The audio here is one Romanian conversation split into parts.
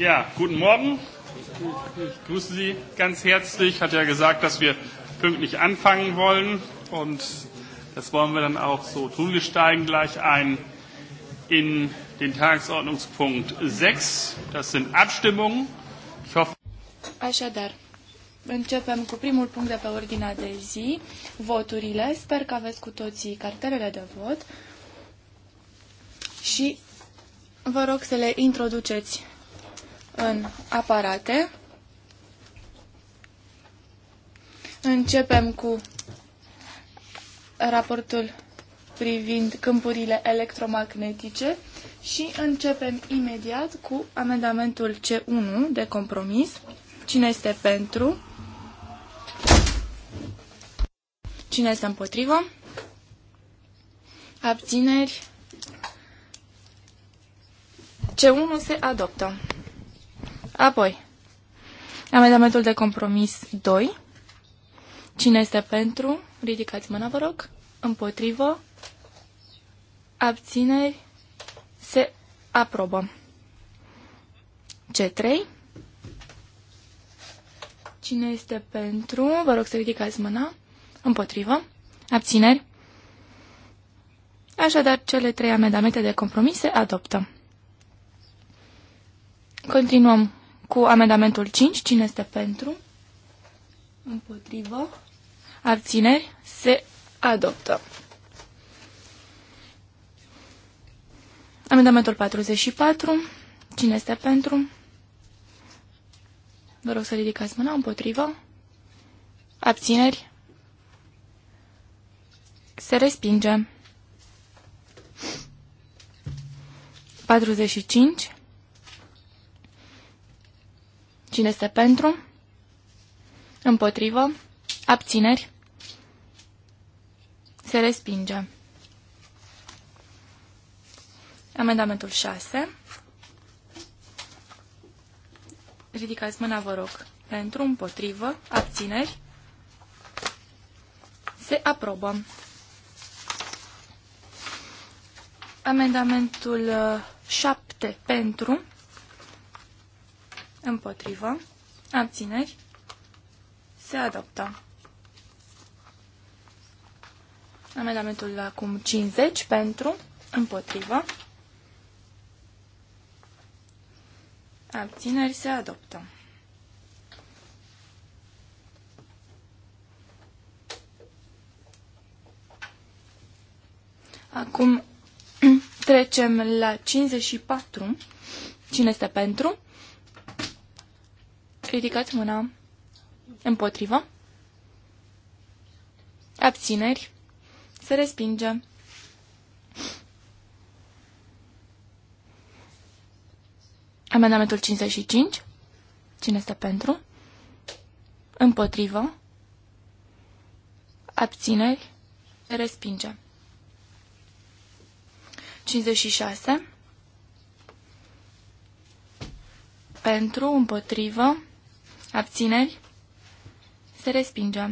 Ja, guten Morgen. Ich grüße Sie ganz herzlich. Hat ja gesagt, dass wir pünktlich anfangen wollen und das wollen wir dann auch so tun. Wir steigen gleich ein in den Tagesordnungspunkt 6. Das sind Abstimmungen. Ich hoffe. Așadar, începem cu primul punct de pe ordinea de zi, voturile. Sper că aveți cu toții cartelele de vot și vă rog să le introduceți în aparate. Începem cu raportul privind câmpurile electromagnetice și începem imediat cu amendamentul C1 de compromis. Cine este pentru? Cine este împotrivă? Abțineri? C1 se adoptă. Apoi, amendamentul de compromis 2. Cine este pentru? Ridicați mâna, vă rog. Împotrivă. Abțineri. Se aprobă. C3. Cine este pentru? Vă rog să ridicați mâna. Împotrivă. Abțineri. Așadar, cele trei amendamente de compromis se adoptă. Continuăm cu amendamentul 5. Cine este pentru? Împotrivă. Abțineri. Se adoptă. Amendamentul 44. Cine este pentru? Vă rog să ridicați mâna împotrivă. Abțineri. Se respinge. 45. Cine este pentru? Împotrivă. Abțineri. Se respinge. Amendamentul 6. Ridicați mâna, vă rog. Pentru, împotrivă, abțineri. Se aprobă. Amendamentul 7 uh, pentru, Împotrivă. Abțineri. Se adoptă. Amendamentul acum 50 pentru, împotrivă. Abțineri se adoptă. Acum trecem la 54. Cine este pentru? Ridicați mâna. Împotrivă. Abțineri. Se respinge. Amendamentul 55. Cine este pentru? Împotrivă. Abțineri. Se respinge. 56. Pentru, împotrivă, Abțineri. Se respinge.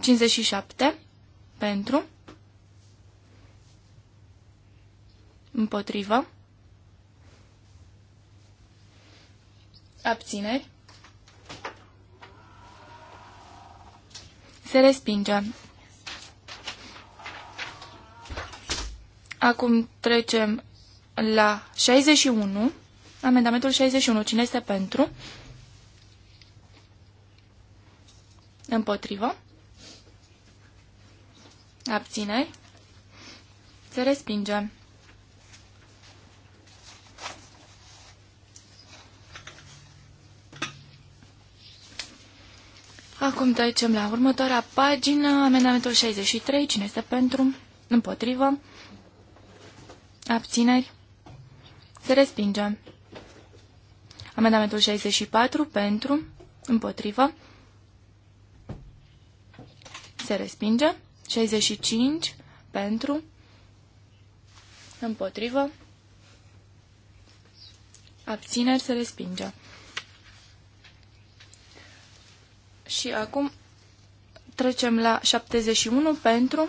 57. Pentru. Împotrivă. Abțineri. Se respinge. Acum trecem la 61. Amendamentul 61. Cine este pentru? Împotrivă. Abțineri. Se respinge. Acum trecem la următoarea pagină, amendamentul 63, cine este pentru, împotrivă, abțineri, se respinge. Amendamentul 64 pentru, împotrivă, se respinge. 65 pentru, împotrivă, abțineri, se respinge. Și acum trecem la 71 pentru,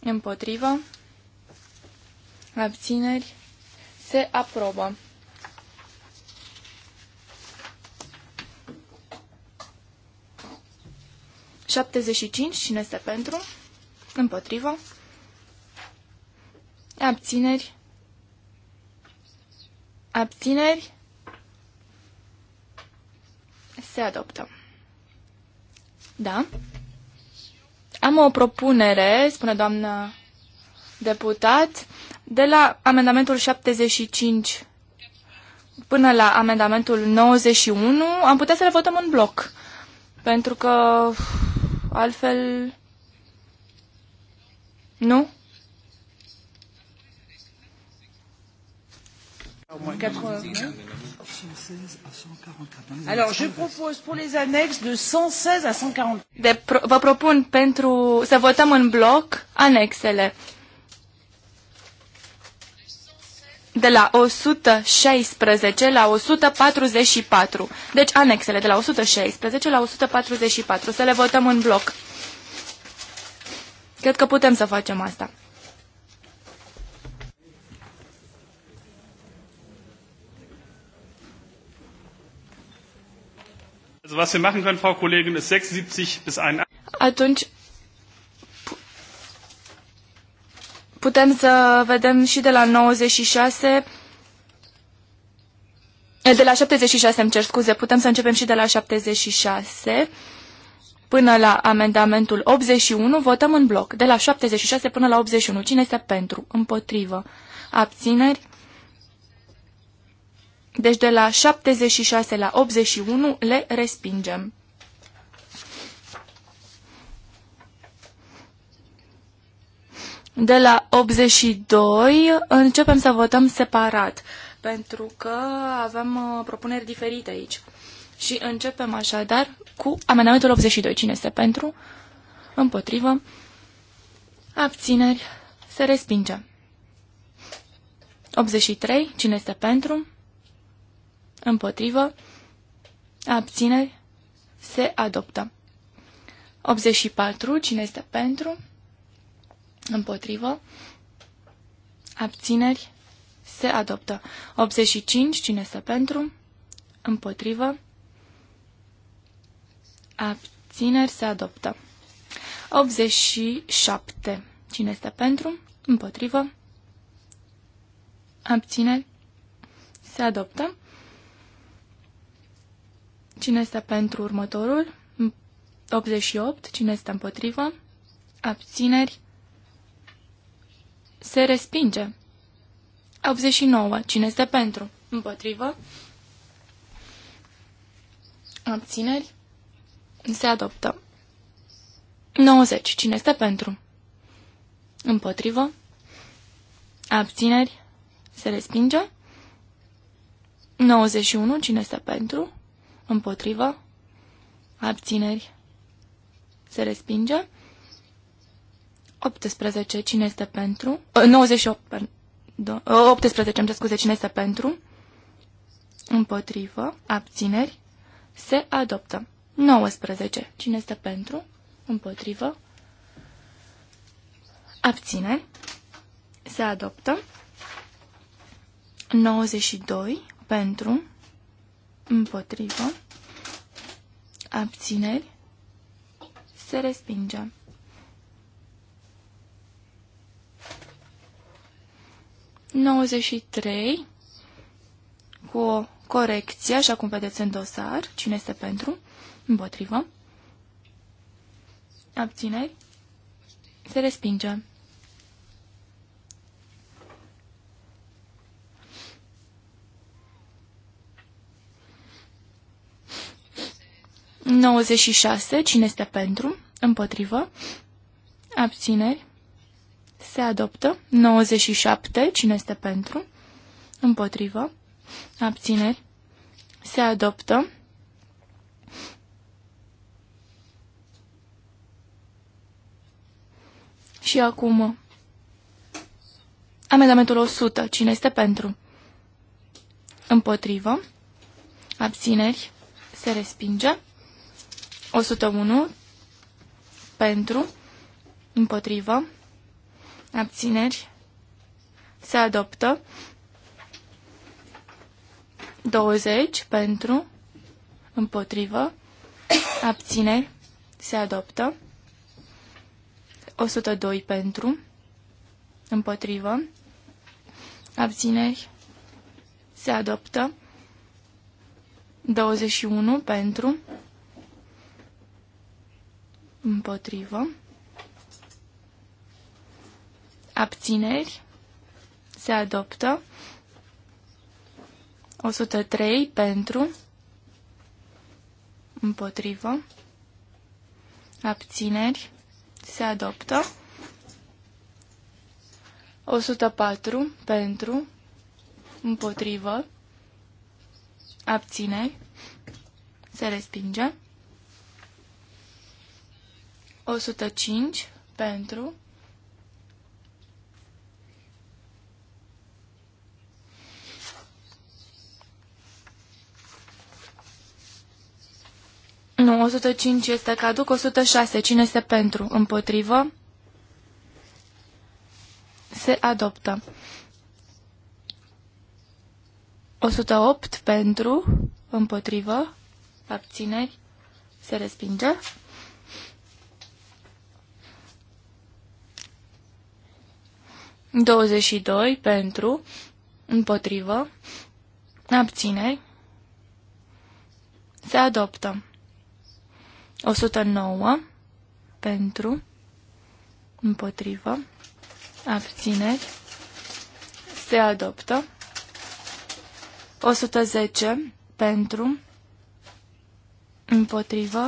împotrivă, abțineri, se aprobă. 75. Cine este pentru? Împotrivă. Abțineri. Abțineri. Se adoptă. Da? Am o propunere, spune doamna deputat, de la amendamentul 75 până la amendamentul 91, am putea să le votăm în bloc. Pentru că Altfel... Nu? Alors, je propose pour les annexes de 116 à 140. De pro vă propun pentru să votăm în bloc anexele de la 116 la 144. Deci anexele de la 116 la 144. Să le votăm în bloc. Cred că putem să facem asta. Atunci Putem să vedem și de la 96, eh, de la 76, îmi cer scuze, putem să începem și de la 76 până la amendamentul 81, votăm în bloc, de la 76 până la 81. Cine este pentru? Împotrivă. Abțineri? Deci de la 76 la 81 le respingem. de la 82 începem să votăm separat, pentru că avem uh, propuneri diferite aici. Și începem așadar cu amendamentul 82. Cine este pentru? Împotrivă. Abțineri. Se respinge. 83. Cine este pentru? Împotrivă. Abțineri. Se adoptă. 84. Cine este pentru? Împotrivă. Abțineri. Se adoptă. 85. Cine este pentru? Împotrivă. Abțineri. Se adoptă. 87. Cine este pentru? Împotrivă. Abțineri. Se adoptă. Cine este pentru următorul? 88. Cine este împotrivă? Abțineri se respinge. 89. Cine este pentru? Împotrivă. Abțineri. Se adoptă. 90. Cine este pentru? Împotrivă. Abțineri. Se respinge. 91. Cine este pentru? Împotrivă. Abțineri. Se respinge. 18. Cine este pentru? 98. Pardon, 18. Îmi scuze. Cine este pentru? Împotrivă. Abțineri. Se adoptă. 19. Cine este pentru? Împotrivă. Abțineri. Se adoptă. 92. Pentru. Împotrivă. Abțineri. Se respinge. 93 cu o corecție, așa cum vedeți în dosar. Cine este pentru? Împotrivă. Abțineri. Se respinge. Nouăzeci și șase. Cine este pentru? Împotrivă. Abțineri. Se adoptă. 97. Cine este pentru? Împotrivă. Abțineri. Se adoptă. Și acum. Amendamentul 100. Cine este pentru? Împotrivă. Abțineri. Se respinge. 101. Pentru. Împotrivă abțineri, se adoptă. 20 pentru, împotrivă, abțineri, se adoptă. 102 pentru, împotrivă, abțineri, se adoptă. 21 pentru, împotrivă, abțineri, se adoptă. 103 pentru, împotrivă, abțineri, se adoptă. 104 pentru, împotrivă, abțineri, se respinge. 105 pentru, Nu, 105 este caduc, 106. Cine este pentru? Împotrivă? Se adoptă. 108 pentru, împotrivă, abțineri, se respinge. Douăzeci și doi pentru, împotrivă, abțineri, se adoptă. 109 pentru, împotrivă, abțineri, se adoptă. 110 pentru, împotrivă,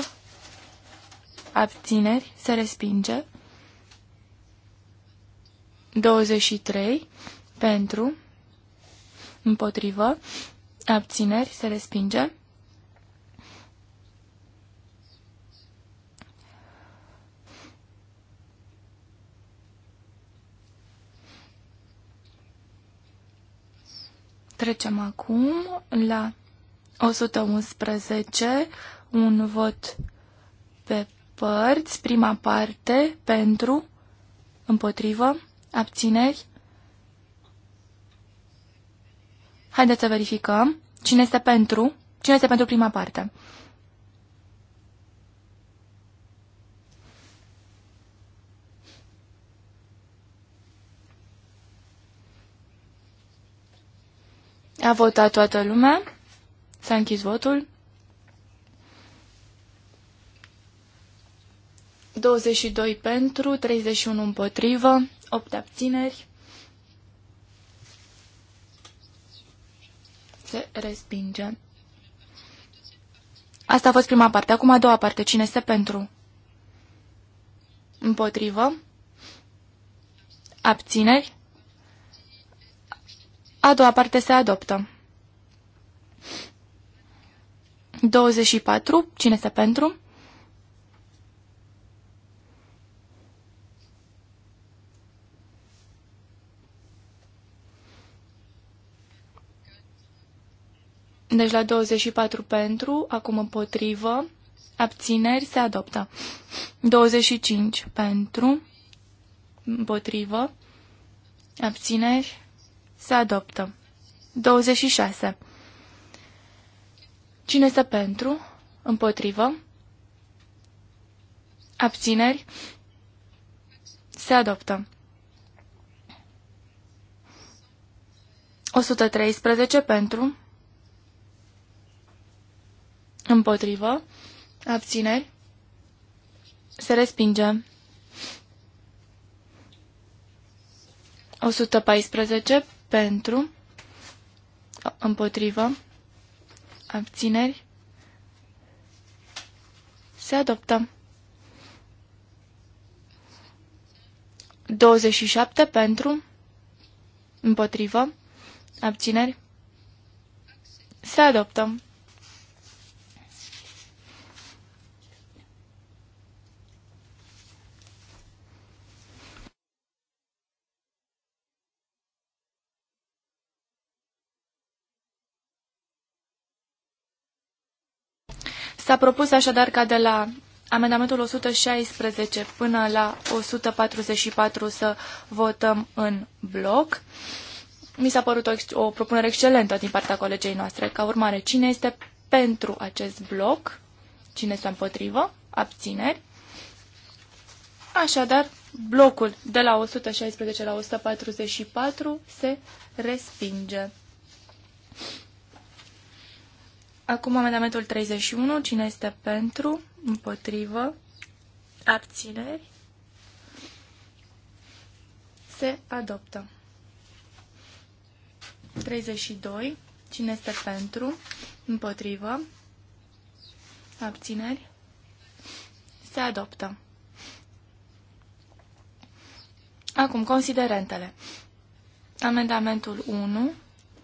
abțineri, se respinge. 23 pentru, împotrivă, abțineri, se respinge. Trecem acum la 111, un vot pe părți, prima parte, pentru, împotrivă, abțineri. Haideți să verificăm. Cine este pentru? Cine este pentru prima parte? A votat toată lumea. S-a închis votul. 22 pentru, 31 împotrivă, 8 abțineri. Se respinge. Asta a fost prima parte. Acum a doua parte. Cine este pentru? Împotrivă. Abțineri. A doua parte se adoptă. 24. Cine este pentru? Deci la 24 pentru, acum împotrivă, abțineri se adoptă. 25 pentru, împotrivă, abțineri se adoptă. 26. Cine este pentru? Împotrivă? Abțineri? Se adoptă. 113 pentru. Împotrivă. Abțineri. Se respinge. 114 pentru, împotrivă, abțineri, se adoptă. 27 pentru, împotrivă, abțineri, se adoptă. S-a propus așadar ca de la amendamentul 116 până la 144 să votăm în bloc. Mi s-a părut o, o propunere excelentă din partea colegei noastre. Ca urmare, cine este pentru acest bloc? Cine este împotrivă? Abțineri. Așadar, blocul de la 116 la 144 se respinge. Acum amendamentul 31. Cine este pentru? Împotrivă? Abțineri? Se adoptă. 32. Cine este pentru? Împotrivă? Abțineri? Se adoptă. Acum, considerentele. Amendamentul 1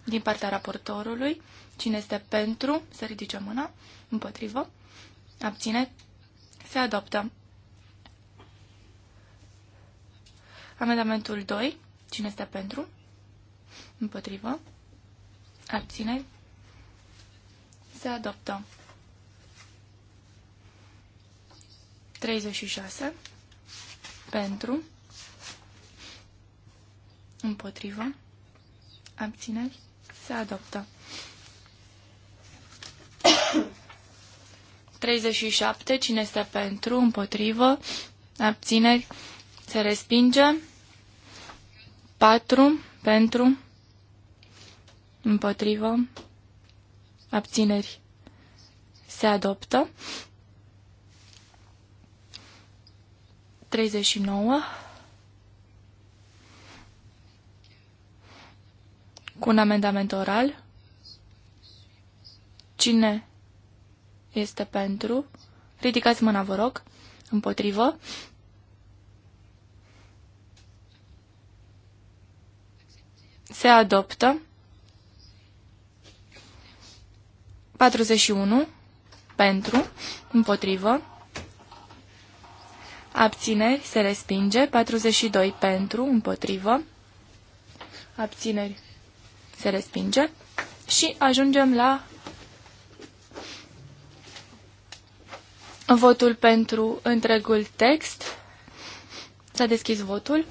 din partea raportorului. Cine este pentru, să ridice mâna. Împotrivă. Abține. Se adoptă. Amendamentul 2. Cine este pentru? Împotrivă. Abține. Se adoptă. 36. Pentru. Împotrivă. abține, Se adoptă. 37. Cine este pentru? Împotrivă. Abțineri. Se respinge. 4. Pentru. Împotrivă. Abțineri. Se adoptă. 39. Cu un amendament oral. Cine este pentru. Ridicați mâna, vă rog. Împotrivă. Se adoptă. 41. Pentru. Împotrivă. Abțineri. Se respinge. 42. Pentru. Împotrivă. Abțineri. Se respinge. Și ajungem la votul pentru întregul text. S-a deschis votul.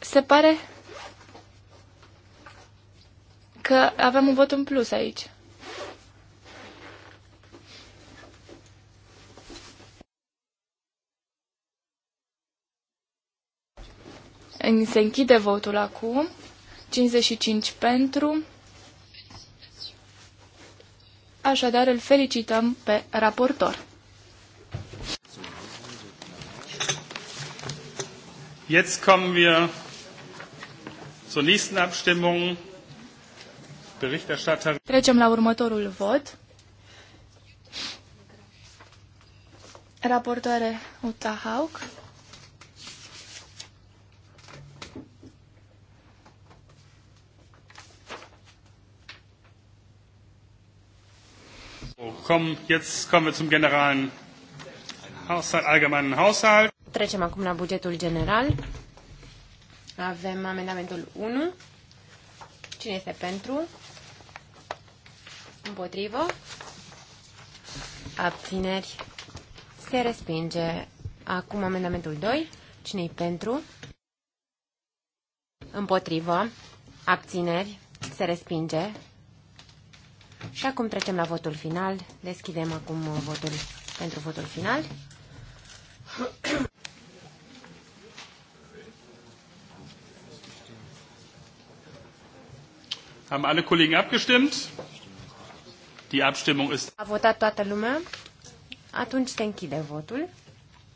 Se pare că avem un vot în plus aici. Se închide votul acum. 55 pentru. Așadar îl felicităm pe raportor. Jetzt kommen wir zur nächsten Abstimmung. Berichterstatter. Trecem la următorul vot. Raportoare Uta Haug. Komm, jetzt kommen wir zum generalen Haushalt, allgemeinen Haushalt. Trecem acum la bugetul general. Avem amendamentul 1. Cine este pentru? Împotrivă? Abțineri? Se respinge. Acum amendamentul 2. Cine-i pentru? Împotrivă? Abțineri? Se respinge. Și acum trecem la votul final. Deschidem acum votul pentru votul final. Haben alle Kollegen abgestimmt? Die Abstimmung ist A votat toată lumea. Atunci se închide votul.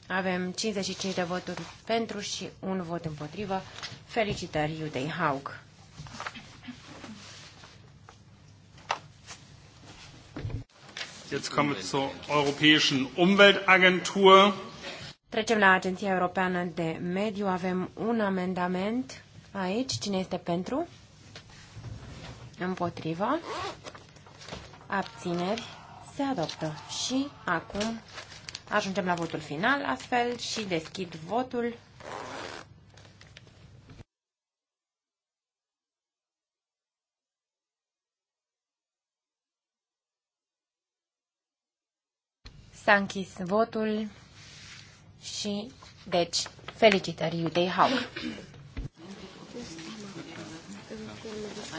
Avem 55 de voturi pentru și un vot împotrivă. Felicitări Iudei Haug. Jetzt kommen wir zur Europäischen Umweltagentur. Trecem la Agenția Europeană de Mediu. Avem un amendament aici. Cine este pentru? Împotrivă. Abțineri. Se adoptă. Și acum ajungem la votul final, astfel și deschid votul. S-a închis votul și, deci, felicitări Iudei Haug.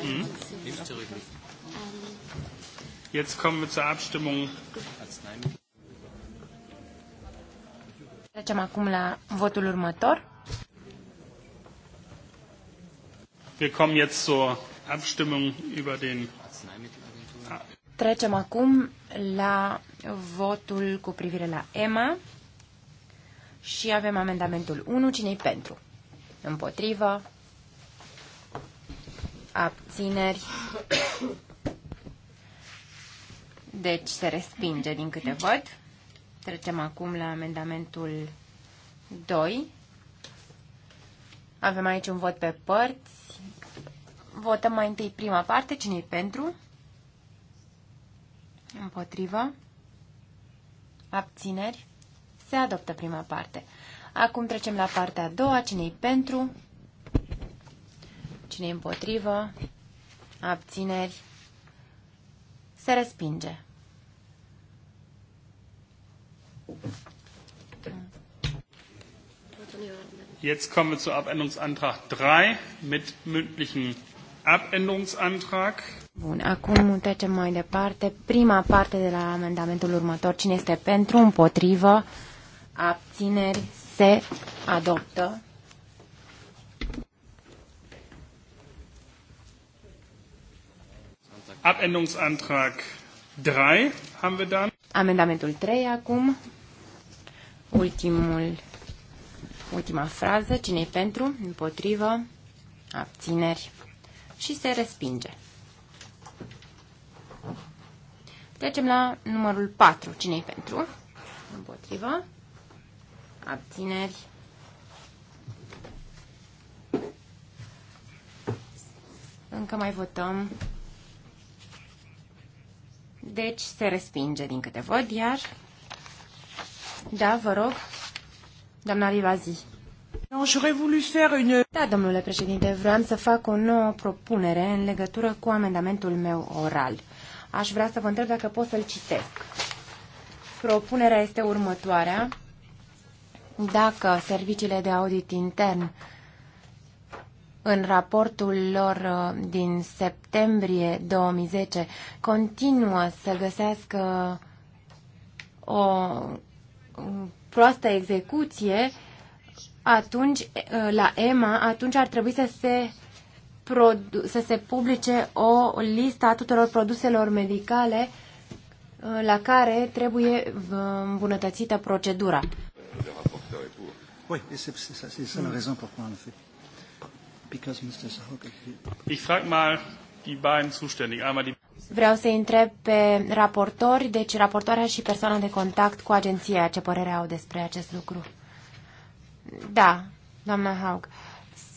Hmm? Jetzt kommen wir zur Abstimmung. Trecem acum la votul următor. Wir kommen jetzt zur Abstimmung über den Trecem acum la votul cu privire la EMA și avem amendamentul 1. Cine-i pentru? Împotrivă? Abțineri? Deci se respinge din câte văd. Trecem acum la amendamentul 2. Avem aici un vot pe părți. Votăm mai întâi prima parte. Cine-i pentru? Împotrivă? Abțineri? Se adoptă prima parte. Acum trecem la partea a doua. Cine-i pentru? Cine-i împotrivă? Abțineri? Se respinge. Jetzt kommen wir zu Abänderungsantrag 3 mit mündlichen Abänderungsantrag. Bun, acum trecem mai departe. Prima parte de la amendamentul următor. Cine este pentru, împotrivă, abțineri, se adoptă. Abendungsantrag 3 haben wir dann. Amendamentul 3 acum. Ultimul, ultima frază. cine e pentru? Împotrivă? Abțineri? Și se respinge. Trecem la numărul 4. Cine-i pentru? Împotrivă. Abțineri. Încă mai votăm. Deci se respinge din câte văd, iar... Da, vă rog, doamna Rivazi. Da, domnule președinte, vreau să fac o nouă propunere în legătură cu amendamentul meu oral aș vrea să vă întreb dacă pot să-l citesc. Propunerea este următoarea. Dacă serviciile de audit intern în raportul lor uh, din septembrie 2010 continuă să găsească o proastă execuție, atunci uh, la EMA, atunci ar trebui să se să se publice o listă a tuturor produselor medicale uh, la care trebuie uh, îmbunătățită procedura. Vreau să întreb pe raportori, deci raportoarea și persoana de contact cu agenția, ce părere au despre acest lucru. Da, doamna Haug. Uh,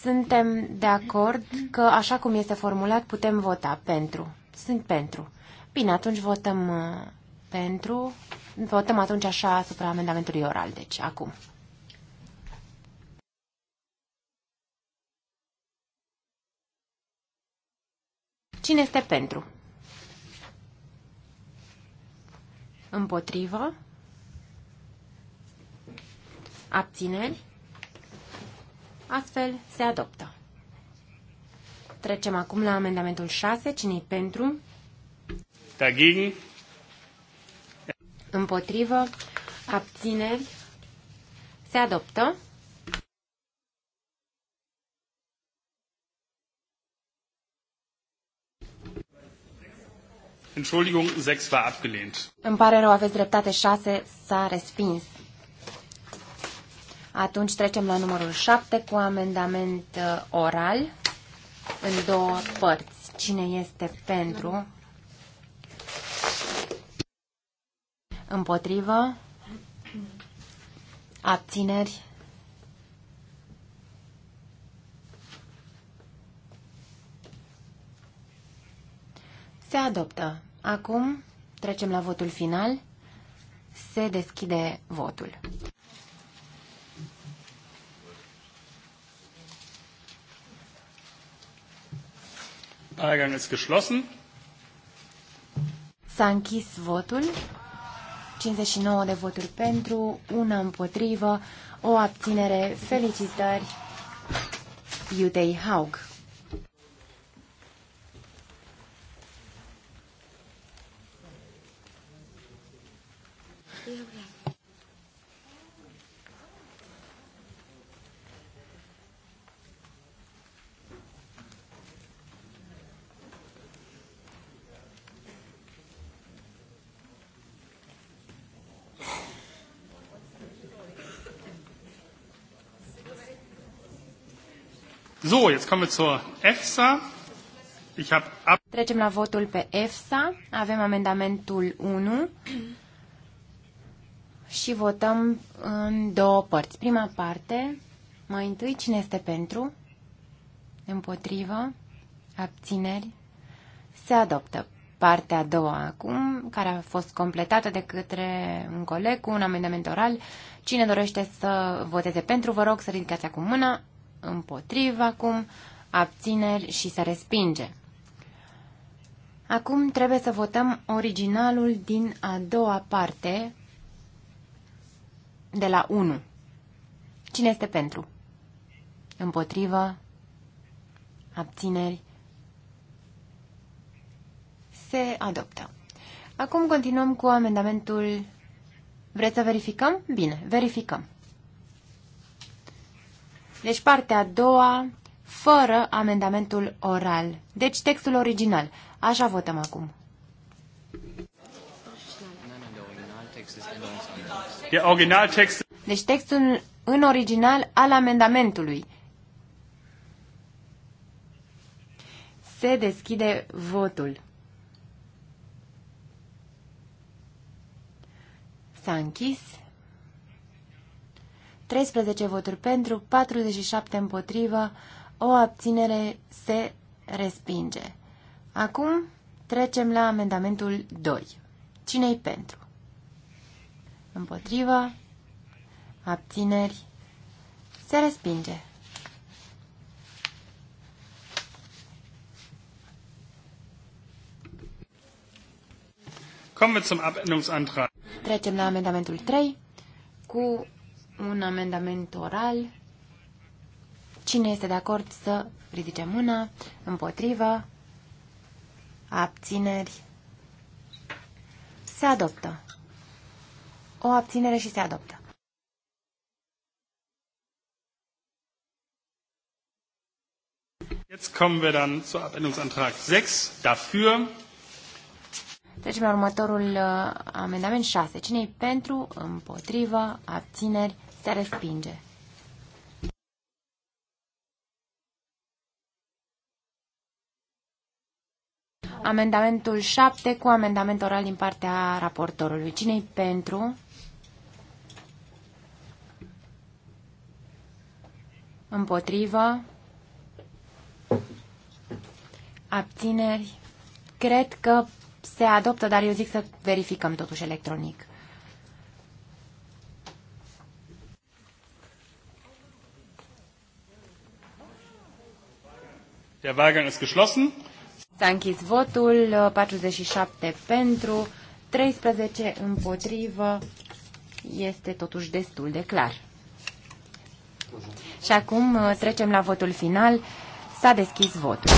suntem de acord că, așa cum este formulat, putem vota pentru. Sunt pentru. Bine, atunci votăm uh, pentru. Votăm atunci așa asupra amendamentului oral, deci acum. Cine este pentru? Împotrivă? Abțineri? Astfel se adoptă. Trecem acum la amendamentul 6. cine pentru? Taghini. Împotrivă. Abțineri. Se adoptă. Entschuldigung, 6 war abgelehnt. Îmi pare rău, aveți dreptate, 6 s-a respins. Atunci trecem la numărul 7 cu amendament uh, oral în două părți. Cine este pentru? Împotrivă? Abțineri? Se adoptă. Acum trecem la votul final. Se deschide votul. Wahlgang ist geschlossen. S-a închis votul. 59 de voturi pentru, una împotrivă, o abținere. Felicitări Iudei Haug. So, jetzt kommen wir zur EFSA. Ich ab Trecem la votul pe EFSA. Avem amendamentul 1 și votăm în două părți. Prima parte, mai întâi, cine este pentru? Împotrivă? Abțineri? Se adoptă. Partea a doua acum, care a fost completată de către un coleg cu un amendament oral. Cine dorește să voteze pentru, vă rog să ridicați acum mâna împotriva cum abțineri și se respinge. Acum trebuie să votăm originalul din a doua parte de la 1. Cine este pentru? Împotrivă? Abțineri? Se adoptă. Acum continuăm cu amendamentul. Vreți să verificăm? Bine, verificăm. Deci partea a doua, fără amendamentul oral. Deci textul original. Așa votăm acum. Deci textul în original al amendamentului. Se deschide votul. S-a închis. 13 voturi pentru, 47 împotrivă, o abținere se respinge. Acum trecem la amendamentul 2. Cine-i pentru? Împotrivă, abțineri, se respinge. Trecem la amendamentul 3 cu un amendament oral. Cine este de acord să ridice mâna? Împotrivă? Abțineri? Se adoptă. O abținere și se adoptă. Jetzt kommen wir dann zu Abänderungsantrag 6. Dafür. Trecem la următorul uh, amendament 6. cine e pentru, împotrivă, abțineri, se respinge. Amendamentul 7 cu amendament oral din partea raportorului. Cine-i pentru? Împotrivă? Abțineri? Cred că se adoptă, dar eu zic să verificăm totuși electronic. Der Wahlgang ist geschlossen. S-a închis votul, 47 uh, pentru, 13 împotrivă, este totuși destul de clar. Și acum uh, trecem la votul final. S-a deschis votul.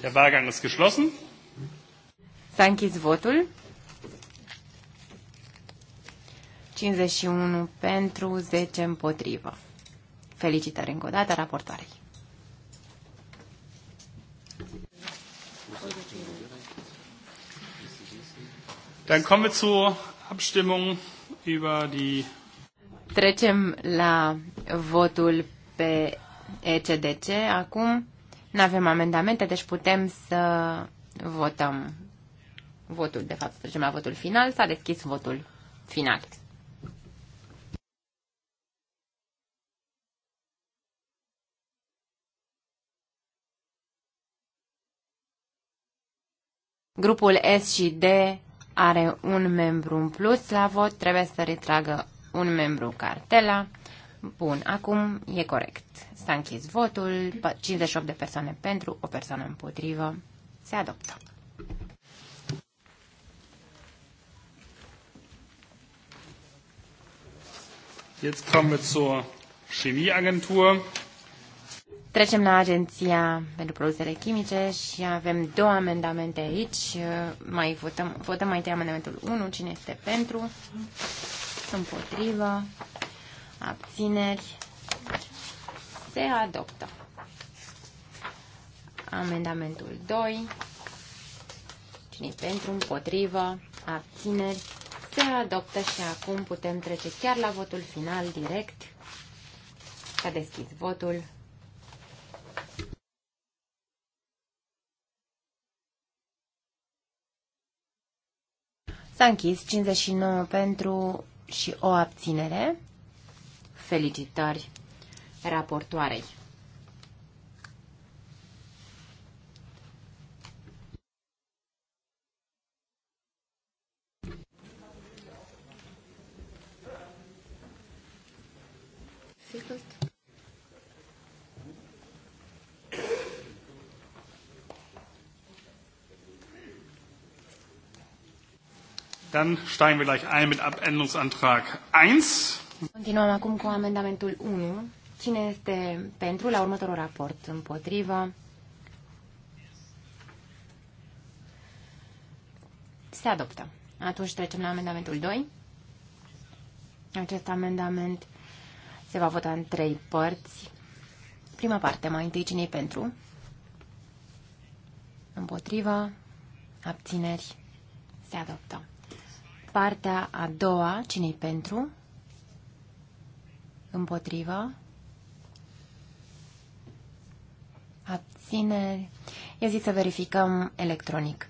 Der Wahlgang ist geschlossen. S-a închis votul. 51 pentru, 10 împotrivă. Felicitări încă o dată raportoarei. Dann kommen wir zur Abstimmung über die Trecem la votul pe ECDC. Acum nu avem amendamente, deci putem să votăm votul. De fapt, trecem la votul final. S-a deschis votul final. Grupul S și D are un membru în plus la vot, trebuie să retragă un membru cartela. Bun, acum e corect. S-a închis votul, 58 de persoane pentru, o persoană împotrivă. Se adoptă. Jetzt kommen wir zur Chemieagentur. Trecem la Agenția pentru Produsele Chimice și avem două amendamente aici. Mai votăm, votăm mai întâi amendamentul 1. Cine este pentru? Împotrivă? Abțineri? Se adoptă. Amendamentul 2. Cine pentru? Împotrivă? Abțineri? Se adoptă și acum putem trece chiar la votul final direct. S-a deschis votul. S-a închis 59 pentru și o abținere. Felicitări raportoarei. Thank you. Dann steigen wir gleich ein mit Abänderungsantrag 1. Continuăm acum cu amendamentul 1. Cine este pentru la următorul raport? Împotrivă? Se adoptă. Atunci trecem la amendamentul 2. Acest amendament se va vota în trei părți. Prima parte, mai întâi cine e pentru? Împotriva, abțineri, se adoptă. Partea a doua, cine pentru? Împotrivă. Abțineri. Eu zic să verificăm electronic.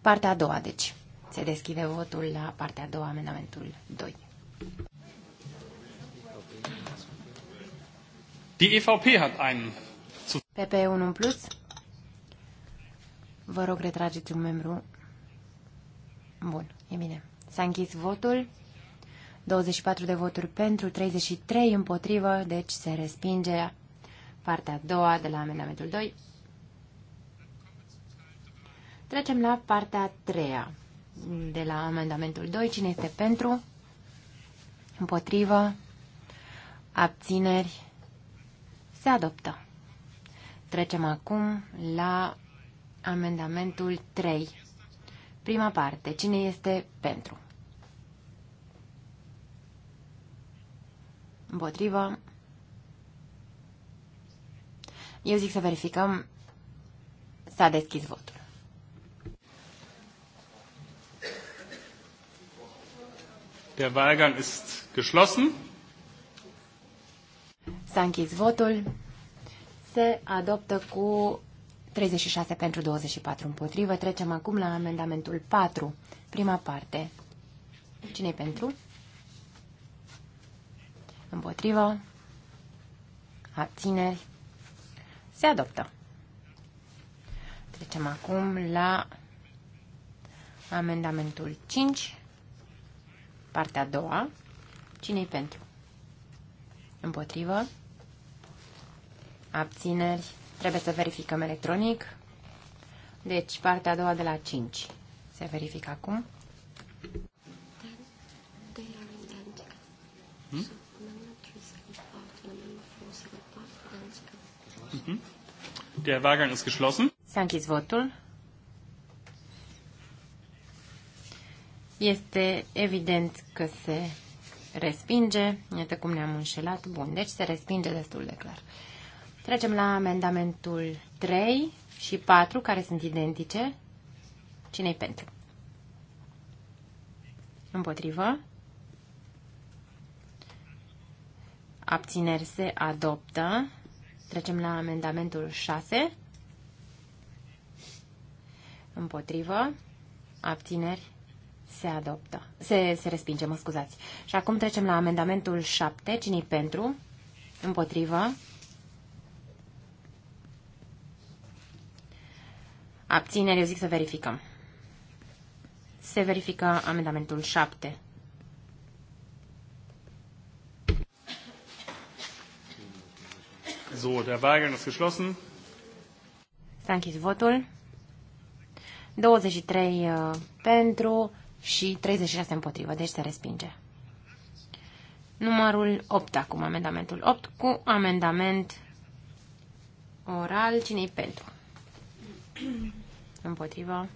Partea a doua, deci. Se deschide votul la partea a doua, amendamentul 2. Die EVP hat einen. PP1 plus. Vă rog, retrageți un membru Bun, e bine. S-a închis votul. 24 de voturi pentru, 33 împotrivă, deci se respinge partea a doua de la amendamentul 2. Trecem la partea a treia de la amendamentul 2. Cine este pentru? Împotrivă? Abțineri? Se adoptă. Trecem acum la amendamentul 3 Prima parte. Cine este pentru? Împotrivă. Eu zic să verificăm. S-a deschis votul. Der Wahlgang ist geschlossen. S-a închis votul. Se adoptă cu 36 pentru 24 împotrivă. Trecem acum la amendamentul 4, prima parte. cine pentru? Împotrivă. Abțineri. Se adoptă. Trecem acum la amendamentul 5, partea a doua. cine pentru? Împotrivă. Abțineri. Trebuie să verificăm electronic. Deci, partea a doua de la 5. Se verifică acum. Hmm? Mm -hmm. Der Wahlgang ist geschlossen. S-a închis votul. Este evident că se respinge. Iată cum ne-am înșelat. Bun, deci se respinge destul de clar. Trecem la amendamentul 3 și 4, care sunt identice. Cine-i pentru? Împotrivă. Abțineri se adoptă. Trecem la amendamentul 6. Împotrivă. Abțineri se adoptă. Se, se respinge, mă scuzați. Și acum trecem la amendamentul 7. Cine-i pentru? Împotrivă. Abțineri, eu zic să verificăm. Se verifică amendamentul 7. So, der Wahlgang ist geschlossen. S-a închis votul. 23 uh, pentru și 36 împotrivă, deci se respinge. Numărul 8 acum, amendamentul 8 cu amendament oral. Cine-i pentru? Împotrivă.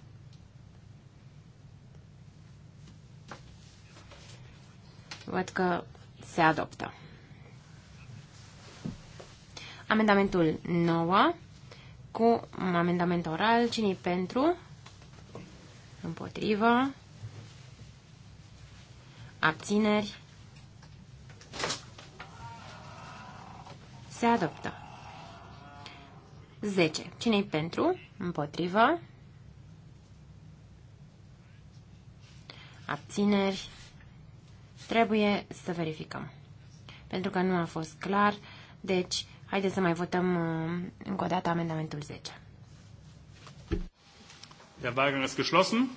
Văd că se adoptă. Amendamentul 9 cu un amendament oral. cine pentru? Împotrivă. Abțineri. Se adoptă. 10. cine e pentru? Împotrivă. Abțineri. Trebuie să verificăm. Pentru că nu a fost clar, deci haideți să mai votăm uh, încă o dată amendamentul 10. Der Wahlgang ist geschlossen.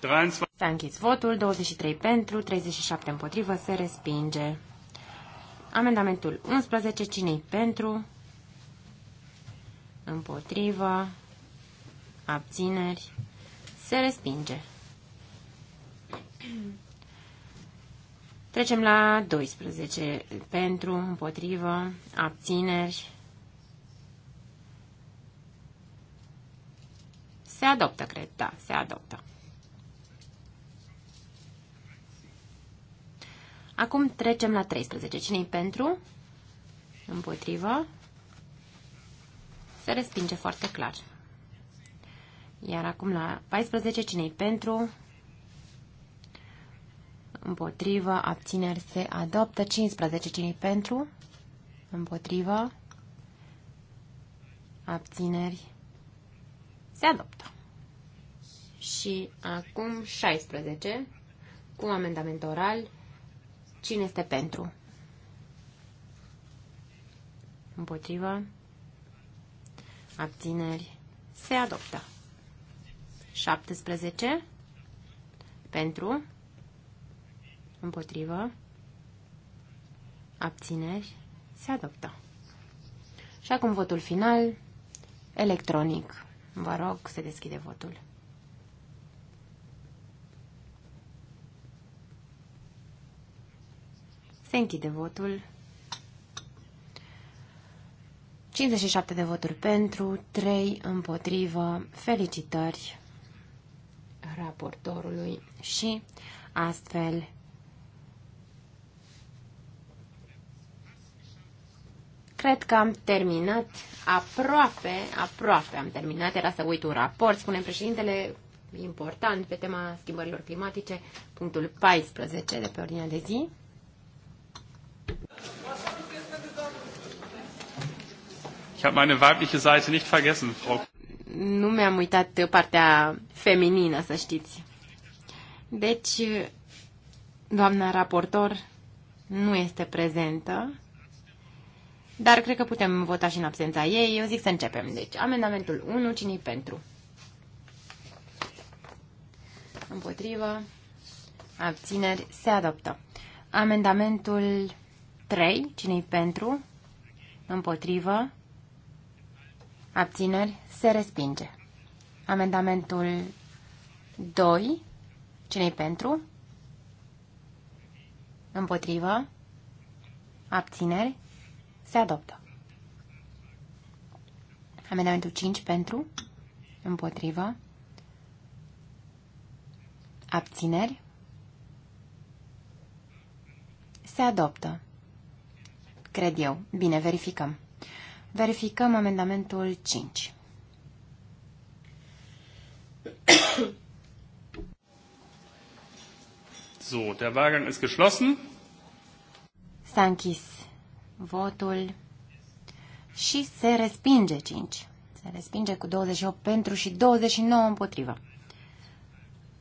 23... S-a închis votul, 23 pentru, 37 împotrivă, se respinge. Amendamentul 11, cine pentru? împotrivă, abțineri, se respinge. Trecem la 12. Pentru, împotrivă, abțineri, se adoptă, cred, da, se adoptă. Acum trecem la 13. Cine-i pentru? Împotrivă. Se respinge foarte clar. Iar acum la 14, cine pentru? Împotrivă, abțineri se adoptă. 15, cine pentru? Împotrivă, abțineri se adoptă. Și acum 16, cu amendament oral, cine este pentru? Împotrivă, abțineri, se adoptă. 17 pentru, împotrivă, abțineri, se adoptă. Și acum votul final, electronic. Vă rog să deschide votul. Se închide votul. 57 de voturi pentru, 3 împotrivă. Felicitări raportorului și astfel cred că am terminat aproape, aproape am terminat, era să uit un raport, spune președintele, important, pe tema schimbărilor climatice, punctul 14 de pe ordinea de zi. habe meine weibliche Seite nicht vergessen, Frau. Nu mi-am uitat partea feminină, să știți. Deci, doamna raportor nu este prezentă, dar cred că putem vota și în absența ei. Eu zic să începem. Deci, amendamentul 1, cine pentru? Împotrivă. Abțineri. Se adoptă. Amendamentul 3. cine pentru? Împotrivă abțineri, se respinge. Amendamentul 2, cine pentru? Împotrivă, abțineri, se adoptă. Amendamentul 5 pentru, împotrivă, abțineri, se adoptă. Cred eu. Bine, verificăm. Verificăm amendamentul 5. So, der Wahlgang ist geschlossen. S-a închis votul și se respinge 5. Se respinge cu 28 pentru și 29 împotrivă.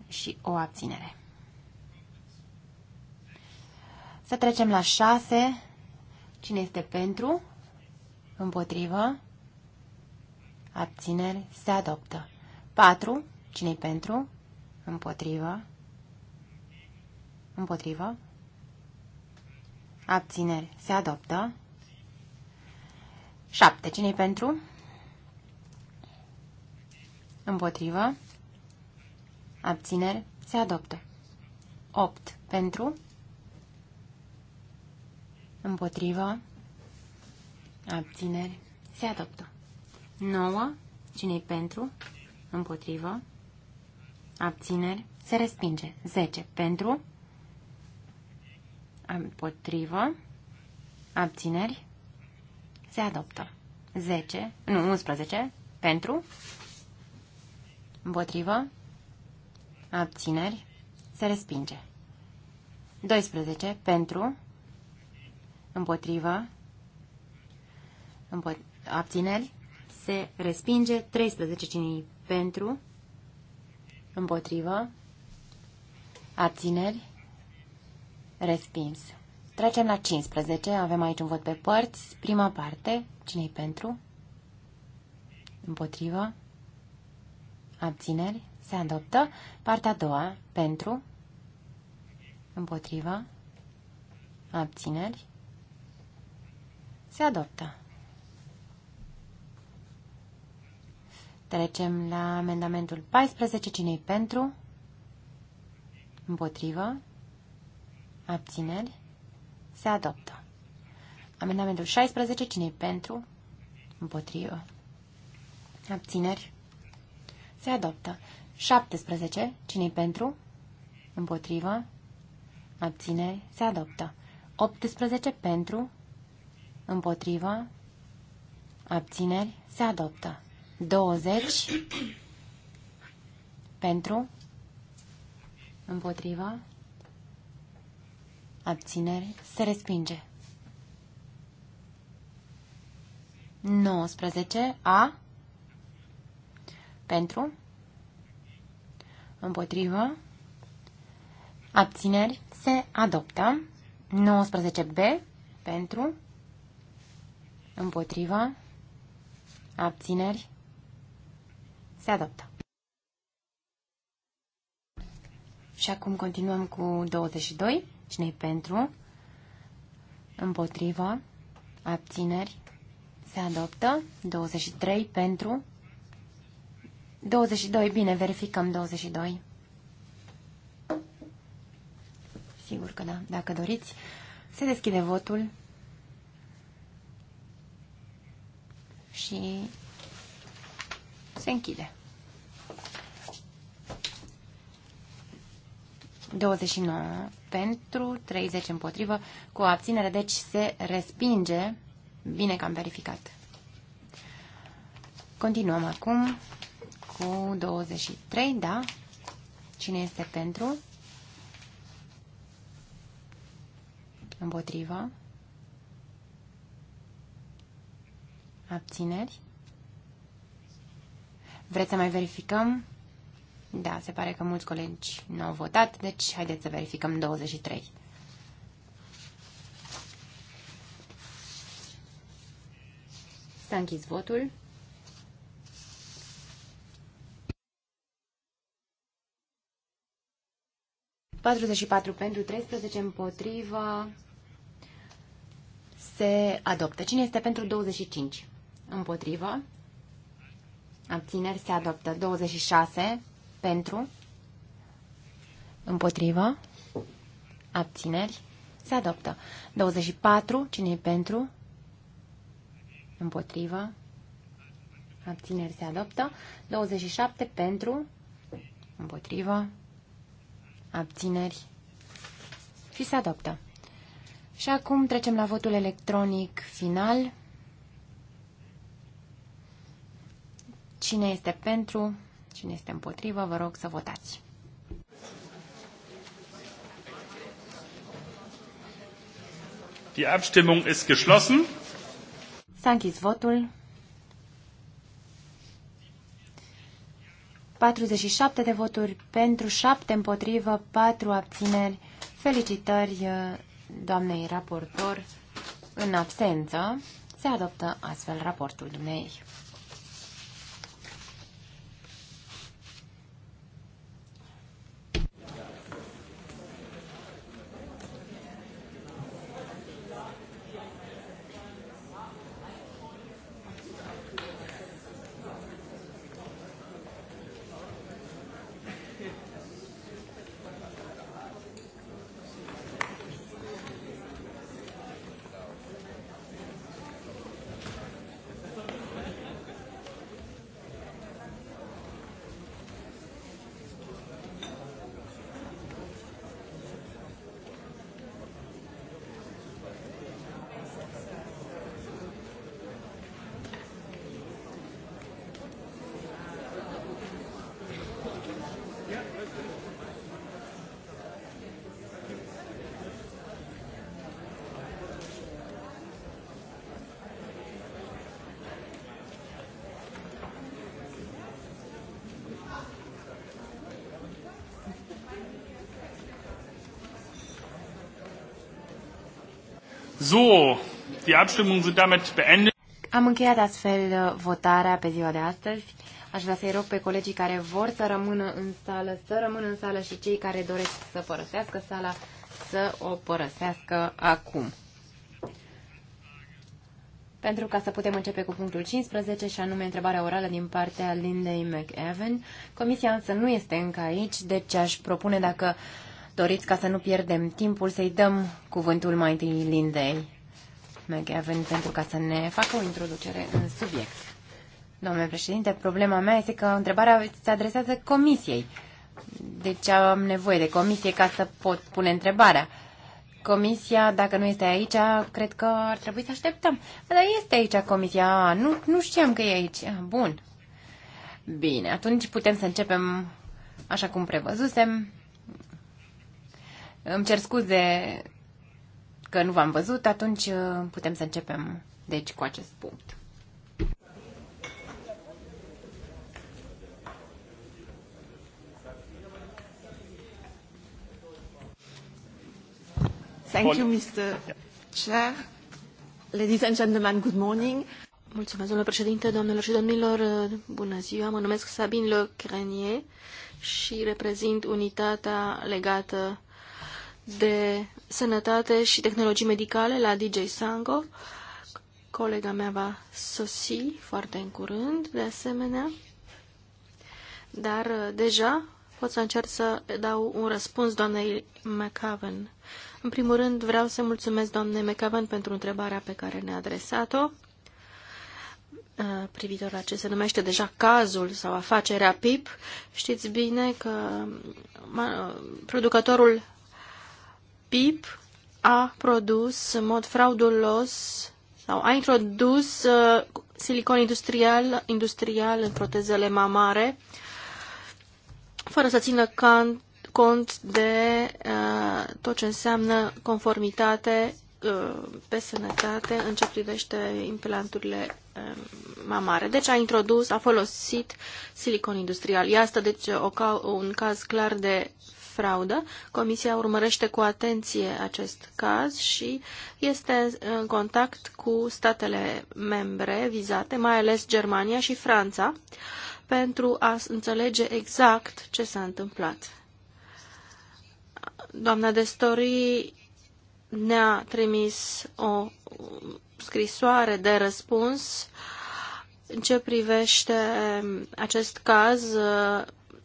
Și o abținere. Să trecem la 6. Cine este pentru? Împotrivă. Abțineri. Se adoptă. 4. Cine-i pentru? Împotrivă. Împotrivă. Abțineri. Se adoptă. 7. Cine-i pentru? Împotrivă. Abțineri. Se adoptă. 8. Pentru. Împotrivă abțineri, se adoptă. 9. Cine-i pentru? Împotrivă. Abțineri. Se respinge. 10. Pentru. Împotrivă. Abțineri. Se adoptă. 10. Nu, 11. Pentru. Împotrivă. Abțineri. Se respinge. 12. Pentru. Împotrivă abțineri, se respinge. 13 cinei pentru, împotrivă, abțineri, respins. Trecem la 15. Avem aici un vot pe părți. Prima parte, cinei pentru, împotrivă, abțineri, se adoptă. Partea a doua, pentru, împotrivă, abțineri, se adoptă. Trecem la amendamentul 14. Cine-i pentru? Împotrivă? Abțineri? Se adoptă. Amendamentul 16. Cine-i pentru? Împotrivă? Abțineri? Se adoptă. 17. Cine-i pentru? Împotrivă? Abțineri? Se adoptă. 18. Pentru? Împotrivă? Abțineri? Se adoptă. 20 pentru, împotriva, abținere, se respinge. 19 a pentru, împotriva abțineri, se adoptă. 19b pentru, împotriva abțineri, se adoptă. Și acum continuăm cu 22. Cine-i pentru? Împotrivă. Abțineri. Se adoptă. 23 pentru. 22. Bine, verificăm 22. Sigur că da, dacă doriți. Se deschide votul. Și se închide. 29 pentru, 30 împotrivă, cu o abținere, deci se respinge. Bine că am verificat. Continuăm acum cu 23, da? Cine este pentru? Împotrivă. Abțineri. Vreți să mai verificăm? Da, se pare că mulți colegi nu au votat, deci haideți să verificăm 23. S-a închis votul. patru pentru, 13 împotriva, se adoptă. Cine este pentru 25? Împotriva, abțineri se adoptă. 26 pentru, împotrivă, abțineri se adoptă. 24, cine e pentru, împotrivă, abțineri se adoptă. 27 pentru, împotrivă, abțineri și se adoptă. Și acum trecem la votul electronic final. Cine este pentru? Cine este împotrivă? Vă rog să votați. Die Abstimmung ist geschlossen. S-a închis votul. 47 de voturi pentru, 7 împotrivă, 4 abțineri. Felicitări uh, doamnei raportor în absență. Se adoptă astfel raportul dumnei. Die Abstimmungen sind damit beendet. Am încheiat astfel uh, votarea pe ziua de astăzi. Aș vrea să-i rog pe colegii care vor să rămână în sală, să rămână în sală și cei care doresc să părăsească sala, să o părăsească acum. Pentru ca să putem începe cu punctul 15 și anume întrebarea orală din partea Lindei McEwen. Comisia însă nu este încă aici, deci aș propune dacă doriți ca să nu pierdem timpul să-i dăm cuvântul mai întâi Lindei. McGavin pentru ca să ne facă o introducere în subiect. Domnule președinte, problema mea este că întrebarea se adresează comisiei. Deci am nevoie de comisie ca să pot pune întrebarea. Comisia, dacă nu este aici, cred că ar trebui să așteptăm. Dar este aici comisia. A, nu, nu știam că e aici. Bun. Bine, atunci putem să începem așa cum prevăzusem. Îmi cer scuze că nu v-am văzut, atunci uh, putem să începem deci cu acest punct. Thank you, Mr. Chair. Ladies and gentlemen, good morning. Mulțumesc, domnule președinte, domnilor și domnilor, uh, bună ziua. Mă numesc Sabine Le Crenier și reprezint unitatea legată de Sănătate și Tehnologii Medicale la DJ Sango. Colega mea va sosi foarte în curând, de asemenea. Dar uh, deja pot să încerc să dau un răspuns doamnei McAven. În primul rând vreau să mulțumesc doamnei McAven pentru întrebarea pe care ne-a adresat-o uh, privitor la ce se numește deja cazul sau afacerea PIP, știți bine că uh, producătorul PIP a produs în mod fraudulos sau a introdus uh, silicon industrial, industrial în protezele mamare, fără să țină cont, cont de uh, tot ce înseamnă conformitate uh, pe sănătate în ce privește implanturile uh, mamare. Deci a introdus, a folosit silicon industrial. E asta deci o un caz clar de fraudă. Comisia urmărește cu atenție acest caz și este în contact cu statele membre vizate, mai ales Germania și Franța, pentru a înțelege exact ce s-a întâmplat. Doamna Destori ne-a trimis o scrisoare de răspuns în ce privește acest caz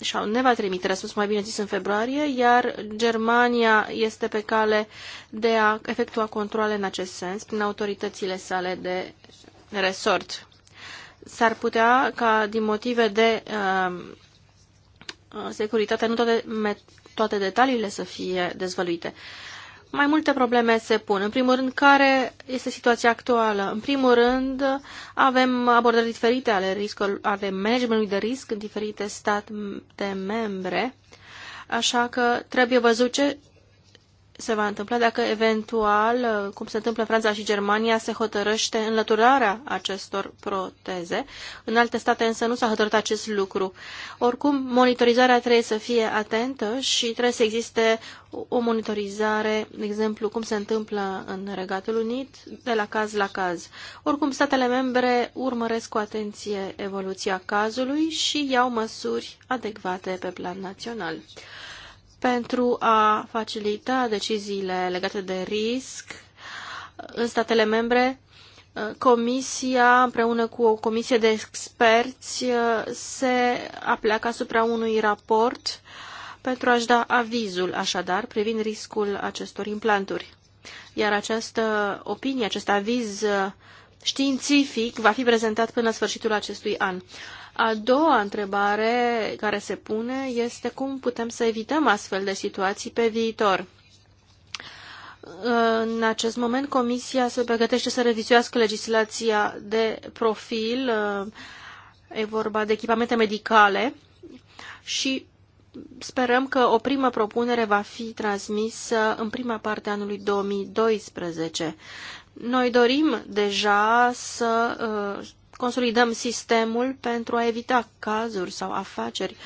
sau ne va trimite răspuns mai bine zis în februarie, iar Germania este pe cale de a efectua controle în acest sens prin autoritățile sale de resort. S-ar putea ca din motive de uh, securitate nu toate, toate detaliile să fie dezvăluite. Uh, mai multe probleme se pun. În primul rând, care este situația actuală? În primul rând, avem abordări diferite ale, riscul, ale managementului de risc în diferite state membre, așa că trebuie văzut ce se va întâmpla dacă eventual, cum se întâmplă în Franța și Germania, se hotărăște înlăturarea acestor proteze. În alte state însă nu s-a hotărât acest lucru. Oricum, monitorizarea trebuie să fie atentă și trebuie să existe o monitorizare, de exemplu, cum se întâmplă în Regatul Unit, de la caz la caz. Oricum, statele membre urmăresc cu atenție evoluția cazului și iau măsuri adecvate pe plan național pentru a facilita deciziile legate de risc în statele membre, Comisia, împreună cu o comisie de experți, se apleacă asupra unui raport pentru a-și da avizul, așadar, privind riscul acestor implanturi. Iar această opinie, acest aviz științific, va fi prezentat până sfârșitul acestui an. A doua întrebare care se pune este cum putem să evităm astfel de situații pe viitor. În acest moment, Comisia se pregătește să revizuiască legislația de profil, e vorba de echipamente medicale și sperăm că o primă propunere va fi transmisă în prima parte a anului 2012. Noi dorim deja să uh, consolidăm sistemul pentru a evita cazuri sau afaceri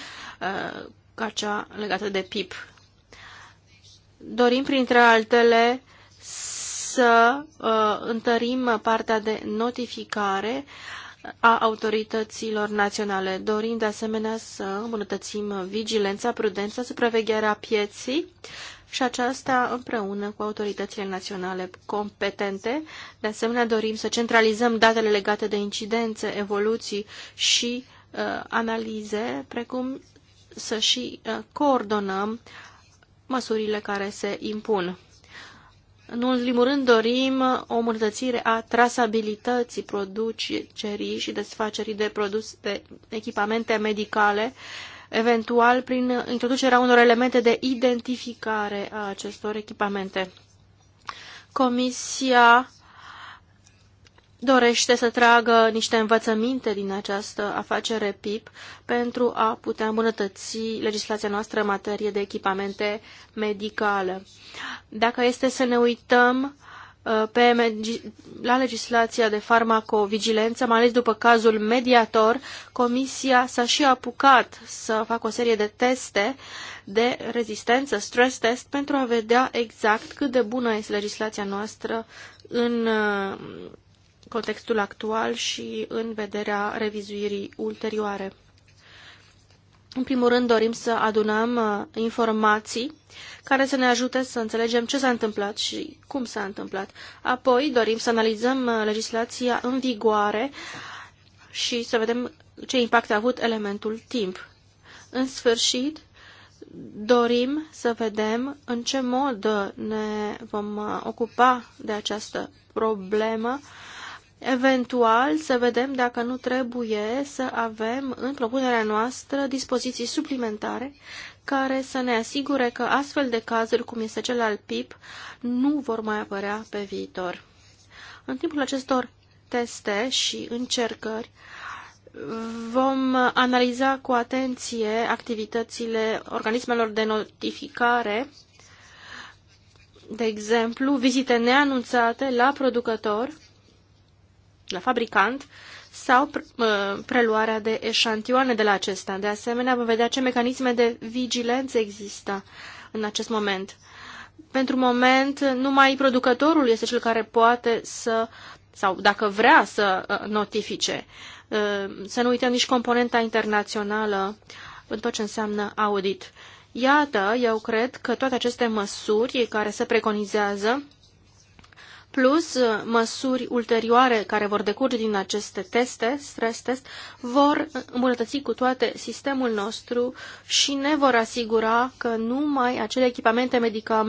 uh, ca cea legată de PIP. Dorim, printre altele, să uh, întărim partea de notificare a autorităților naționale, Dorim, de asemenea să îmbunătățim vigilența, prudența, supravegherea pieții și aceasta împreună cu autoritățile naționale competente. De asemenea, dorim să centralizăm datele legate de incidențe, evoluții și uh, analize, precum să și uh, coordonăm măsurile care se impun. În ultimul rând, dorim o îmbunătățire a trasabilității producerii și desfacerii de produse, de echipamente medicale uh, eventual prin introducerea unor elemente de identificare a acestor echipamente. Comisia dorește să tragă niște învățăminte din această afacere PIP pentru a putea îmbunătăți legislația noastră în materie de echipamente medicale. Dacă este să ne uităm uh, Uh, pe, la legislația de farmacovigilență, mai ales după cazul mediator, Comisia s-a și apucat să facă o serie de teste de rezistență, stress test, pentru a vedea exact cât de bună este legislația noastră în uh, contextul actual și în vederea revizuirii ulterioare. În primul rând dorim să adunăm uh, informații care să ne ajute să înțelegem ce s-a întâmplat și cum s-a întâmplat. Apoi dorim să analizăm uh, legislația în vigoare și să vedem ce impact a avut elementul timp. În sfârșit, dorim să vedem în ce mod uh, ne vom ocupa de această problemă Eventual să vedem dacă nu trebuie să avem în propunerea noastră dispoziții suplimentare care să ne asigure că astfel de cazuri, cum este cel al PIP, nu vor mai apărea pe viitor. În timpul acestor teste și încercări, vom analiza cu atenție activitățile organismelor de notificare, de exemplu, vizite neanunțate la producător la fabricant sau preluarea de eșantioane de la acesta. De asemenea, vom vedea ce mecanisme de vigilență există în acest moment. Pentru moment, numai producătorul este cel care poate să, sau dacă vrea să uh, notifice. Uh, să nu uităm nici componenta internațională în tot ce înseamnă audit. Iată, eu cred că toate aceste măsuri care se preconizează plus uh, măsuri ulterioare care vor decurge din aceste teste, stress test, vor uh, îmbunătăți cu toate sistemul nostru și ne vor asigura că numai acele echipamente medica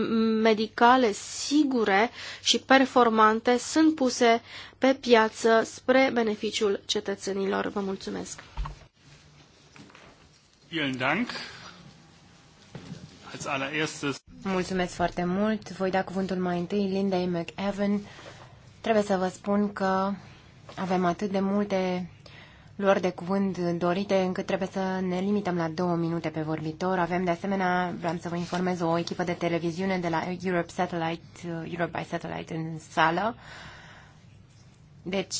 medicale sigure și performante sunt puse pe piață spre beneficiul cetățenilor. Vă mulțumesc! Vielen Dank. Mulțumesc foarte mult. Voi da cuvântul mai întâi Lindei McEvan. Trebuie să vă spun că avem atât de multe luări de cuvânt dorite încât trebuie să ne limităm la două minute pe vorbitor. Avem de asemenea, vreau să vă informez, o echipă de televiziune de la Europe, Satellite, uh, Europe by Satellite în sală. Deci,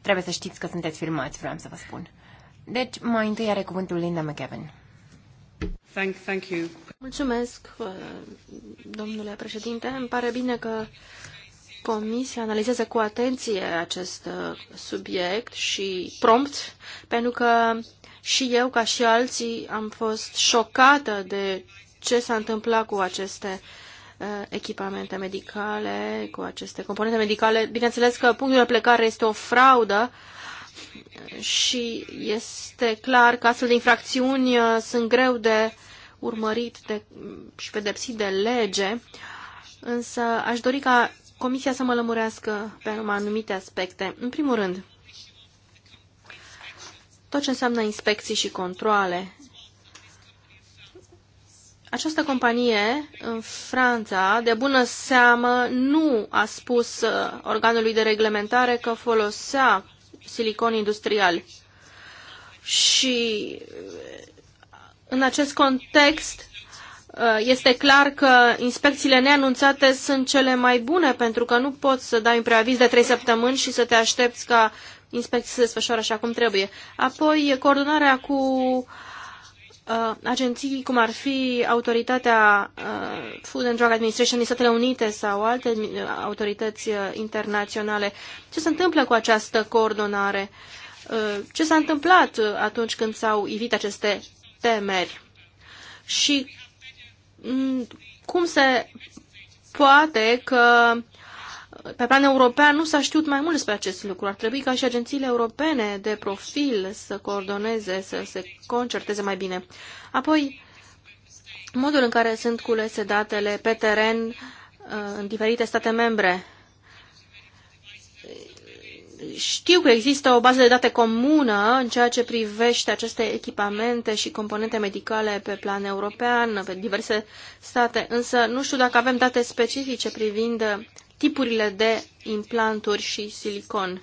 trebuie să știți că sunteți filmați, vreau să vă spun. Deci, mai întâi are cuvântul Linda McEvan. Thank, thank you. Mulțumesc, domnule președinte. Îmi pare bine că Comisia analizează cu atenție acest uh, subiect și prompt, pentru că și eu, ca și alții, am fost șocată de ce s-a întâmplat cu aceste uh, echipamente medicale, cu aceste componente medicale. Bineînțeles că punctul de plecare este o fraudă și este clar că astfel de infracțiuni uh, sunt greu de urmărit de, și pedepsit de lege, însă aș dori ca Comisia să mă lămurească pe anumite aspecte. În primul rând, tot ce înseamnă inspecții și controle. Această companie în Franța, de bună seamă, nu a spus uh, organului de reglementare că folosea silicon industrial. Și în acest context, uh, este clar că inspecțiile neanunțate sunt cele mai bune, pentru că nu poți să dai un preaviz de trei săptămâni și să te aștepți ca inspecții să se desfășoare așa cum trebuie. Apoi, coordonarea cu uh, agenții cum ar fi autoritatea uh, Food and Drug Administration din Statele Unite sau alte autorități internaționale. Ce se întâmplă cu această coordonare? ce s-a întâmplat atunci când s-au ivit aceste temeri. Și mm, cum se poate că pe plan european nu s-a știut mai mult despre acest lucru. Ar trebui ca și agențiile europene de profil să coordoneze, să se concerteze mai bine. Apoi, modul în care sunt culese datele pe teren uh, în diferite state membre. Știu că există o bază de date comună în ceea ce privește aceste echipamente și componente medicale pe plan european, pe diverse state, însă nu știu dacă avem date specifice privind tipurile de implanturi și silicon.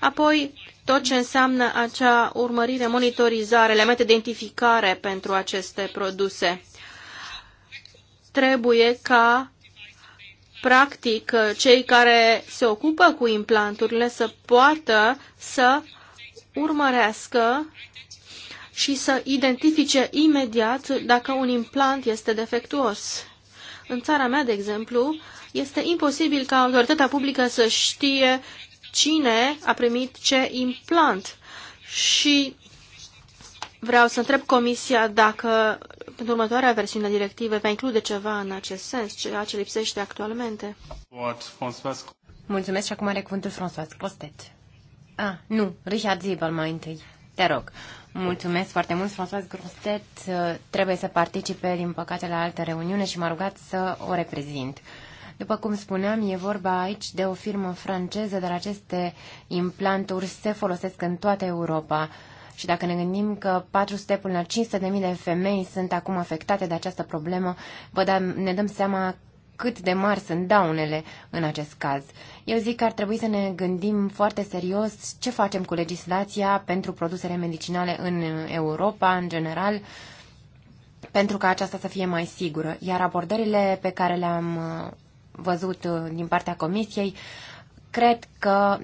Apoi, tot ce înseamnă acea urmărire, monitorizare, elemente de identificare pentru aceste produse. Trebuie ca practic, uh, cei care se ocupă cu implanturile să poată să urmărească și să identifice imediat dacă un implant este defectuos. În țara mea, de exemplu, este imposibil ca autoritatea publică să știe cine a primit ce implant. Și Vreau să întreb Comisia dacă pentru următoarea versiune a directivei va include ceva în acest sens, ceea ce lipsește actualmente. Mulțumesc și acum are cuvântul François Postet. Ah, nu, Richard Zibel mai întâi. Te rog. Mulțumesc foarte mult, François Grostet. Trebuie să participe, din păcate, la altă reuniune și m-a rugat să o reprezint. După cum spuneam, e vorba aici de o firmă franceză, dar aceste implanturi se folosesc în toată Europa. Și dacă ne gândim că 400 până la 500.000 de femei sunt acum afectate de această problemă, vă da, ne dăm seama cât de mari sunt daunele în acest caz. Eu zic că ar trebui să ne gândim foarte serios ce facem cu legislația pentru produsele medicinale în Europa, în general, pentru ca aceasta să fie mai sigură. Iar abordările pe care le-am uh, văzut uh, din partea Comisiei, cred că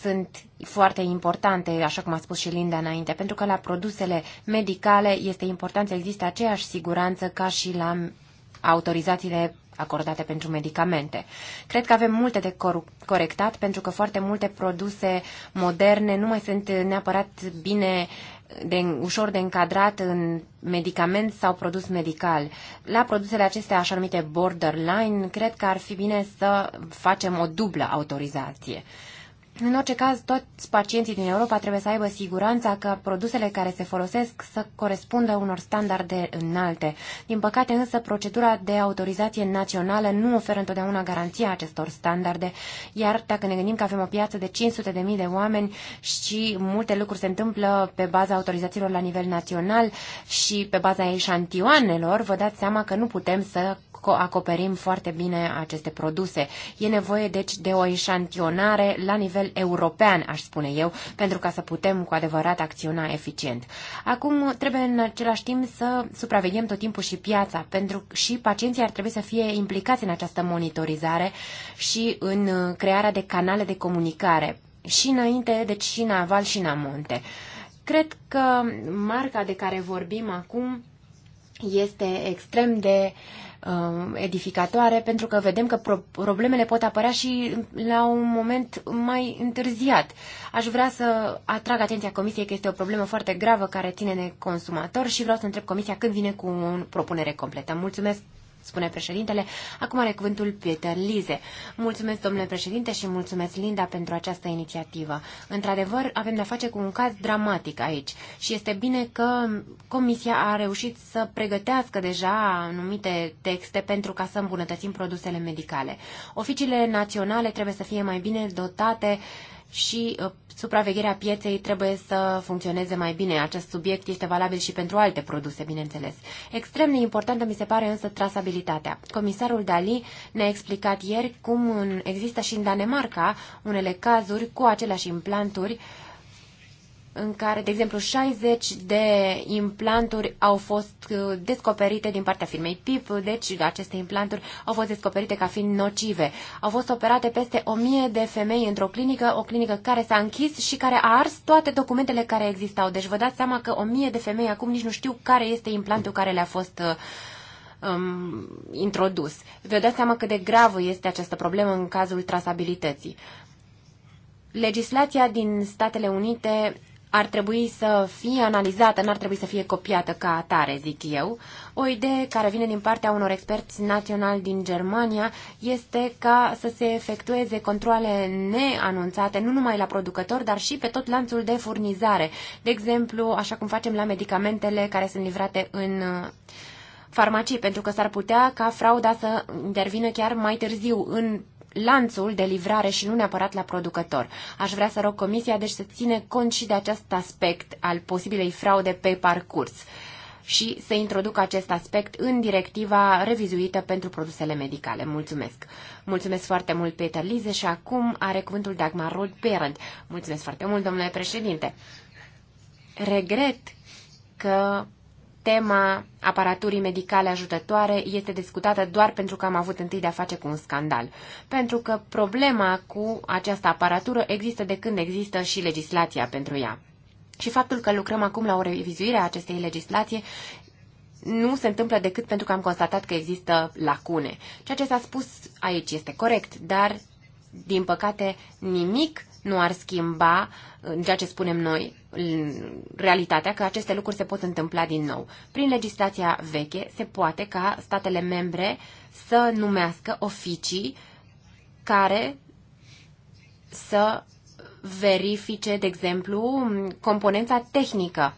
sunt foarte importante, așa cum a spus și Linda înainte, pentru că la produsele medicale este important să existe aceeași siguranță ca și la autorizațiile acordate pentru medicamente. Cred că avem multe de corectat pentru că foarte multe produse moderne nu mai sunt neapărat bine de, ușor de încadrat în medicament sau produs medical. La produsele acestea, așa numite borderline, cred că ar fi bine să facem o dublă autorizație. În orice caz, toți pacienții din Europa trebuie să aibă siguranța că produsele care se folosesc să corespundă unor standarde înalte. Din păcate, însă, procedura de autorizație națională nu oferă întotdeauna garanția acestor standarde, iar dacă ne gândim că avem o piață de 500.000 de oameni și multe lucruri se întâmplă pe baza autorizațiilor la nivel național și pe baza eșantioanelor, vă dați seama că nu putem să acoperim foarte bine aceste produse. E nevoie, deci, de o eșantionare la nivel european, aș spune eu, pentru ca să putem cu adevărat acționa eficient. Acum, trebuie în același timp să supraveghem tot timpul și piața, pentru și pacienții ar trebui să fie implicați în această monitorizare și în uh, crearea de canale de comunicare, și înainte, deci și în aval și în amonte. Cred că marca de care vorbim acum este extrem de uh, Um, edificatoare, pentru că vedem că pro problemele pot apărea și la un moment mai întârziat. Aș vrea să atrag atenția Comisiei că este o problemă foarte gravă care ține de consumator și vreau să întreb Comisia când vine cu o propunere completă. Mulțumesc spune președintele. Acum are cuvântul Peter Lize. Mulțumesc, domnule președinte, și mulțumesc, Linda, pentru această inițiativă. Într-adevăr, avem de-a face cu un caz dramatic aici și este bine că Comisia a reușit să pregătească deja anumite texte pentru ca să îmbunătățim produsele medicale. Oficiile naționale trebuie să fie mai bine dotate uh, și uh, supravegherea pieței trebuie să funcționeze mai bine. Acest subiect este valabil și pentru alte produse, bineînțeles. Extrem de importantă mi se pare însă trasabilitatea. Comisarul Dali ne-a explicat ieri cum există și în Danemarca unele cazuri cu aceleași implanturi uh, în care, de exemplu, 60 de implanturi au fost uh, descoperite din partea firmei PIP, deci aceste implanturi au fost descoperite ca fiind nocive. Au fost operate peste 1000 de femei într-o clinică, o clinică care s-a închis și care a ars toate documentele care existau. Deci vă dați seama că 1000 de femei acum nici nu știu care este implantul care le-a fost uh, um, introdus. Vă dați seama cât de gravă este această problemă în cazul trasabilității. Legislația din Statele Unite ar trebui să fie analizată, n-ar trebui să fie copiată ca atare, zic eu. O idee care vine din partea unor experți naționali din Germania este ca să se efectueze controle neanunțate, nu numai la producători, dar și pe tot lanțul de furnizare. De exemplu, așa cum facem la medicamentele care sunt livrate în uh, farmacii, pentru că s-ar putea ca frauda să intervină chiar mai târziu în lanțul de livrare și nu neapărat la producător. Aș vrea să rog Comisia deci să ține cont și de acest aspect al posibilei fraude pe parcurs și să introducă acest aspect în directiva revizuită pentru produsele medicale. Mulțumesc! Mulțumesc foarte mult, Peter Lize, și acum are cuvântul Dagmar Rold Parent. Mulțumesc foarte mult, domnule președinte! Regret că tema aparaturii medicale ajutătoare este discutată doar pentru că am avut întâi de-a face cu un scandal. Pentru că problema cu această aparatură există de când există și legislația pentru ea. Și faptul că lucrăm acum la o revizuire a acestei legislații nu se întâmplă decât pentru că am constatat că există lacune. Ceea ce s-a spus aici este corect, dar, din păcate, nimic nu ar schimba în uh, ceea ce spunem noi realitatea că aceste lucruri se pot întâmpla din nou. Prin legislația veche se poate ca statele membre să numească oficii care să verifice, de exemplu, componența tehnică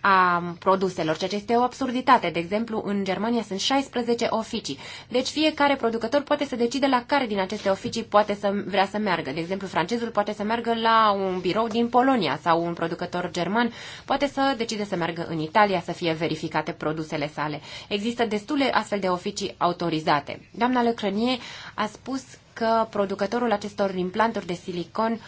a produselor, ceea ce este o absurditate. De exemplu, în Germania sunt 16 oficii. Deci fiecare producător poate să decide la care din aceste oficii poate să vrea să meargă. De exemplu, francezul poate să meargă la un birou din Polonia sau un producător german poate să decide să meargă în Italia să fie verificate produsele sale. Există destule astfel de oficii autorizate. Doamna Lecrănie a spus că producătorul acestor implanturi de silicon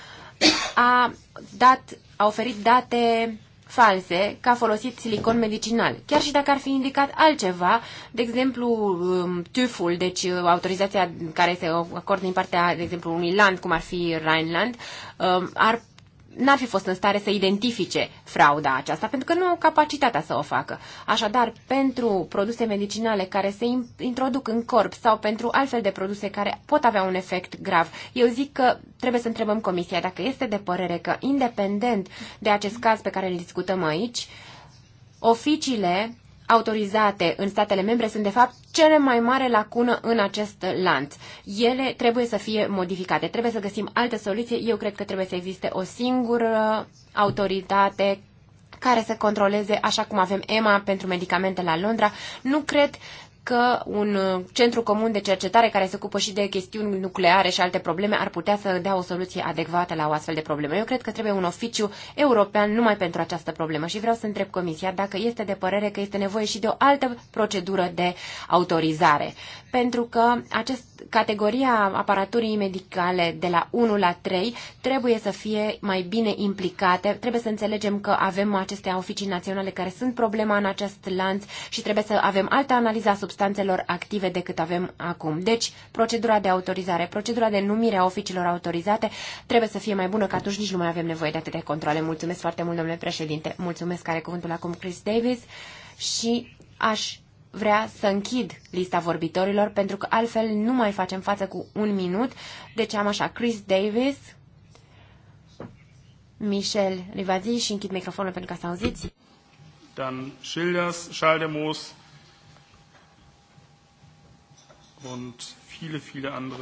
a dat, a oferit date false că a folosit silicon medicinal, chiar și dacă ar fi indicat altceva, de exemplu um, tuful, deci uh, autorizația care se acordă din partea, de exemplu, unui land, cum ar fi Rhineland, um, ar n-ar fi fost în stare să identifice frauda aceasta, pentru că nu au capacitatea să o facă. Așadar, pentru produse medicinale care se introduc în corp sau pentru altfel de produse care pot avea un efect grav, eu zic că trebuie să întrebăm Comisia dacă este de părere că, independent de acest caz pe care îl discutăm aici, oficiile autorizate în statele membre sunt de fapt cele mai mare lacună în acest lanț. Ele trebuie să fie modificate, trebuie să găsim alte soluții. Eu cred că trebuie să existe o singură autoritate care să controleze, așa cum avem EMA pentru medicamente la Londra. Nu cred că un uh, centru comun de cercetare care se ocupă și de chestiuni nucleare și alte probleme ar putea să dea o soluție adecvată la o astfel de problemă. Eu cred că trebuie un oficiu european numai pentru această problemă și vreau să întreb Comisia dacă este de părere că este nevoie și de o altă procedură de autorizare pentru că acest, categoria aparaturii medicale de la 1 la 3 trebuie să fie mai bine implicate. Trebuie să înțelegem că avem aceste oficii naționale care sunt problema în acest lanț și trebuie să avem altă analiză a substanțelor active decât avem acum. Deci, procedura de autorizare, procedura de numire a oficiilor autorizate trebuie să fie mai bună, că atunci nici nu mai avem nevoie de atâtea controle. Mulțumesc foarte mult, domnule președinte. Mulțumesc, care cuvântul acum Chris Davis și aș vrea să închid lista vorbitorilor, pentru că altfel nu mai facem față cu un minut. Deci am așa Chris Davis, Michel Rivazi și închid microfonul pentru ca să auziți. Dan Schilders, Schaldemos und viele, viele andere.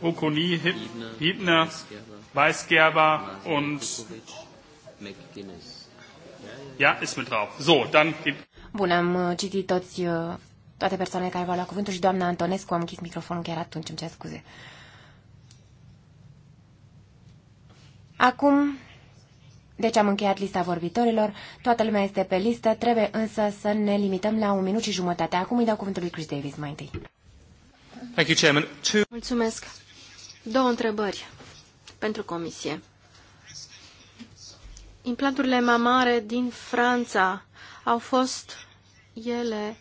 Okoni, Hibner, Weisgerber und... McGuinness. Ja, ist mit drauf. So, dann gibt Bun, am uh, citit toți, uh, toate persoanele care v-au luat cuvântul și doamna Antonescu, am închis microfonul chiar atunci, îmi cer scuze. Acum, deci am încheiat lista vorbitorilor, toată lumea este pe listă, trebuie însă să ne limităm la un minut și jumătate. Acum îi dau cuvântul lui Chris Davis mai întâi. Thank you, Chairman. Two... Mulțumesc. Două întrebări pentru comisie. Implanturile mamare din Franța au fost ele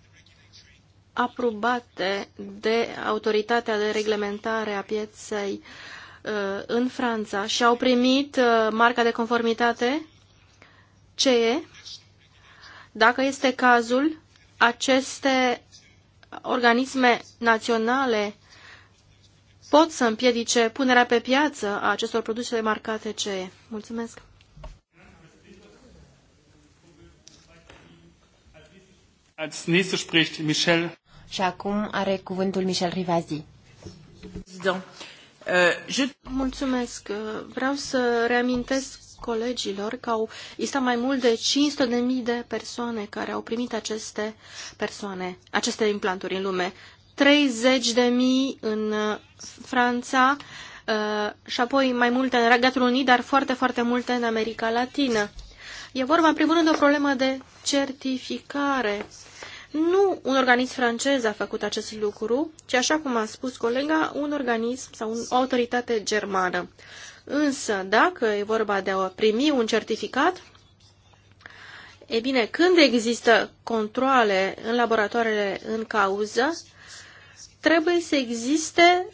aprobate de autoritatea de reglementare a pieței uh, în Franța și au primit uh, marca de conformitate CE. Dacă este cazul, aceste organisme naționale pot să împiedice punerea pe piață a acestor produse marcate CE. Mulțumesc! Als nächstes spricht Michel. Și acum are cuvântul Michel Rivazi. Euh, Mulțumesc. Vreau să reamintesc colegilor că au existat mai mult de 500.000 de persoane care au primit aceste persoane, aceste implanturi în lume. 30.000 în uh, Franța uh, și apoi mai multe în Regatul Unit, dar foarte, foarte multe în America Latină. E vorba, în primul rând, de o problemă de certificare nu un organism francez a făcut acest lucru, ci, așa cum a spus colega, un organism sau o autoritate germană. Însă, dacă e vorba de a primi un certificat, e bine, când există controle în laboratoarele în cauză, trebuie să existe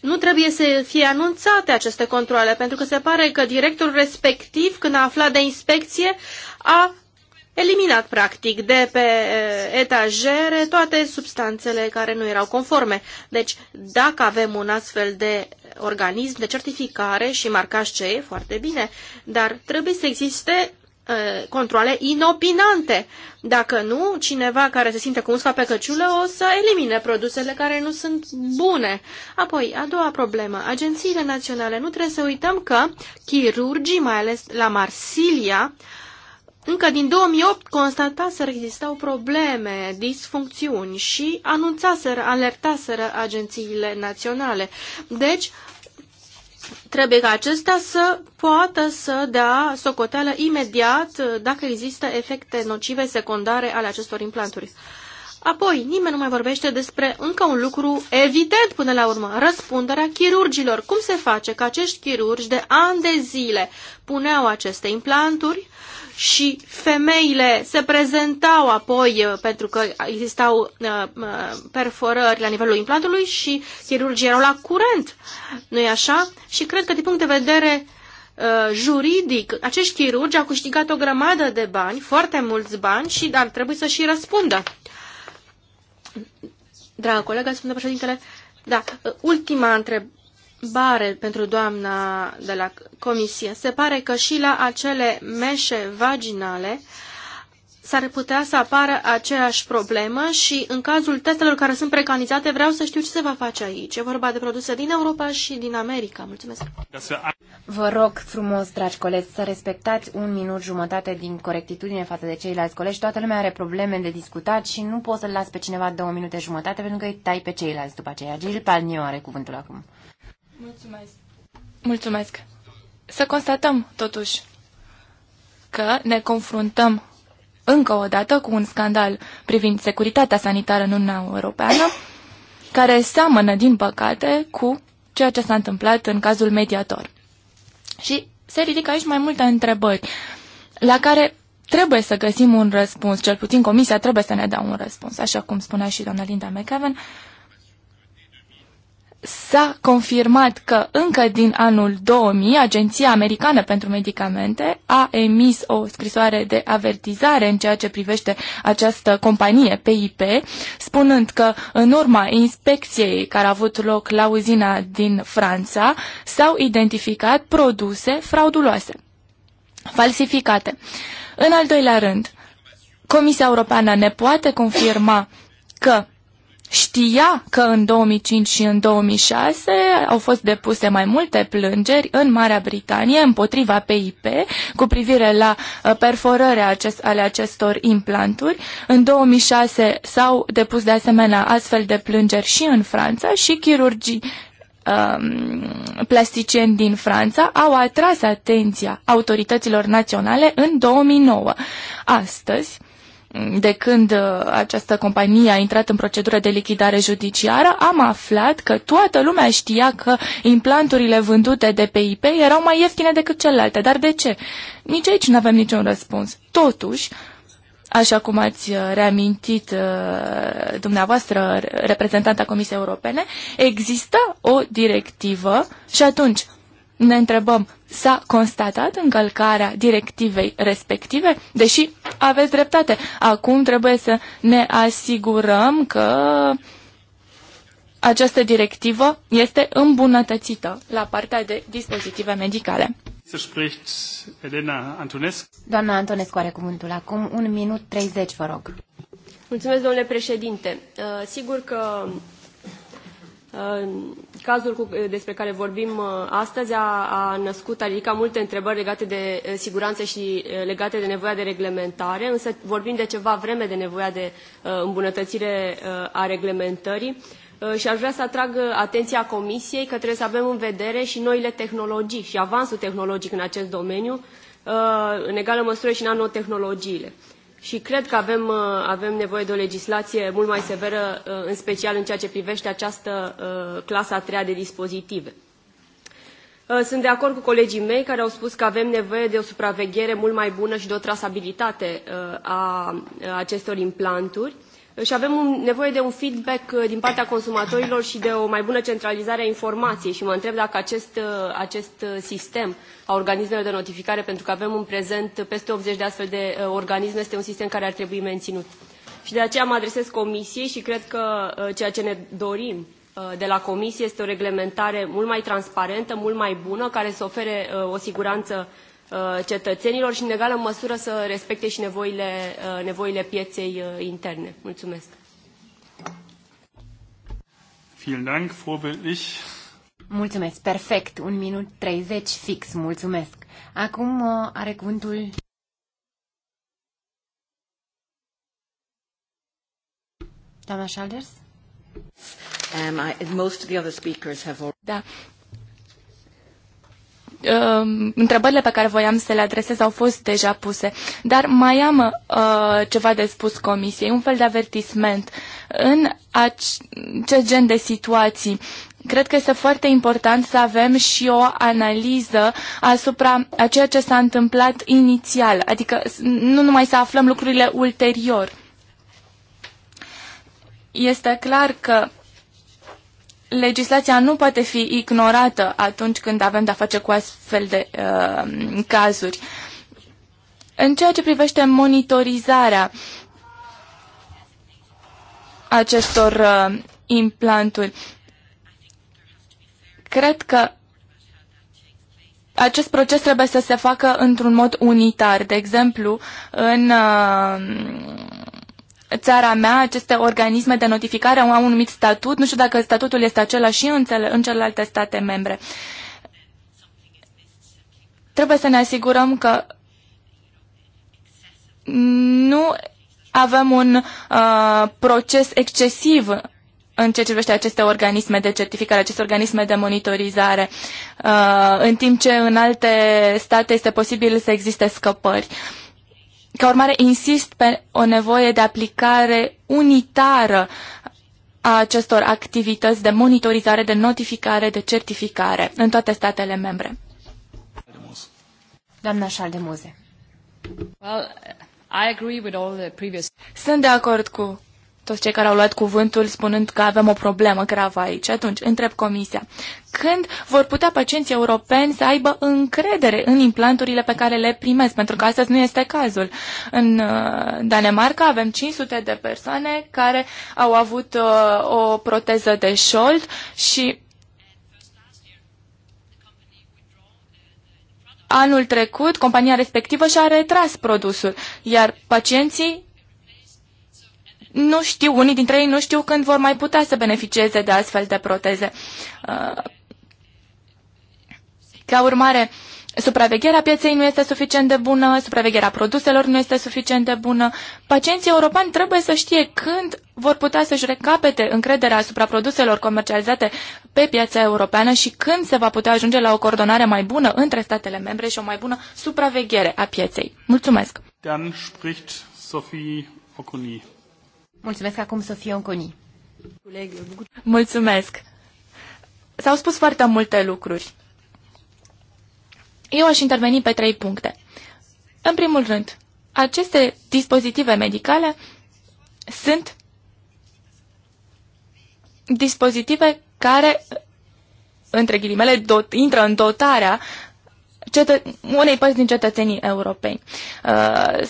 nu trebuie să fie anunțate aceste controle, pentru că se pare că directorul respectiv, când a aflat de inspecție, a eliminat practic de pe etajere toate substanțele care nu erau conforme. Deci, dacă avem un astfel de organism de certificare și marcaș CE, foarte bine, dar trebuie să existe controle inopinante. Dacă nu, cineva care se simte cum pe căciulă o să elimine produsele care nu sunt bune. Apoi, a doua problemă, agențiile naționale. Nu trebuie să uităm că chirurgii, mai ales la Marsilia, uh, încă din 2008 constataseră că existau probleme, disfuncțiuni și anunțaseră, alertaseră agențiile naționale. Deci, trebuie ca acestea să poată să dea socoteală imediat dacă există efecte nocive secundare ale acestor implanturi. Apoi, nimeni nu mai vorbește despre încă un lucru evident până la urmă, răspunderea chirurgilor. Cum se face că acești chirurgi de ani de zile puneau aceste implanturi uh, și femeile se prezentau apoi uh, pentru că existau uh, uh, perforări la nivelul implantului și chirurgii erau la curent, nu e așa? Și cred că din punct de vedere juridic, acești chirurgi au câștigat o grămadă de bani, foarte mulți bani și ar trebui să și răspundă. Dragă colegă, spune președintele, da, ultima întrebare bare pentru doamna de la comisie. Se pare că și la acele meșe vaginale s-ar putea să apară aceeași problemă și în cazul testelor care sunt precanizate vreau să știu ce se va face aici. E vorba de produse din Europa și din America. Mulțumesc! Vă rog frumos, dragi colegi, să respectați un minut jumătate din corectitudine față de ceilalți colegi. Toată lumea are probleme de discutat și nu poți să-l las pe cineva două minute jumătate pentru că îi tai pe ceilalți după aceea. Gil Palniu are cuvântul acum. Mulțumesc. Mulțumesc. Să constatăm, totuși, că ne confruntăm încă o dată cu un scandal privind securitatea sanitară în Uniunea Europeană, care seamănă, din păcate, cu ceea ce s-a întâmplat în cazul mediator. Și se ridică aici mai multe întrebări, la care trebuie să găsim un răspuns, cel puțin Comisia trebuie să ne dea un răspuns, așa cum spunea și doamna Linda McAven, uh, s-a confirmat că încă din anul 2000 Agenția Americană pentru Medicamente a emis o scrisoare de avertizare în ceea ce privește această companie PIP, spunând că în urma inspecției care a avut loc la uzina din Franța s-au identificat produse frauduloase, falsificate. În al doilea rând, Comisia Europeană ne poate confirma că știa că în 2005 și în 2006 au fost depuse mai multe plângeri în Marea Britanie împotriva PIP cu privire la uh, perforarea acest, ale acestor implanturi. În 2006 s-au depus de asemenea astfel de plângeri și în Franța și chirurgii um, plasticieni din Franța au atras atenția autorităților naționale în 2009. Astăzi, de când uh, această companie a intrat în procedură de lichidare judiciară, am aflat că toată lumea știa că implanturile vândute de PIP erau mai ieftine decât celelalte. Dar de ce? Nici aici nu avem niciun răspuns. Totuși, așa cum ați uh, reamintit uh, dumneavoastră, reprezentanta Comisiei Europene, există o directivă și atunci ne întrebăm s-a constatat încălcarea directivei respective, deși aveți dreptate. Acum trebuie să ne asigurăm că această directivă este îmbunătățită la partea de dispozitive medicale. Elena Antonescu. Doamna Antonescu are cuvântul acum. Un minut 30, vă rog. Mulțumesc, domnule președinte. Uh, sigur că Cazul cu, despre care vorbim uh, astăzi a, a născut, a ridicat multe întrebări legate de uh, siguranță și uh, legate de nevoia de reglementare, însă vorbim de ceva vreme de nevoia de îmbunătățire a reglementării și aș vrea să atrag atenția Comisiei că trebuie să avem în vedere și noile tehnologii și avansul tehnologic în acest domeniu, în egală măsură și nanotehnologiile și cred că avem, uh, avem nevoie de o legislație mult mai severă, uh, în special în ceea ce privește această uh, clasă a treia de dispozitive. Sunt de acord cu colegii mei care au spus că avem nevoie de o supraveghere mult mai bună și de o trasabilitate a acestor implanturi și avem un, nevoie de un feedback uh, din partea consumatorilor și de o mai bună centralizare a informației și mă întreb dacă acest, uh, acest uh, sistem a organismelor de notificare, pentru că avem în prezent peste 80 de astfel de organisme, este un sistem care ar trebui menținut. Și de aceea mă adresez Comisiei și cred că ceea ce ne dorim de la Comisie este o reglementare mult mai transparentă, mult mai bună, care să ofere o siguranță Uh, cetățenilor și în egală măsură să respecte și nevoile, uh, nevoile pieței uh, interne. Mulțumesc! Mulțumesc, perfect, un minut 30 fix, mulțumesc. Acum are cuvântul Doamna Sanders? Um, I, most of the other speakers have already... Da, uh, întrebările pe care voiam să le adresez au fost deja puse, dar mai am uh, ceva de spus comisiei, un fel de avertisment. În acest gen de situații, cred că este foarte important să avem și o analiză asupra a ceea ce s-a întâmplat inițial, adică nu numai să aflăm lucrurile ulterior. Este clar că legislația nu poate fi ignorată atunci când avem de-a face cu astfel de uh, cazuri. În ceea ce privește monitorizarea acestor uh, implanturi, cred că acest proces trebuie să se facă într-un mod unitar. De exemplu, în uh, țara mea, aceste organisme de notificare au un anumit statut. Nu știu dacă statutul este același și în, cele, în celelalte state membre. Trebuie să ne asigurăm că nu avem un uh, proces excesiv în ceea ce privește aceste organisme de certificare, aceste organisme de monitorizare, uh, în timp ce în alte state este posibil să existe scăpări. Uh, ca urmare, insist pe o nevoie de aplicare unitară a acestor activități de monitorizare, de notificare, de certificare în toate statele membre. Doamna Schaldemuse. Well, I agree with all the previous... Sunt de acord cu toți cei care au luat cuvântul spunând că avem o problemă gravă aici. Atunci, întreb Comisia, când vor putea pacienții europeni să aibă încredere în implanturile pe care le primesc? Pentru că astăzi nu este cazul. În uh, Danemarca avem 500 de persoane care au avut uh, o proteză de șold și anul trecut compania respectivă și-a retras produsul, iar pacienții nu știu, unii dintre ei nu știu când vor mai putea să beneficieze de astfel de proteze. Uh, ca urmare, supravegherea pieței nu este suficient de bună, supravegherea produselor nu este suficient de bună. Pacienții europeni trebuie să știe când vor putea să-și recapete încrederea asupra produselor comercializate pe piața europeană și când se va putea ajunge la o coordonare mai bună între statele membre și o mai bună supraveghere a pieței. Mulțumesc! spricht Sophie Oconi. Mulțumesc acum, Sofia Onconi. Mulțumesc. S-au spus foarte multe lucruri. Eu aș interveni pe trei puncte. În primul rând, aceste dispozitive medicale sunt dispozitive care, între ghilimele, dot, intră în dotarea cetă- unei părți din cetățenii europeni. Uh,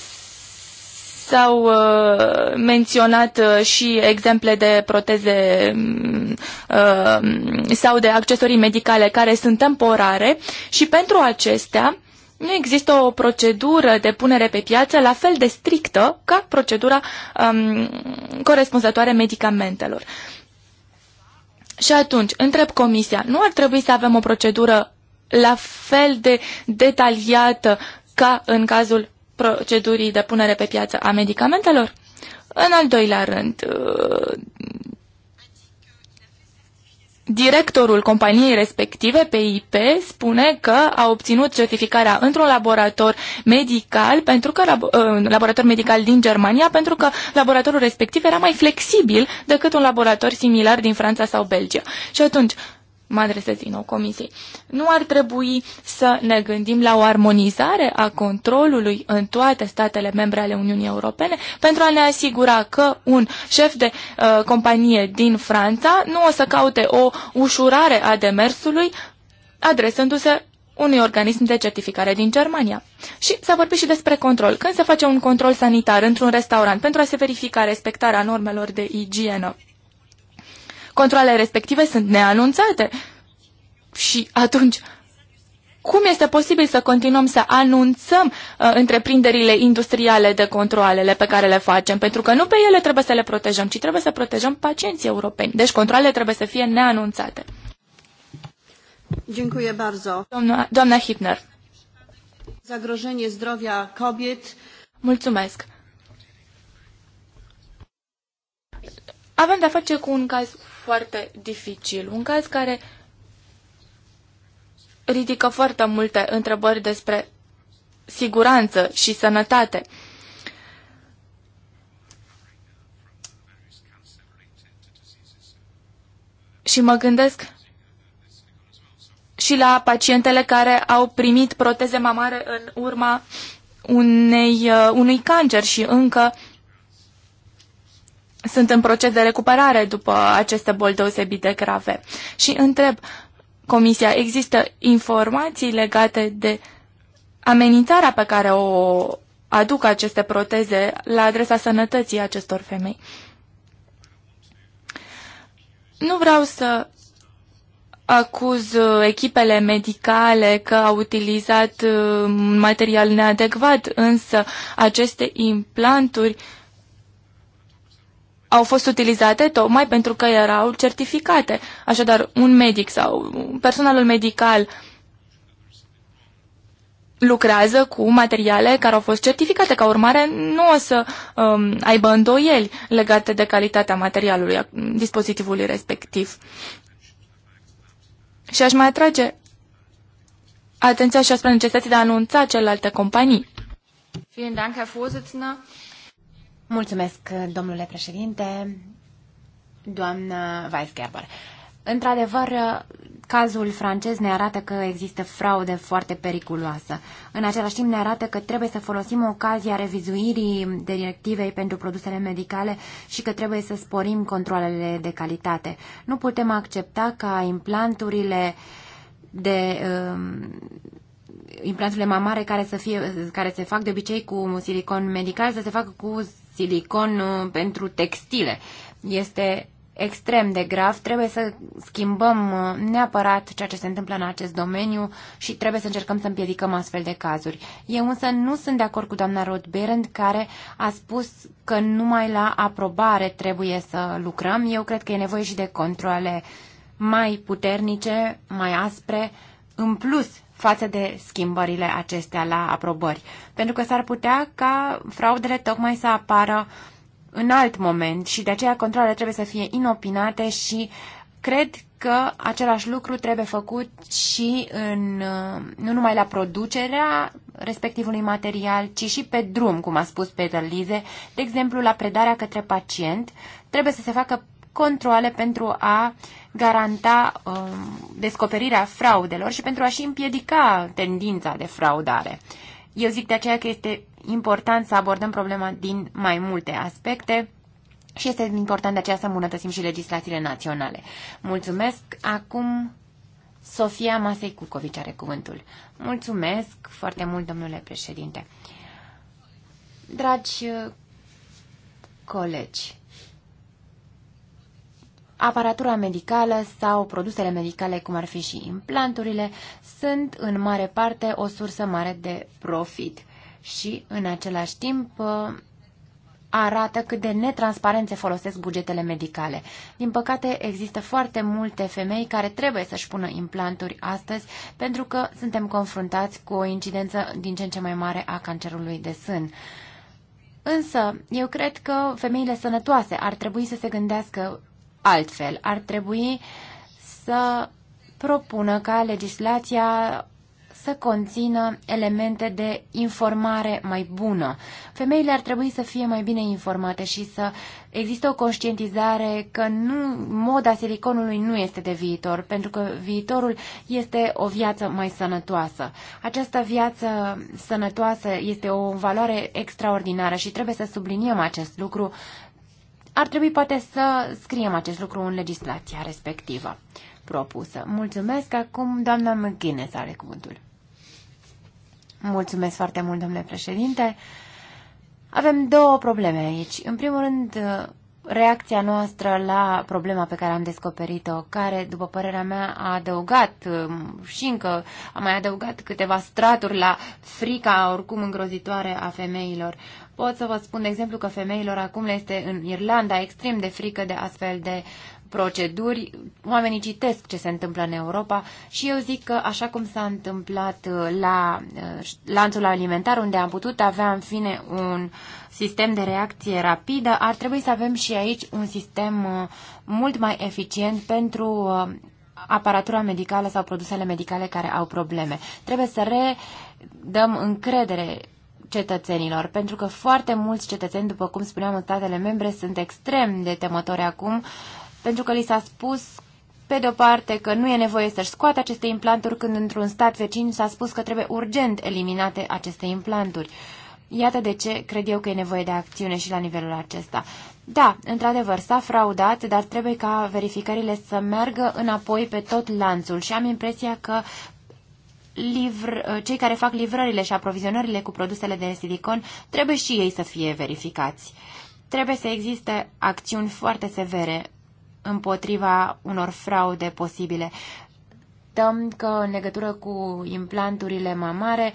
S-au uh, menționat uh, și exemple de proteze mm, uh, sau de accesorii medicale care sunt temporare și pentru acestea nu există o procedură de punere pe piață la fel de strictă ca procedura um, corespunzătoare medicamentelor. Și atunci, întreb Comisia, nu ar trebui să avem o procedură la fel de detaliată ca în cazul procedurii de punere pe piață a medicamentelor. În al doilea rând, uh, directorul companiei respective, PIP, spune că a obținut certificarea într-un laborator medical, pentru că, uh, laborator medical din Germania, pentru că laboratorul respectiv era mai flexibil decât un laborator similar din Franța sau Belgia. Și atunci, mă adresez din nou comisiei, nu ar trebui să ne gândim la o armonizare a controlului în toate statele membre ale Uniunii Europene pentru a ne asigura că un șef de uh, companie din Franța nu o să caute o ușurare a demersului adresându-se unui organism de certificare din Germania. Și s-a vorbit și despre control. Când se face un control sanitar într-un restaurant pentru a se verifica respectarea normelor de igienă, controlele respective sunt neanunțate. Și atunci, cum este posibil să continuăm să anunțăm uh, întreprinderile industriale de controlele pe care le facem? Pentru că nu pe ele trebuie să le protejăm, ci trebuie să protejăm pacienții europeni. Deci controlele trebuie să fie neanunțate. Dziękuję bardzo. Doamna, doamna Hipner. Zagrożenie zdrowia kobiet. Mulțumesc. Avem de-a face cu un caz foarte dificil, un caz care ridică foarte multe întrebări despre siguranță și sănătate. Și mă gândesc și la pacientele care au primit proteze mamare în urma unei, uh, unui cancer și încă sunt în proces de recuperare după aceste boli deosebit de grave. Și întreb, Comisia, există informații legate de amenințarea pe care o aduc aceste proteze la adresa sănătății acestor femei? Nu vreau să acuz uh, echipele medicale că au utilizat uh, material neadecvat, însă aceste implanturi uh, au fost utilizate tocmai pentru că erau certificate. Așadar, un medic sau personalul medical lucrează cu materiale care au fost certificate. Ca urmare, nu o să um, aibă îndoieli legate de calitatea materialului, a dispozitivului respectiv. Și aș mai atrage atenția și asupra necesității de a anunța celelalte companii. Vielen Dank, Herr Vorsitzender. Mulțumesc, domnule președinte, doamnă Weisgerber. Într-adevăr, cazul francez ne arată că există fraude foarte periculoasă. În același timp ne arată că trebuie să folosim ocazia revizuirii directivei pentru produsele medicale și că trebuie să sporim controlele de calitate. Nu putem accepta ca implanturile de um, implanturile mamare care, să fie, care se fac de obicei cu silicon medical să se facă cu silicon uh, pentru textile. Este extrem de grav, trebuie să schimbăm uh, neapărat ceea ce se întâmplă în acest domeniu și trebuie să încercăm să împiedicăm astfel de cazuri. Eu însă nu sunt de acord cu doamna Rod Berend, care a spus că numai la aprobare trebuie să lucrăm. Eu cred că e nevoie și de controle mai puternice, mai aspre, în plus față de schimbările acestea la aprobări. Pentru că s-ar putea ca fraudele tocmai să apară în alt moment și de aceea controlele trebuie să fie inopinate și cred că același lucru trebuie făcut și în, nu numai la producerea respectivului material, ci și pe drum, cum a spus Peter Lize, de exemplu la predarea către pacient, trebuie să se facă controle pentru a uh, garanta um, descoperirea fraudelor și pentru a și împiedica tendința de fraudare. Eu zic de aceea că este important să abordăm problema din mai multe aspecte și este important de aceea să îmbunătățim și legislațiile naționale. Mulțumesc. Acum Sofia Masei Cucovici are cuvântul. Mulțumesc foarte mult, domnule președinte. Dragi uh, colegi, aparatura medicală sau produsele medicale, cum ar fi și implanturile, sunt în mare parte o sursă mare de profit și, în același timp, uh, arată cât de netransparențe folosesc bugetele medicale. Din păcate, există foarte multe femei care trebuie să-și pună implanturi astăzi pentru că suntem confruntați cu o incidență din ce în ce mai mare a cancerului de sân. Însă, eu cred că femeile sănătoase ar trebui să se gândească altfel. Ar trebui să propună ca legislația să conțină elemente de informare mai bună. Femeile ar trebui să fie mai bine informate și să există o conștientizare că nu, moda siliconului nu este de viitor, pentru că viitorul este o viață mai sănătoasă. Această viață sănătoasă este o valoare extraordinară și trebuie să subliniem acest lucru ar trebui poate să scriem acest lucru în legislația respectivă propusă. Mulțumesc. Acum doamna McGuinness are cuvântul. Mulțumesc foarte mult, domnule președinte. Avem două probleme aici. În primul rând, reacția noastră la problema pe care am descoperit-o, care, după părerea mea, a adăugat um, și încă a mai adăugat câteva straturi la frica oricum îngrozitoare a femeilor. Pot să vă spun, de exemplu, că femeilor acum le este în Irlanda extrem de frică de astfel de proceduri. Oamenii citesc ce se întâmplă în Europa și eu zic că așa cum s-a întâmplat uh, la uh, lanțul alimentar, unde am putut avea în fine un sistem de reacție rapidă, ar trebui să avem și aici un sistem uh, mult mai eficient pentru aparatura medicală sau produsele medicale care au probleme. Trebuie să redăm încredere cetățenilor, pentru că foarte mulți cetățeni, după cum spuneam în statele membre, sunt extrem de temători acum, pentru că li s-a spus pe de o parte că nu e nevoie să-și scoată aceste implanturi când într-un stat vecin s-a spus că trebuie urgent eliminate aceste implanturi. Iată de ce cred eu că e nevoie de acțiune și la nivelul acesta. Da, într-adevăr, s-a fraudat, dar trebuie ca verificările să meargă înapoi pe tot lanțul și am impresia că livr, uh, cei care fac livrările și aprovizionările cu produsele de silicon trebuie și ei să fie verificați. Trebuie să existe acțiuni foarte severe împotriva unor fraude posibile. Dăm că în legătură cu implanturile mamare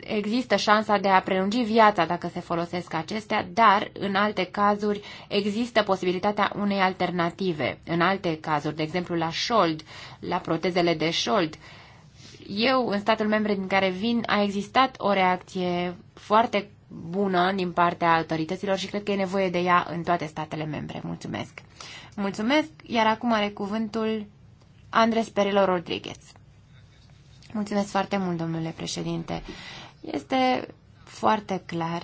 există șansa de a prelungi viața dacă se folosesc acestea, dar în alte cazuri există posibilitatea unei alternative. În alte cazuri, de exemplu la șold, la protezele de șold, uh, eu, în statul membre din care vin, a existat o reacție foarte bună din partea autorităților și cred că e nevoie de ea în toate statele membre. Mulțumesc! Mulțumesc, iar acum are cuvântul Andres Perelo Rodriguez. Mulțumesc foarte mult, domnule președinte. Este foarte clar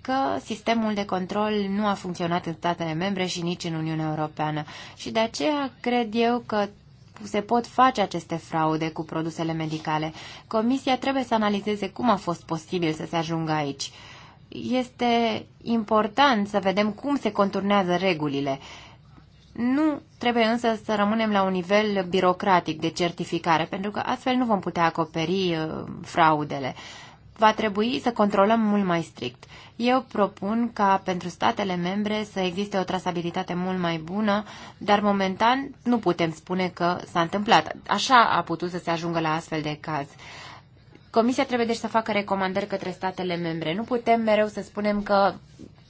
că sistemul de control nu a funcționat în statele membre și nici în Uniunea Europeană. Și de aceea cred eu că se pot face aceste fraude cu produsele medicale. Comisia trebuie să analizeze cum a fost posibil să se ajungă aici. Este important să vedem cum se conturnează regulile. Nu trebuie însă să rămânem la un nivel birocratic de certificare, pentru că astfel nu vom putea acoperi uh, fraudele va trebui să controlăm mult mai strict. Eu propun ca pentru statele membre să existe o trasabilitate mult mai bună, dar momentan nu putem spune că s-a întâmplat. Așa a putut să se ajungă la astfel de caz. Comisia trebuie deci să facă recomandări către statele membre. Nu putem mereu să spunem că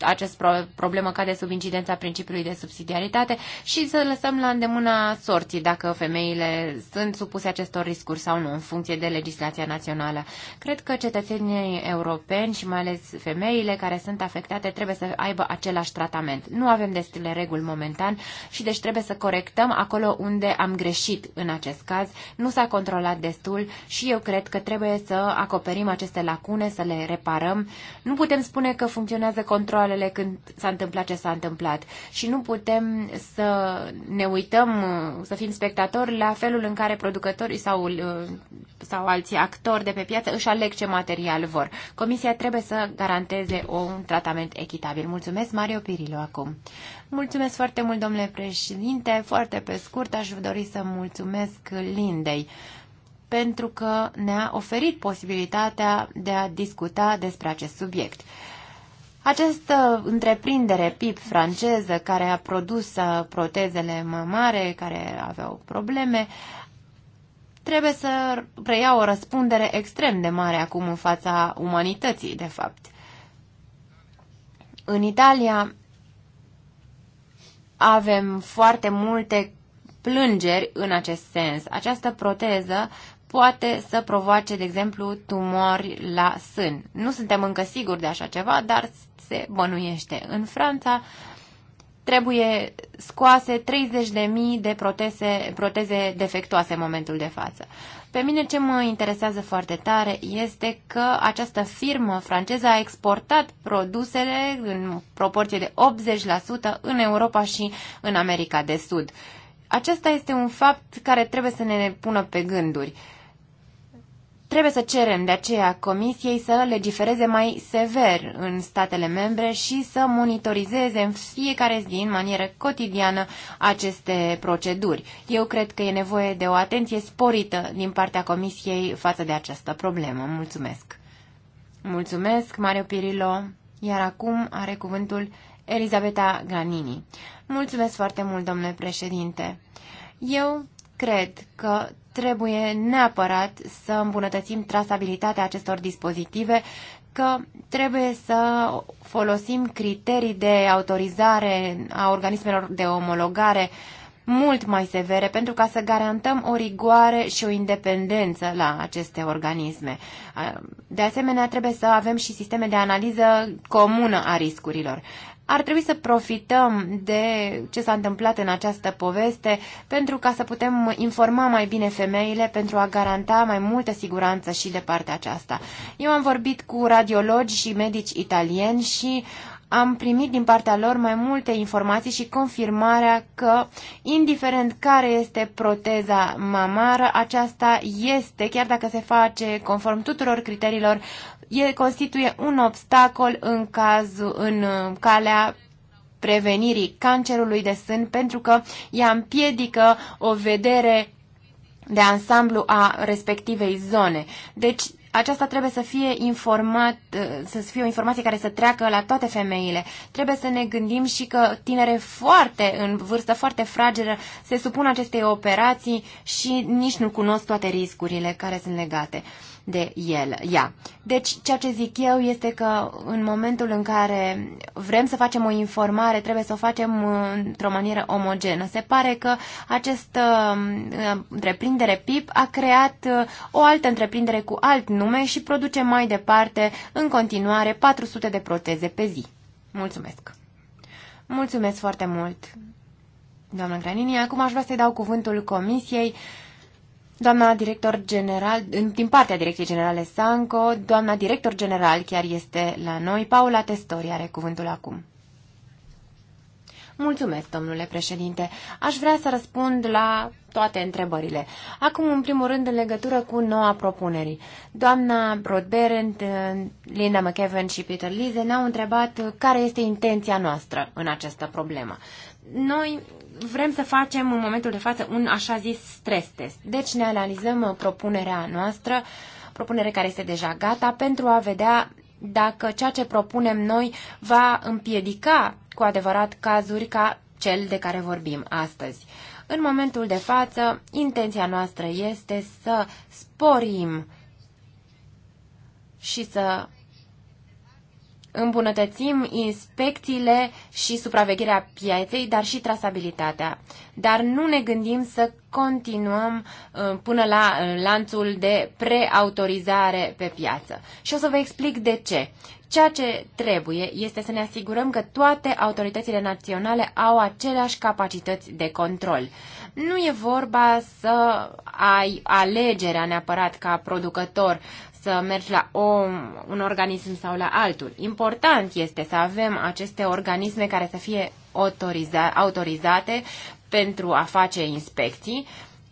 acest pro- problemă cade sub incidența principiului de subsidiaritate și să lăsăm la îndemâna sorții dacă femeile sunt supuse acestor riscuri sau nu, în funcție de legislația națională. Cred că cetățenii europeni și mai ales femeile care sunt afectate trebuie să aibă același tratament. Nu avem destule reguli momentan și deci trebuie să corectăm acolo unde am greșit în acest caz. Nu s-a controlat destul și eu cred că trebuie să acoperim aceste lacune, să le reparăm. Nu putem spune că funcționează control controlele când s-a întâmplat ce s-a întâmplat. Și nu putem să ne uităm, să fim spectatori la felul în care producătorii sau, uh, sau alții actori de pe piață își aleg ce material vor. Comisia trebuie să garanteze un tratament echitabil. Mulțumesc, Mario Pirilo, acum. Mulțumesc foarte mult, domnule președinte. Foarte pe scurt, aș dori să mulțumesc Lindei pentru că ne-a oferit posibilitatea de a discuta despre acest subiect. Această întreprindere PIP franceză care a produs uh, protezele mamare, care aveau probleme, trebuie să preia o răspundere extrem de mare acum în fața umanității, de fapt. În Italia avem foarte multe plângeri în acest sens. Această proteză poate să provoace, de exemplu, tumori la sân. Nu suntem încă siguri de așa ceva, dar se bănuiește. În Franța trebuie scoase 30.000 de proteze, proteze defectuoase în momentul de față. Pe mine ce mă interesează foarte tare este că această firmă franceză a exportat produsele în proporție de 80% în Europa și în America de Sud. Acesta este un fapt care trebuie să ne pună pe gânduri. Trebuie să cerem de aceea Comisiei să legifereze mai sever în statele membre și să monitorizeze în fiecare zi, în manieră cotidiană, aceste proceduri. Eu cred că e nevoie de o atenție sporită din partea Comisiei față de această problemă. Mulțumesc! Mulțumesc, Mario Pirilo! Iar acum are cuvântul Elizabeta Granini. Mulțumesc foarte mult, domnule președinte! Eu cred că trebuie neapărat să îmbunătățim trasabilitatea acestor dispozitive, că trebuie să folosim criterii de autorizare a organismelor de omologare mult mai severe pentru ca să garantăm o rigoare și o independență la aceste organisme. De asemenea, trebuie să avem și sisteme de analiză comună a riscurilor. Ar trebui să profităm de ce s-a întâmplat în această poveste pentru ca să putem informa mai bine femeile pentru a garanta mai multă siguranță și de partea aceasta. Eu am vorbit cu radiologi și medici italieni și uh, am primit din partea lor mai multe informații și confirmarea că, indiferent care este proteza mamară, aceasta este, chiar dacă se face conform tuturor criteriilor, e, constituie un obstacol în, cazul, în uh, calea prevenirii cancerului de sân pentru că ea împiedică o vedere de ansamblu a respectivei zone. Deci aceasta trebuie să fie, informat, să fie o informație care să treacă la toate femeile. Trebuie să ne gândim și că tinere foarte, în vârstă foarte fragedă, se supun acestei operații și nici nu cunosc toate riscurile care sunt legate de el, ea. Deci, ceea ce zic eu este că în momentul în care vrem să facem o informare, trebuie să o facem uh, într-o manieră omogenă. Se pare că această uh, întreprindere PIP a creat uh, o altă întreprindere cu alt nume și produce mai departe, în continuare, 400 de proteze pe zi. Mulțumesc! Mulțumesc foarte mult, doamnă Granini. Acum aș vrea să-i dau cuvântul Comisiei Doamna director general, din partea Direcției Generale Sanco, doamna director general chiar este la noi, Paula Testori are cuvântul acum. Mulțumesc, domnule președinte. Aș vrea să răspund la toate întrebările. Acum, în primul rând, în legătură cu noua propunere. Doamna Broadberent, Linda McEwen și Peter Lize ne-au întrebat care este intenția noastră în această problemă. Noi vrem să facem în momentul de față un așa zis stres test. Deci ne analizăm uh, propunerea noastră, propunere care este deja gata, pentru a vedea dacă ceea ce propunem noi va împiedica cu adevărat cazuri ca cel de care vorbim astăzi. În momentul de față, intenția noastră este să sporim și să îmbunătățim inspecțiile și supravegherea pieței, dar și trasabilitatea. Dar nu ne gândim să continuăm uh, până la uh, lanțul de preautorizare pe piață. Și o să vă explic de ce. Ceea ce trebuie este să ne asigurăm că toate autoritățile naționale au aceleași capacități de control. Nu e vorba să ai alegerea neapărat ca producător să mergi la o, un organism sau la altul. Important este să avem aceste organisme care să fie autoriza, autorizate pentru a face inspecții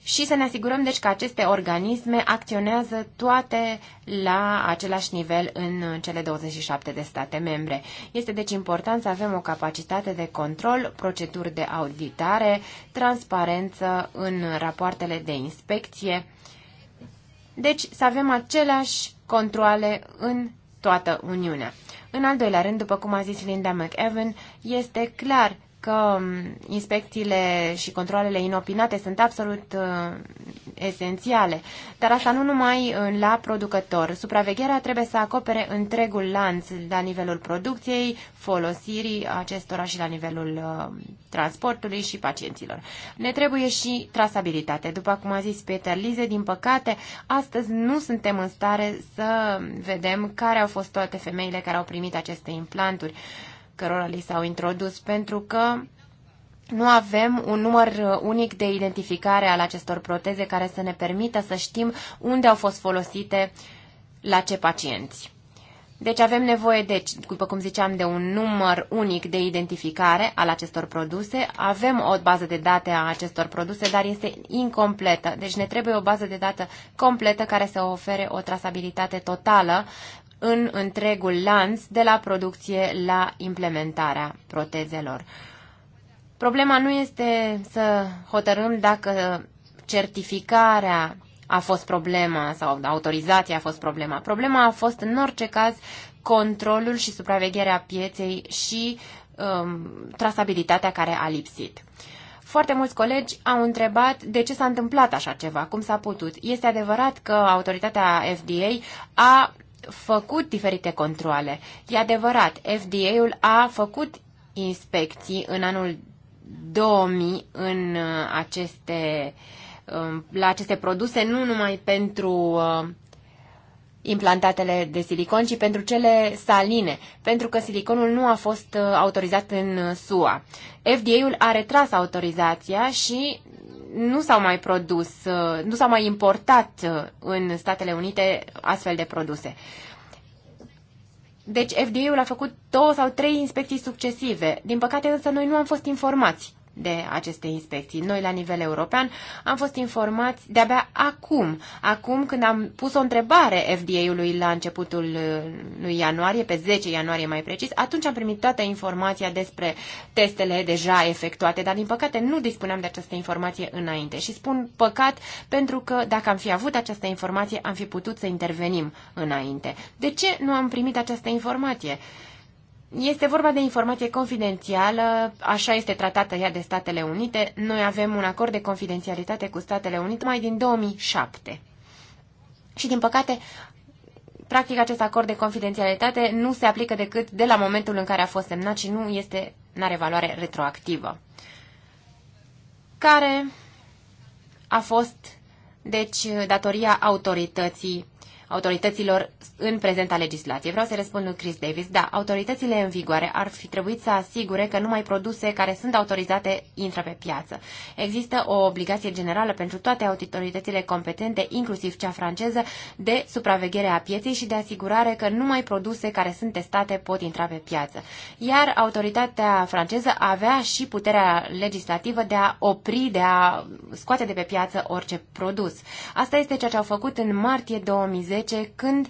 și să ne asigurăm deci că aceste organisme acționează toate la același nivel în cele 27 de state membre. Este deci important să avem o capacitate de control, proceduri de auditare, transparență în rapoartele de inspecție deci să avem aceleași controle în toată Uniunea. În al doilea rând, după cum a zis Linda McEwen, este clar că um, inspecțiile și controlele inopinate sunt absolut uh, esențiale, dar asta nu numai uh, la producător. Supravegherea trebuie să acopere întregul lanț la nivelul producției, folosirii acestora și la nivelul uh, transportului și pacienților. Ne trebuie și trasabilitate. După cum a zis Peter Lize, din păcate, astăzi nu suntem în stare să vedem care au fost toate femeile care au primit aceste implanturi. Uh, cărora li s-au introdus, pentru că nu avem un număr unic de identificare al acestor proteze care să ne permită să știm unde au fost folosite la ce pacienți. Deci avem nevoie, deci, după cum ziceam, de un număr unic de identificare al acestor produse. Avem o bază de date a acestor produse, dar este incompletă. Deci ne trebuie o bază de dată completă care să ofere o trasabilitate totală în întregul lanț, de la producție la implementarea protezelor. Problema nu este să hotărâm dacă certificarea a fost problema sau autorizația a fost problema. Problema a fost, în orice caz, controlul și supravegherea pieței și um, trasabilitatea care a lipsit. Foarte mulți colegi au întrebat de ce s-a întâmplat așa ceva, cum s-a putut. Este adevărat că autoritatea FDA a făcut diferite controle. E adevărat, FDA-ul a făcut inspecții în anul 2000 în uh, aceste, um, la aceste produse, nu numai pentru uh, implantatele de silicon, ci pentru cele saline, pentru că siliconul nu a fost uh, autorizat în SUA. FDA-ul a retras autorizația și nu s-au mai produs, uh, nu s-au mai importat uh, în Statele Unite astfel de produse. Deci FDA-ul a făcut două sau trei inspecții succesive. Din păcate însă noi nu am fost informați de aceste inspecții. Noi, la nivel european, am fost informați de-abia acum, acum când am pus o întrebare FDA-ului la începutul uh, lui ianuarie, pe 10 ianuarie mai precis, atunci am primit toată informația despre testele deja efectuate, dar din păcate nu dispuneam de această informație înainte. Și spun păcat pentru că dacă am fi avut această informație, am fi putut să intervenim înainte. De ce nu am primit această informație? Este vorba de informație confidențială, așa este tratată ea de Statele Unite. Noi avem un acord de confidențialitate cu Statele Unite mai din 2007. Și, din păcate, practic acest acord de confidențialitate nu se aplică decât de la momentul în care a fost semnat și nu este, are valoare retroactivă. Care a fost, deci, datoria autorității autorităților în prezenta legislație. Vreau să răspund lui Chris Davis. Da, autoritățile în vigoare ar fi trebuit să asigure că numai produse care sunt autorizate intră pe piață. Există o obligație generală pentru toate autoritățile competente, inclusiv cea franceză, de supraveghere a pieței și de asigurare că numai produse care sunt testate pot intra pe piață. Iar autoritatea franceză avea și puterea legislativă de a opri, de a scoate de pe piață orice produs. Asta este ceea ce au făcut în martie 2010 2012, când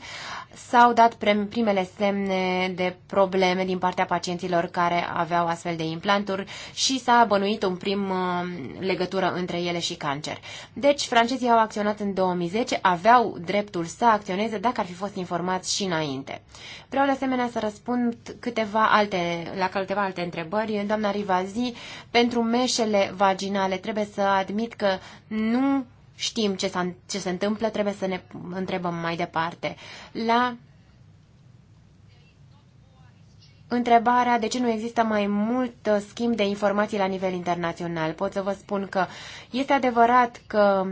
s-au dat primele semne de probleme din partea pacienților care aveau astfel de implanturi și s-a bănuit un prim uh, legătură între ele și cancer. Deci, francezii au acționat în 2010, aveau dreptul să acționeze dacă ar fi fost informați și înainte. Vreau de asemenea să răspund câteva alte, la câteva alte întrebări. Doamna Rivazi, pentru meșele vaginale trebuie să admit că nu știm ce, ce se întâmplă, trebuie să ne întrebăm mai departe. La întrebarea de ce nu există mai mult uh, schimb de informații la nivel internațional. Pot să vă spun că este adevărat că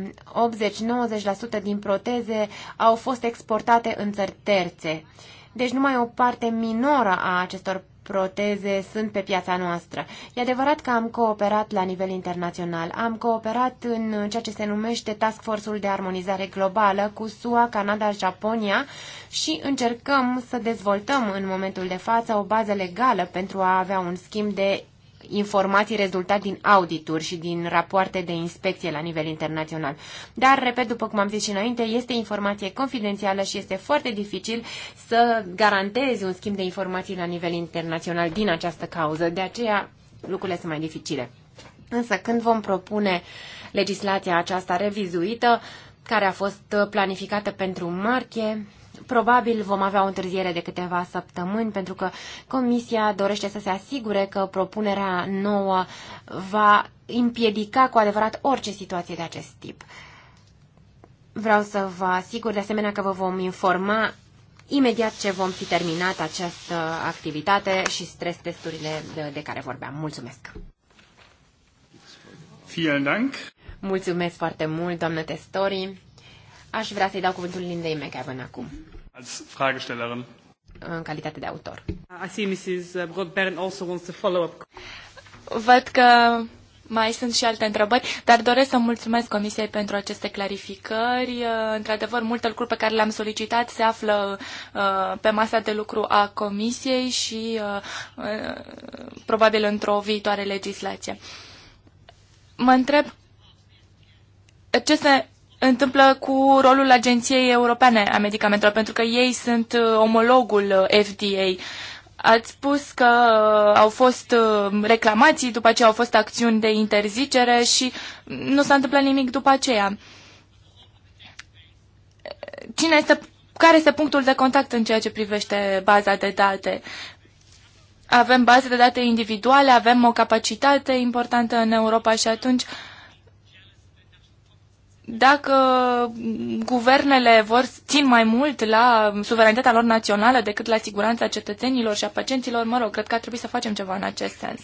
80-90% din proteze au fost exportate în țări terțe. Deci numai o parte minoră a acestor proteze sunt pe piața noastră. E adevărat că am cooperat la nivel internațional. Am cooperat în ceea ce se numește Task Force-ul de Armonizare Globală cu SUA, Canada, Japonia și încercăm să dezvoltăm în momentul de față o bază legală pentru a avea un schimb de informații rezultat din audituri și din rapoarte de inspecție la nivel internațional. Dar, repet, după cum am zis și înainte, este informație confidențială și este foarte dificil să garantezi un schimb de informații la nivel internațional din această cauză. De aceea, lucrurile sunt mai dificile. Însă, când vom propune legislația aceasta revizuită, care a fost planificată pentru martie, Probabil vom avea o întârziere de câteva săptămâni pentru că Comisia dorește să se asigure că propunerea nouă va împiedica cu adevărat orice situație de acest tip. Vreau să vă asigur de asemenea că vă vom informa imediat ce vom fi terminat această activitate și stres testurile de, de care vorbeam. Mulțumesc! Vielen Dank! Mulțumesc foarte mult, doamnă Testori! Aș vrea să-i dau cuvântul Lindei McEwan acum als Fragestellerin. În calitate de autor. I see Mrs. Broadbent also wants to follow up. Văd că mai sunt și alte întrebări, dar doresc să mulțumesc Comisiei pentru aceste clarificări. Într-adevăr, multe lucruri pe care le-am solicitat se află uh, pe masa de lucru a Comisiei și uh, uh, probabil într-o viitoare legislație. Mă întreb ce se întâmplă cu rolul Agenției Europene a Medicamentelor, pentru că ei sunt uh, omologul uh, FDA. Ați spus că uh, au fost reclamații, după aceea au fost acțiuni de interzicere și nu s-a întâmplat nimic după aceea. Cine este, care este punctul de contact în ceea ce privește baza de date? Avem baze de date individuale, avem o capacitate importantă în Europa și atunci uh, dacă guvernele vor țin mai mult la suveranitatea lor națională decât la siguranța cetățenilor și a pacienților, mă rog, cred că ar trebui să facem ceva în acest sens.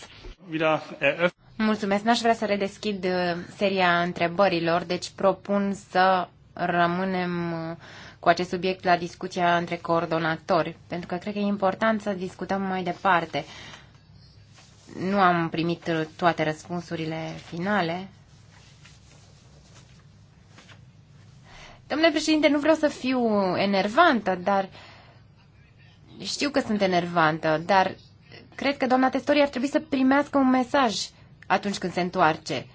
Eh, eh. Mulțumesc, n-aș vrea să redeschid eh, seria întrebărilor, deci propun să rămânem cu acest subiect la discuția între coordonatori, pentru că cred că e important să discutăm mai departe. Nu am primit toate răspunsurile finale, Domnule președinte, nu vreau să fiu enervantă, dar știu că sunt enervantă, dar cred că doamna Testori ar trebui să primească un mesaj atunci când se întoarce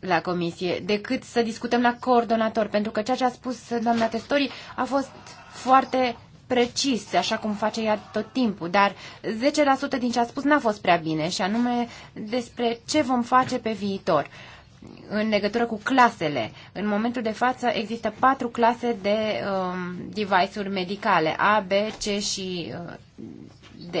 la comisie, decât să discutăm la coordonator, pentru că ceea ce a spus doamna Testori a fost foarte precis, așa cum face ea tot timpul, dar 10% din ce a spus n-a fost prea bine, și anume despre ce vom face pe viitor în legătură cu clasele. În momentul de față există patru clase de um, device-uri medicale, A, B, C și uh, D.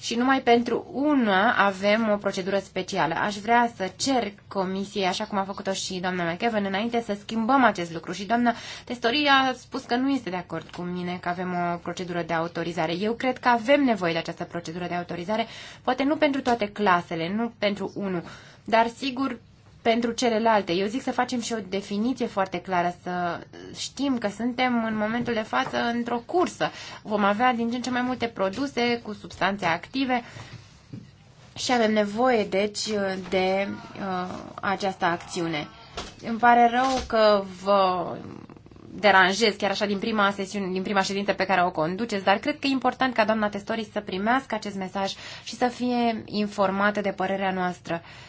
Și numai pentru una avem o procedură specială. Aș vrea să cer comisiei, așa cum a făcut-o și doamna McEwen, înainte să schimbăm acest lucru. Și doamna Testoria a spus că nu este de acord cu mine că avem o procedură de autorizare. Eu cred că avem nevoie de această procedură de autorizare, poate nu pentru toate clasele, nu pentru unul, dar sigur pentru celelalte. Eu zic să facem și o definiție foarte clară, să știm că suntem în momentul de față într-o cursă. Vom avea din ce în ce mai multe produse cu substanțe active și avem nevoie, deci, de uh, această acțiune. Îmi pare rău că vă deranjez chiar așa din prima sesiune, din prima ședință pe care o conduceți, dar cred că e important ca doamna Testori să primească acest mesaj și să fie informată de părerea noastră. Uh,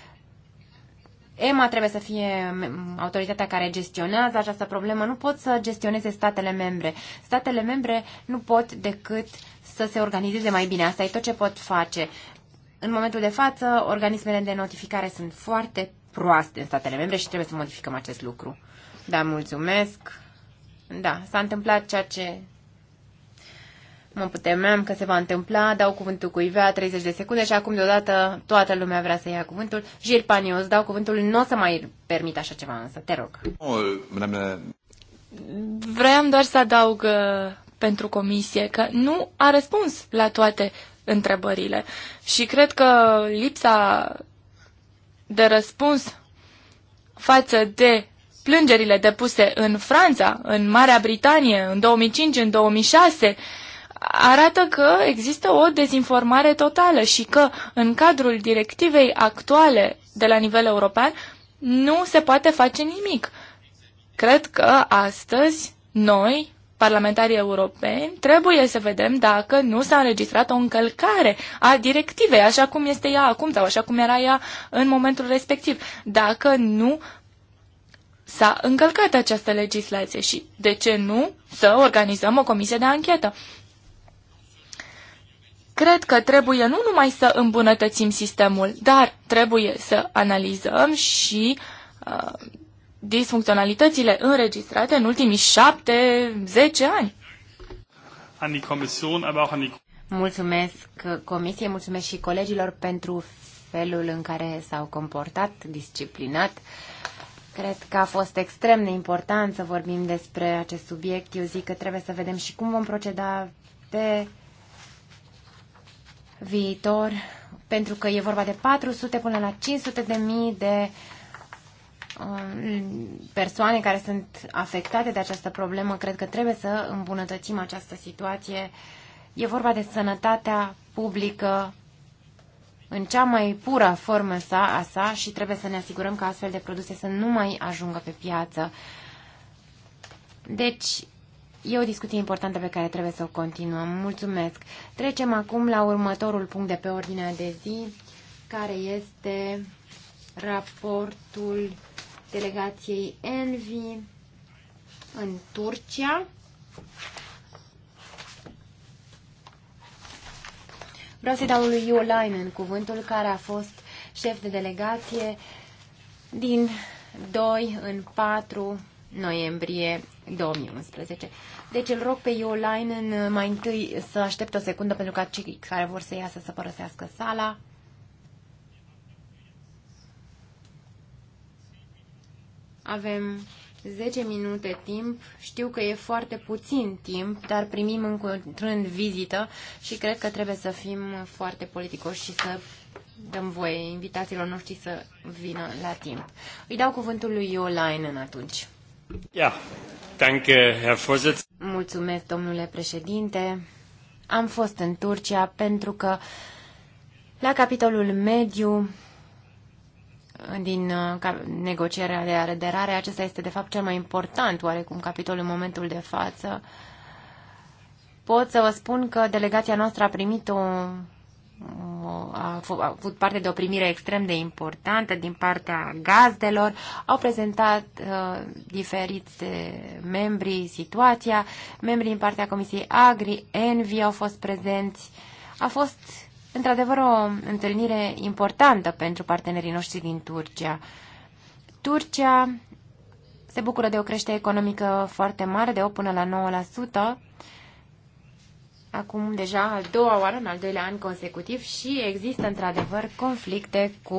EMA trebuie să fie autoritatea care gestionează această problemă, nu pot să gestioneze statele membre. Statele membre nu pot decât să se organizeze mai bine. Asta e tot ce pot face. În momentul de față, organismele de notificare sunt foarte proaste în statele membre și trebuie să modificăm acest lucru. Da, mulțumesc. Da, s-a întâmplat ceea ce Mă temeam că se va întâmpla, dau cuvântul cuiva 30 de secunde și acum deodată toată lumea vrea să ia cuvântul. Gil Panios, dau cuvântul, nu o să mai permit așa ceva însă, te rog. Vreau doar să adaug uh, pentru comisie că nu a răspuns la toate întrebările și cred că lipsa de răspuns față de plângerile depuse în Franța, în Marea Britanie, în 2005, în 2006, arată că există o dezinformare totală și că în cadrul directivei actuale de la nivel european nu se poate face nimic. Cred că astăzi noi, parlamentarii europeni, trebuie să vedem dacă nu s-a înregistrat o încălcare a directivei, așa cum este ea acum sau așa cum era ea în momentul respectiv, dacă nu s-a încălcat această legislație și, de ce nu, să organizăm o comisie de anchetă. Cred că trebuie nu numai să îmbunătățim sistemul, dar trebuie să analizăm și uh, disfuncționalitățile înregistrate în ultimii șapte, zece ani. Mulțumesc Comisiei, mulțumesc și colegilor pentru felul în care s-au comportat, disciplinat. Cred că a fost extrem de important să vorbim despre acest subiect. Eu zic că trebuie să vedem și cum vom proceda pe viitor, pentru că e vorba de 400 până la 500 de mii de um, persoane care sunt afectate de această problemă, cred că trebuie să îmbunătățim această situație. E vorba de sănătatea publică în cea mai pură formă sa, a sa și trebuie să ne asigurăm că astfel de produse să nu mai ajungă pe piață. Deci, E o discuție importantă pe care trebuie să o continuăm. Mulțumesc. Trecem acum la următorul punct de pe ordinea de zi, care este raportul delegației Envi în Turcia. Vreau să-i dau lui Iolainen cuvântul care a fost șef de delegație din 2 în 4 noiembrie 2011. Deci îl rog pe Iolainen uh, mai întâi să aștepte o secundă pentru ca cei care vor să iasă să părăsească sala. Avem 10 minute timp. Știu că e foarte puțin timp, dar primim încurând vizită și cred că trebuie să fim foarte politicoși și să dăm voie invitațiilor noștri să vină la timp. Îi dau cuvântul lui Iolainen atunci. Mulțumesc, domnule președinte. Am fost în Turcia pentru că la capitolul mediu din uh, negocierea de aderare, acesta este de fapt cel mai important oarecum capitol în momentul de față. Pot să vă spun că delegația noastră a primit o a avut parte de o primire extrem de importantă din partea gazdelor, au prezentat uh, diferiți membri situația, membrii din partea Comisiei Agri, Envi au fost prezenți. A fost într-adevăr o întâlnire importantă pentru partenerii noștri din Turcia. Turcia se bucură de o creștere economică foarte mare, de 8 până la 9%, acum deja al doua oară, în al doilea an consecutiv și există într-adevăr conflicte cu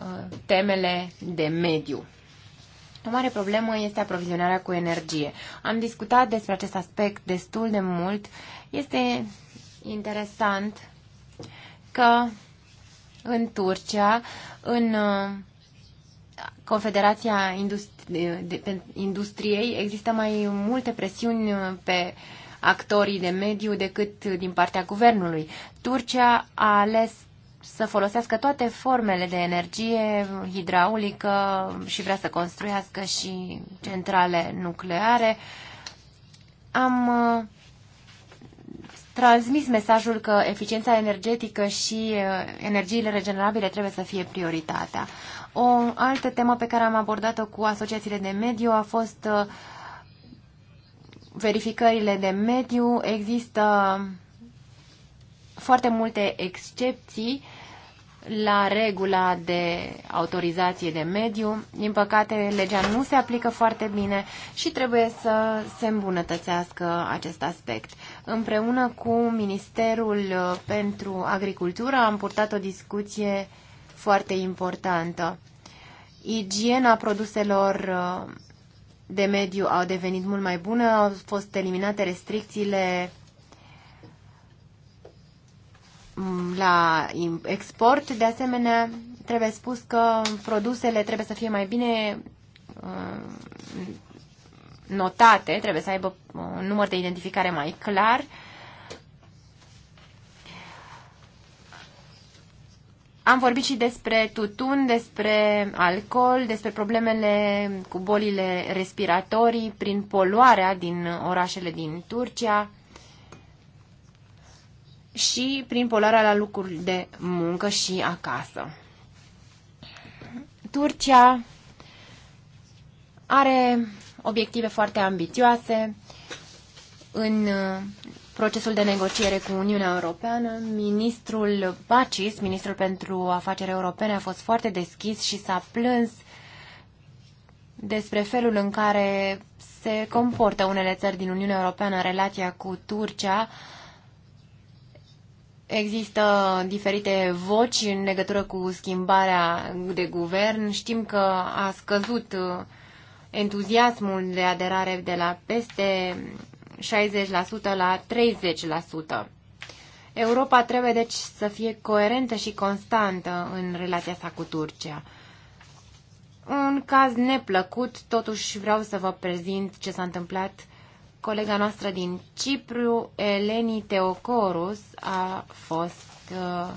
uh, temele de mediu. O mare problemă este aprovizionarea cu energie. Am discutat despre acest aspect destul de mult. Este interesant că în Turcia, în uh, Confederația Industri- de, de, Industriei, există mai multe presiuni uh, pe uh, actorii de mediu decât din partea guvernului. Turcia a ales să folosească toate formele de energie hidraulică și vrea să construiască și centrale nucleare. Am uh, transmis mesajul că eficiența energetică și uh, energiile regenerabile trebuie să fie prioritatea. O altă temă pe care am abordat-o cu asociațiile de mediu a fost uh, verificările de mediu există foarte multe excepții la regula de autorizație de mediu. Din păcate, legea nu se aplică foarte bine și trebuie să se îmbunătățească acest aspect. Împreună cu Ministerul pentru Agricultură am purtat o discuție foarte importantă. Igiena produselor de mediu au devenit mult mai bune, au fost eliminate restricțiile mm, la export. De asemenea, trebuie spus că produsele trebuie să fie mai bine mm, notate, trebuie să aibă un număr de identificare mai clar Am vorbit și despre tutun, despre alcool, despre problemele cu bolile respiratorii prin poluarea din orașele din Turcia și prin poluarea la lucruri de muncă și acasă. Turcia are obiective foarte ambițioase în procesul de negociere cu Uniunea Europeană. Ministrul Pacis, ministrul pentru afaceri europene, a fost foarte deschis și s-a plâns despre felul în care se comportă unele țări din Uniunea Europeană în relația cu Turcia. Există diferite voci în legătură cu schimbarea de guvern. Știm că a scăzut entuziasmul de aderare de la peste 60% la 30%. Europa trebuie deci să fie coerentă și constantă în relația sa cu Turcia. Un caz neplăcut, totuși vreau să vă prezint ce s-a întâmplat. Colega noastră din Cipru, Eleni Teocorus, a fost uh,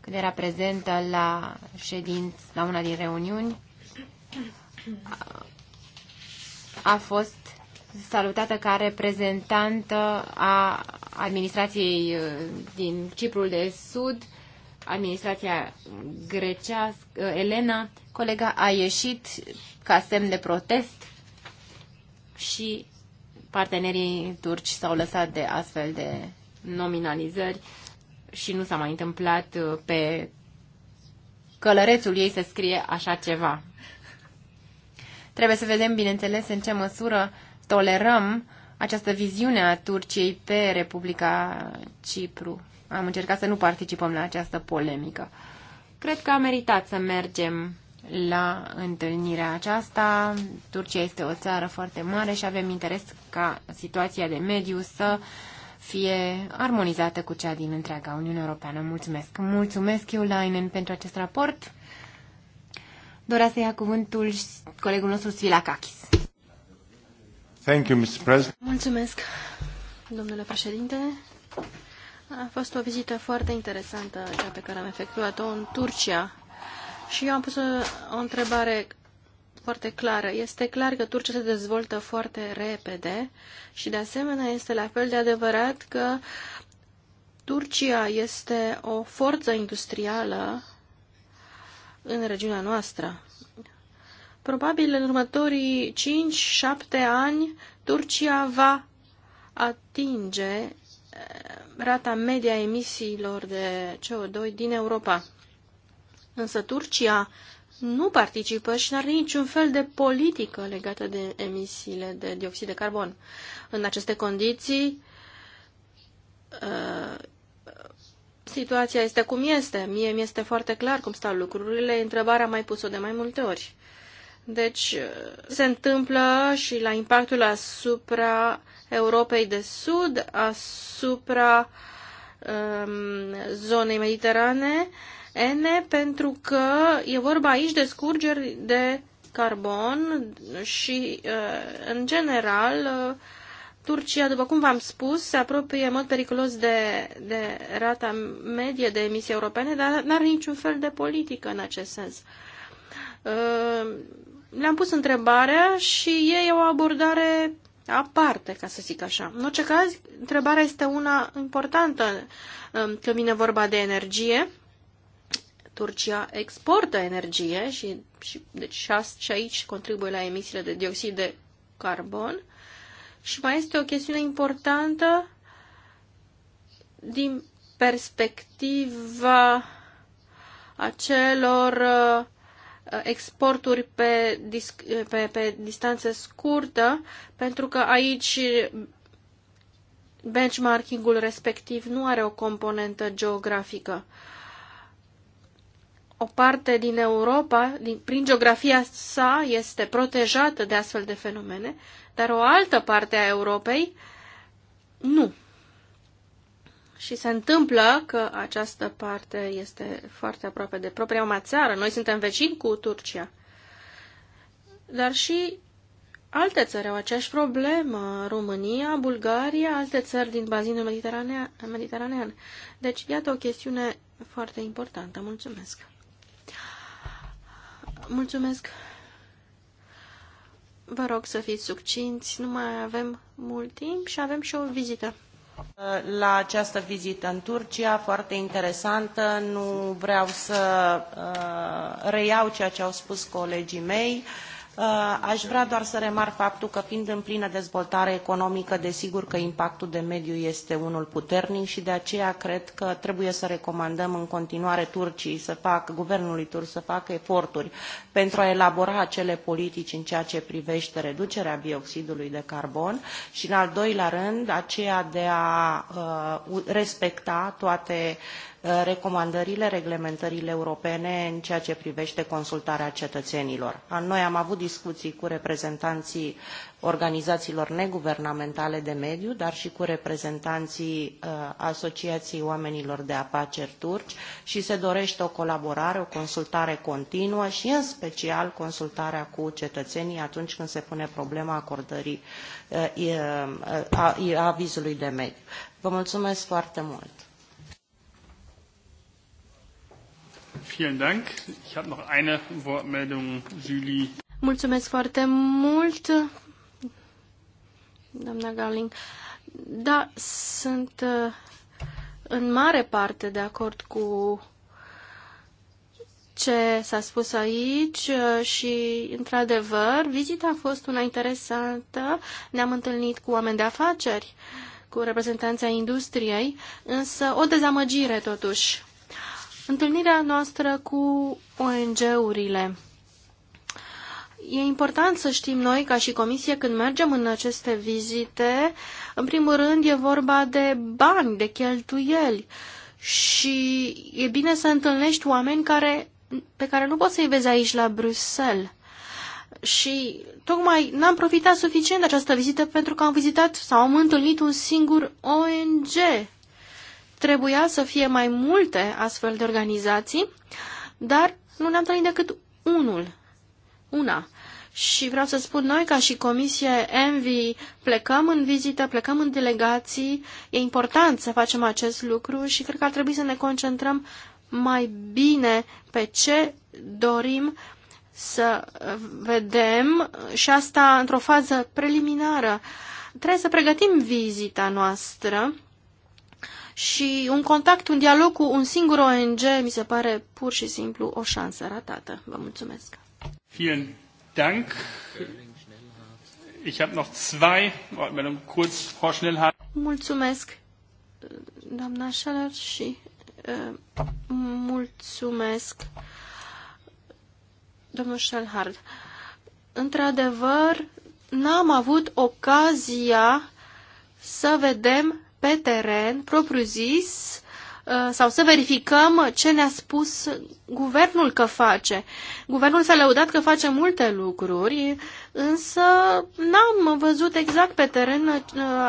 când era prezentă la ședință, la una din reuniuni, a fost salutată ca reprezentantă a administrației uh, din Ciprul de Sud, administrația grecească, uh, Elena, colega a ieșit ca semn de protest și partenerii turci s-au lăsat de astfel de nominalizări și nu s-a mai întâmplat uh, pe călărețul ei să scrie așa ceva. Trebuie să vedem, bineînțeles, în ce măsură uh, tolerăm această viziune a Turciei pe Republica Cipru. Am încercat să nu participăm la această polemică. Cred că a meritat să mergem la întâlnirea aceasta. Turcia este o țară foarte mare și avem interes ca situația de mediu să fie armonizată cu cea din întreaga Uniune Europeană. Mulțumesc! Mulțumesc, Eu Lainen, pentru acest raport. Dorea să ia cuvântul colegul nostru Svilakakis. Mulțumesc, domnule președinte. A fost o vizită foarte interesantă, cea pe care am efectuat-o în Turcia. Și eu am pus o întrebare foarte clară. Este clar că Turcia se dezvoltă foarte repede și de asemenea este la fel de adevărat că Turcia este o forță industrială în regiunea noastră. Probabil în următorii 5-7 ani Turcia va atinge eh, rata media a emisiilor de CO2 din Europa. Însă Turcia nu participă și n-are niciun fel de politică legată de emisiile de dioxid de carbon. În aceste condiții, eh, situația este cum este. Mie mi este foarte clar cum stau lucrurile. Întrebarea mai pus-o de mai multe ori. Deci se întâmplă și la impactul asupra Europei de Sud, asupra um, zonei mediterane, ene, pentru că e vorba aici de scurgeri de carbon și, uh, în general, uh, Turcia, după cum v-am spus, se apropie în mod periculos de, de rata medie de emisii europene, dar nu are niciun fel de politică în acest sens. Uh, le-am pus întrebarea și ei au o abordare aparte, ca să zic așa. În orice caz, întrebarea este una importantă um, când vine vorba de energie. Turcia exportă energie și, și, deci, și aici contribuie la emisiile de dioxid de carbon. Și mai este o chestiune importantă din perspectiva acelor uh, exporturi pe, pe, pe distanță scurtă, pentru că aici benchmarkingul respectiv nu are o componentă geografică. O parte din Europa, din, prin geografia sa, este protejată de astfel de fenomene, dar o altă parte a Europei nu. Și se întâmplă că această parte este foarte aproape de propria mea țară. Noi suntem vecini cu Turcia. Dar și alte țări au aceeași problemă. România, Bulgaria, alte țări din bazinul mediteranean. mediteranean. Deci, iată o chestiune foarte importantă. Mulțumesc. Mulțumesc. Vă rog să fiți succinți, nu mai avem mult timp și avem și o vizită la această vizită în Turcia, foarte interesantă. Nu vreau să uh, reiau ceea ce au spus colegii mei. Uh, aș vrea doar să remarc faptul că fiind în plină dezvoltare economică, desigur că impactul de mediu este unul puternic și de aceea cred că trebuie să recomandăm în continuare Turcii să facă, guvernului turc să facă eforturi pentru a elabora acele politici în ceea ce privește reducerea bioxidului de carbon și în al doilea rând aceea de a uh, respecta toate Uh, recomandările, reglementările europene în ceea ce privește consultarea cetățenilor. Noi am avut discuții cu reprezentanții organizațiilor neguvernamentale de mediu, dar și cu reprezentanții uh, Asociației Oamenilor de Apaceri Turci și se dorește o colaborare, o consultare continuă și în special consultarea cu cetățenii atunci când se pune problema acordării uh, avizului de mediu. Vă mulțumesc foarte mult! vielen Dank. Ich habe noch eine Wortmeldung, Mulțumesc foarte mult, doamna Garling. Da, sunt uh, în mare parte de acord cu ce s-a spus aici uh, și, într-adevăr, vizita a fost una interesantă. Ne-am întâlnit cu oameni de afaceri, cu reprezentanța industriei, însă o dezamăgire totuși Întâlnirea noastră cu ONG-urile. E important să știm noi, ca și comisie, când mergem în aceste vizite, în primul rând e vorba de bani, de cheltuieli și e bine să întâlnești oameni care, pe care nu poți să-i vezi aici la Bruxelles. Și tocmai n-am profitat suficient de această vizită pentru că am vizitat sau am întâlnit un singur ONG Trebuia să fie mai multe astfel de organizații, dar nu ne-am trăit decât unul, una. Și vreau să spun, noi ca și Comisie Envi plecăm în vizită, plecăm în delegații, e important să facem acest lucru și cred că ar trebui să ne concentrăm mai bine pe ce dorim să vedem și asta într-o fază preliminară. Trebuie să pregătim vizita noastră și un contact, un dialog cu un singur ONG mi se pare pur și simplu o șansă ratată. Vă mulțumesc. Vielen Dank. Ich habe noch zwei Wortmeldungen kurz, Frau Schnellhardt. Mulțumesc, doamna Schaller, și uh, mulțumesc, domnul Schellhard. Într-adevăr, n-am avut ocazia să vedem pe teren, propriu-zis, uh, sau să verificăm ce ne-a spus guvernul că face. Guvernul s-a lăudat că face multe lucruri, însă n-am văzut exact pe teren uh,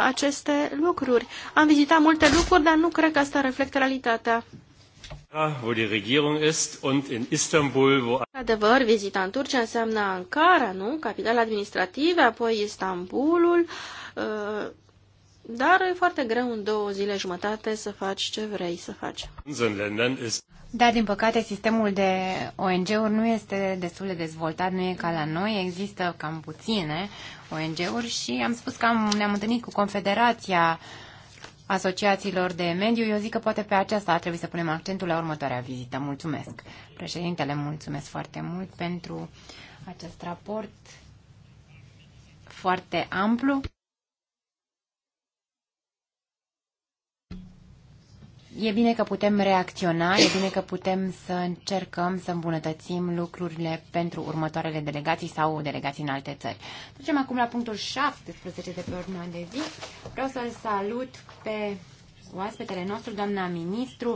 aceste lucruri. Am vizitat multe lucruri, dar nu cred că asta reflectă realitatea. Wo die Regierung ist und in Istanbul, wo... Adevăr, vizita în Turcia înseamnă Ankara, nu? Capitala administrativă, apoi Istanbulul, uh dar e foarte greu în două zile jumătate să faci ce vrei să faci. Da, din păcate, sistemul de ONG-uri nu este destul de dezvoltat, nu e ca la noi, există cam puține ONG-uri și am spus că am, ne-am întâlnit cu Confederația asociațiilor de mediu. Eu zic că poate pe aceasta ar trebui să punem accentul la următoarea vizită. Mulțumesc. Președintele, mulțumesc foarte mult pentru acest raport foarte amplu. e bine că putem reacționa, e bine că putem să încercăm să îmbunătățim lucrurile pentru următoarele delegații sau delegații în alte țări. Trecem acum la punctul 17 de pe ordinea de zi. Vreau să-l salut pe oaspetele nostru, doamna ministru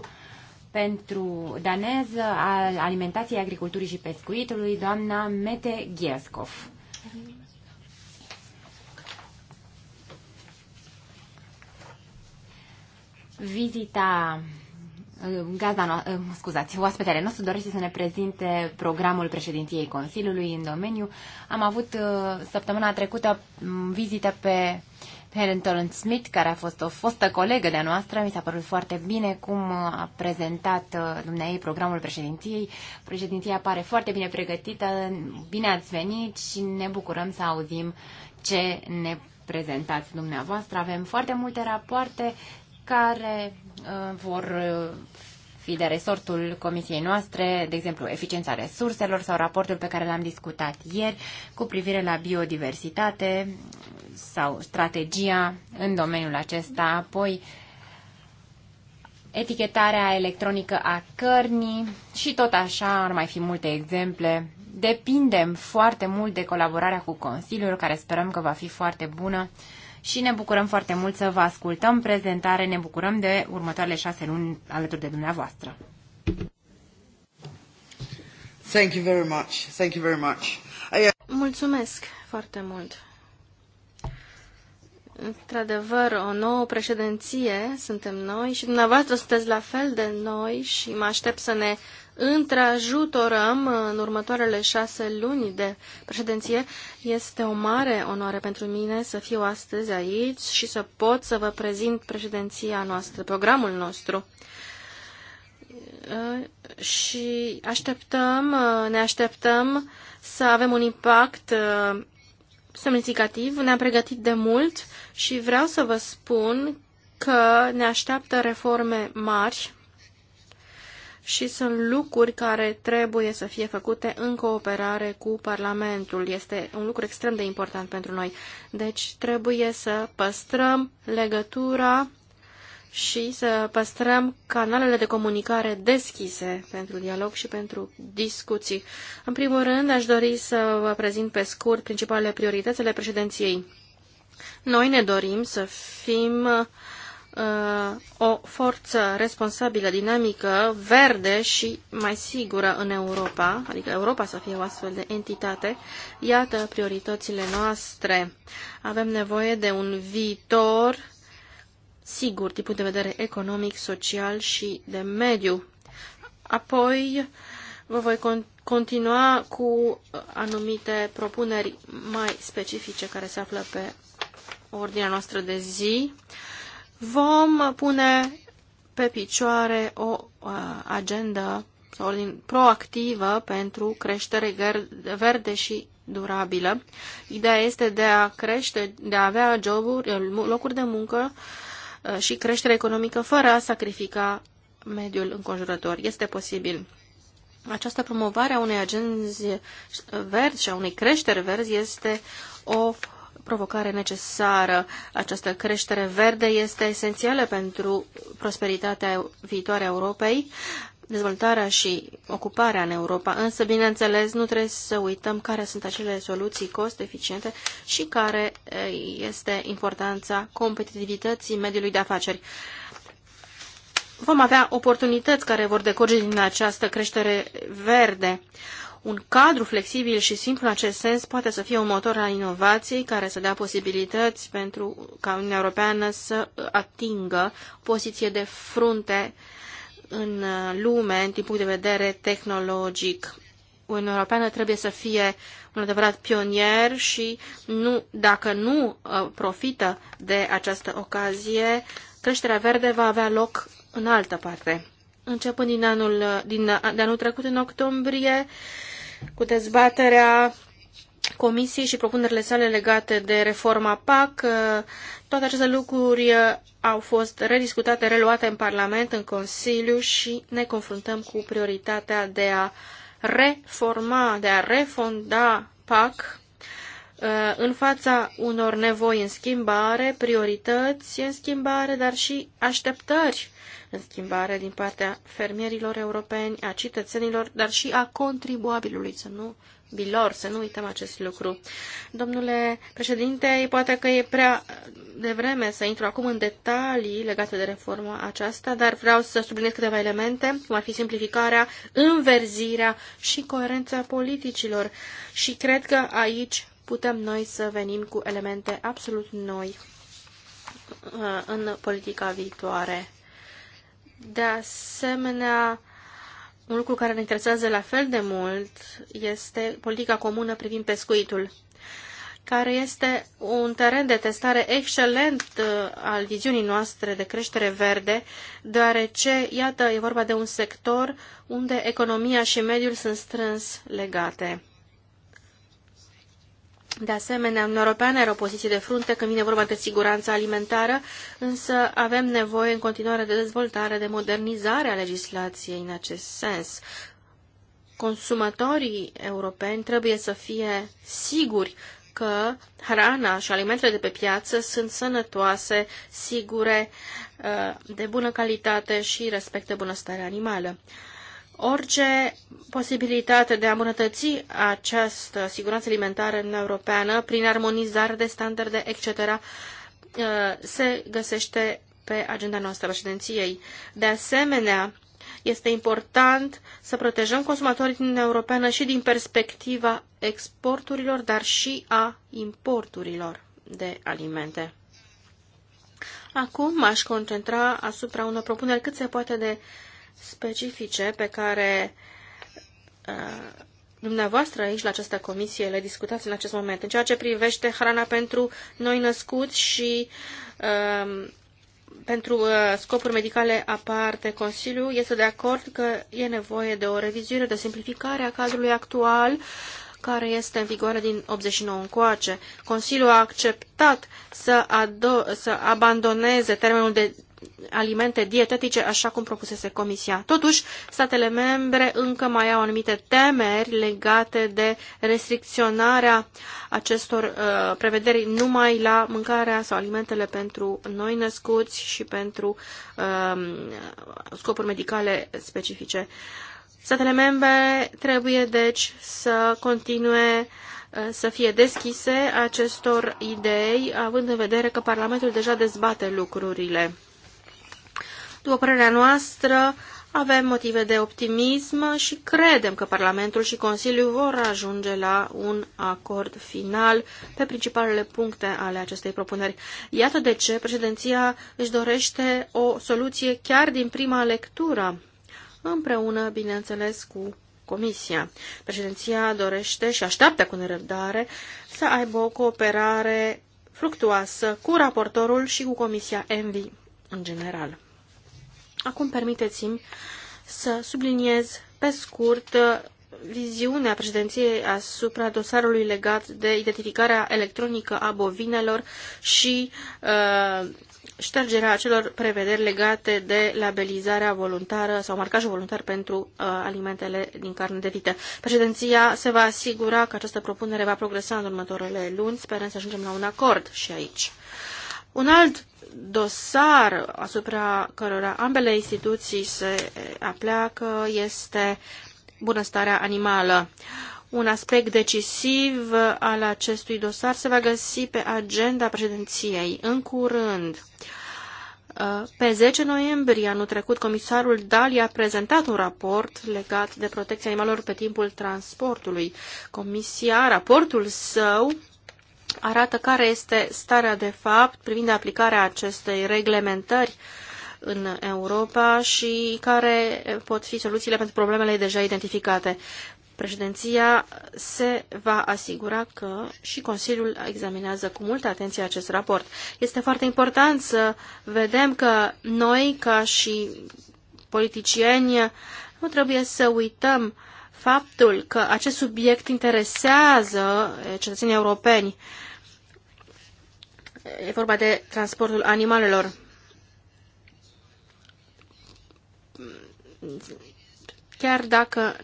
pentru danez al alimentației, agriculturii și pescuitului, doamna Mete Gheascov. Vizita uh, Gazda, uh, scuzați, oaspetele nostru dorește să ne prezinte programul președinției Consiliului în domeniu. Am avut uh, săptămâna trecută mm, vizită pe Helen Tolan Smith, care a fost o fostă colegă de-a noastră. Mi s-a părut foarte bine cum a prezentat Dumneavoastră programul președinției. Președinția pare foarte bine pregătită, bine ați venit și ne bucurăm să auzim ce ne prezentați dumneavoastră. Avem foarte multe rapoarte care uh, vor uh, fi de resortul comisiei noastre, de exemplu, eficiența resurselor sau raportul pe care l-am discutat ieri cu privire la biodiversitate sau strategia în domeniul acesta, apoi etichetarea electronică a cărnii și tot așa ar mai fi multe exemple. Depindem foarte mult de colaborarea cu Consiliul, care sperăm că va fi foarte bună și ne bucurăm foarte mult să vă ascultăm prezentare, ne bucurăm de următoarele șase luni alături de dumneavoastră. Thank you very much. Thank you very much. I... Uh, Mulțumesc foarte mult. Într-adevăr, o nouă președinție suntem noi și dumneavoastră sunteți la fel de noi și mă aștept să ne întrajutorăm în următoarele șase luni de președinție. Este o mare onoare pentru mine să fiu astăzi aici și să pot să vă prezint președinția noastră, programul nostru. Uh, și așteptăm, uh, ne așteptăm să avem un impact uh, semnificativ. Ne-am pregătit de mult și vreau să vă spun că ne așteaptă reforme mari și sunt lucruri care trebuie să fie făcute în cooperare cu Parlamentul. Este un lucru extrem de important pentru noi. Deci trebuie să păstrăm legătura și să păstrăm canalele de comunicare deschise pentru dialog și pentru discuții. În primul rând, aș dori să vă prezint pe scurt principalele priorități ale președinției. Noi ne dorim să fim uh, Uh, o forță responsabilă, dinamică, verde și mai sigură în Europa, adică Europa să fie o astfel de entitate, iată prioritățile noastre. Avem nevoie de un viitor sigur din punct de vedere economic, social și de mediu. Apoi vă voi continua cu anumite propuneri mai specifice care se află pe ordinea noastră de zi. Uh, vom pune pe picioare o uh, agendă sau proactivă pentru creștere verde și durabilă. Ideea este de a crește, de a avea joburi, locuri de muncă uh, și creștere economică fără a sacrifica mediul înconjurător. Este posibil. Această promovare a unei agenzi verzi și a unei creșteri verzi este o provocare necesară. Această creștere verde este esențială pentru prosperitatea viitoare a Europei, dezvoltarea și ocuparea în Europa, însă, bineînțeles, nu trebuie să uităm care sunt acele soluții cost-eficiente și care este importanța competitivității mediului de afaceri. Vom avea oportunități care vor decurge din această creștere verde. Uh, un cadru flexibil și simplu în acest sens poate să fie un motor al inovației care să dea posibilități pentru ca Uniunea Europeană să atingă poziție de frunte în lume, în timpul de vedere tehnologic. Uniunea Europeană trebuie să fie un adevărat pionier și nu, dacă nu uh, profită de această ocazie, creșterea verde va avea loc în altă parte. Începând din anul, uh, din, uh, de anul trecut, în octombrie, uh, cu dezbaterea Comisiei și propunerile sale legate de reforma PAC. Uh, toate aceste lucruri uh, au fost rediscutate, reluate în Parlament, în Consiliu și ne confruntăm cu prioritatea de a reforma, de a refonda PAC uh, în fața unor nevoi în schimbare, priorități în schimbare, dar și așteptări în schimbare din partea fermierilor europeni, a cetățenilor, dar și a contribuabilului, să nu bilor, să nu uităm acest lucru. Domnule președinte, poate că e prea devreme să intru acum în detalii legate de reforma aceasta, dar vreau să subliniez câteva elemente, cum ar fi simplificarea, înverzirea și coerența politicilor. Și cred că aici putem noi să venim cu elemente absolut noi uh, în politica viitoare. De asemenea, un lucru care ne interesează la fel de mult este politica comună privind pescuitul, care este un teren de testare excelent uh, al viziunii noastre de creștere verde, deoarece, iată, e vorba de un sector unde economia și mediul sunt strâns legate. De asemenea, Uniunea Europeană are o poziție de frunte când vine vorba de siguranța alimentară, însă avem nevoie în continuare de dezvoltare, de modernizare a legislației în acest sens. Consumatorii europeni trebuie să fie siguri că hrana și alimentele de pe piață sunt sănătoase, sigure, uh, de bună calitate și respectă bunăstarea animală orice posibilitate de a îmbunătăți această siguranță alimentară în europeană prin armonizare de standarde, etc., uh, se găsește pe agenda noastră președinției. De asemenea, este important să protejăm consumatorii din Europeană și din perspectiva exporturilor, dar și a importurilor de alimente. Acum m-aș concentra asupra unor propuneri cât se poate de specifice pe care uh, dumneavoastră aici la această comisie le discutați în acest moment. În ceea ce privește hrana pentru noi născuți și um, pentru uh, scopuri medicale aparte, Consiliul este de acord că e nevoie de o revizuire, de simplificare a cadrului actual care este în vigoare din 89 încoace. Consiliul a acceptat să, să abandoneze termenul de alimente dietetice, așa cum propusese Comisia. Totuși, statele membre încă mai au anumite temeri legate de restricționarea acestor uh, prevederi numai la mâncarea sau alimentele pentru noi născuți și pentru uh, scopuri medicale specifice. Statele membre trebuie, deci, să continue uh, să fie deschise acestor idei, având în vedere că Parlamentul deja dezbate lucrurile după părerea noastră, avem motive de optimism și credem că Parlamentul și Consiliul vor ajunge la un acord final pe principalele puncte ale acestei propuneri. Iată de ce președinția își dorește o soluție chiar din prima lectură, împreună, bineînțeles, cu Comisia. Președinția dorește și așteaptă cu nerăbdare să aibă o cooperare fructuoasă cu raportorul și cu Comisia ENVI în general. Acum permiteți-mi să subliniez pe scurt uh, viziunea președinției asupra dosarului legat de identificarea electronică a bovinelor și uh, ștergerea acelor prevederi legate de labelizarea voluntară sau marcajul voluntar pentru uh, alimentele din carne de vită. Președinția se va asigura că această propunere va progresa în următoarele luni, sperând să ajungem la un acord și aici. Un alt dosar asupra cărora ambele instituții se apleacă este bunăstarea animală. Un aspect decisiv al acestui dosar se va găsi pe agenda președinției în curând. Pe 10 noiembrie anul trecut, comisarul Dali a prezentat un raport legat de protecția animalelor pe timpul transportului. Comisia, raportul său, arată care este starea de fapt privind aplicarea acestei reglementări în Europa și care pot fi soluțiile pentru problemele deja identificate. Președinția se va asigura că și Consiliul examinează cu multă atenție acest raport. Este foarte important să vedem că noi, ca și politicieni, nu trebuie să uităm faptul că acest subiect interesează cetățenii europeni E vorba de transportul animalelor. Chiar dacă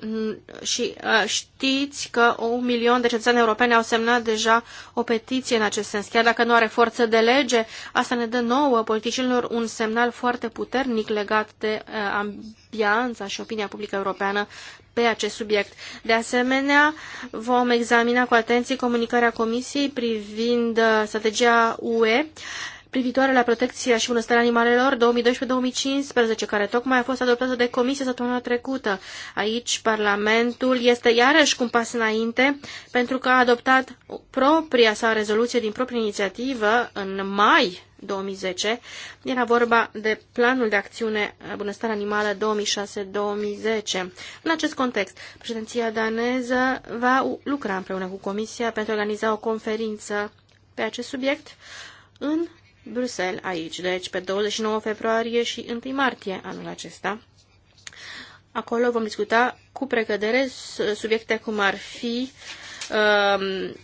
și știți că un milion de cetățeni europeni au semnat deja o petiție în acest sens, chiar dacă nu are forță de lege, asta ne dă nouă politicienilor un semnal foarte puternic legat de ambianța și opinia publică europeană pe acest subiect. De asemenea, vom examina cu atenție comunicarea Comisiei privind uh, strategia UE privitoare la protecția și bunăstarea animalelor 2012-2015, care tocmai a fost adoptată de comisie săptămâna trecută. Aici Parlamentul este iarăși cu un pas înainte pentru că a adoptat propria sa rezoluție din proprie inițiativă în mai 2010. Era vorba de Planul de Acțiune eh, Bunăstare Animală 2006-2010. În acest context, președinția daneză va lucra împreună cu Comisia pentru a organiza o conferință pe acest subiect în Bruxelles, aici, deci pe 29 februarie și 1 martie anul acesta. Acolo vom discuta cu precădere subiecte cum ar fi ehm,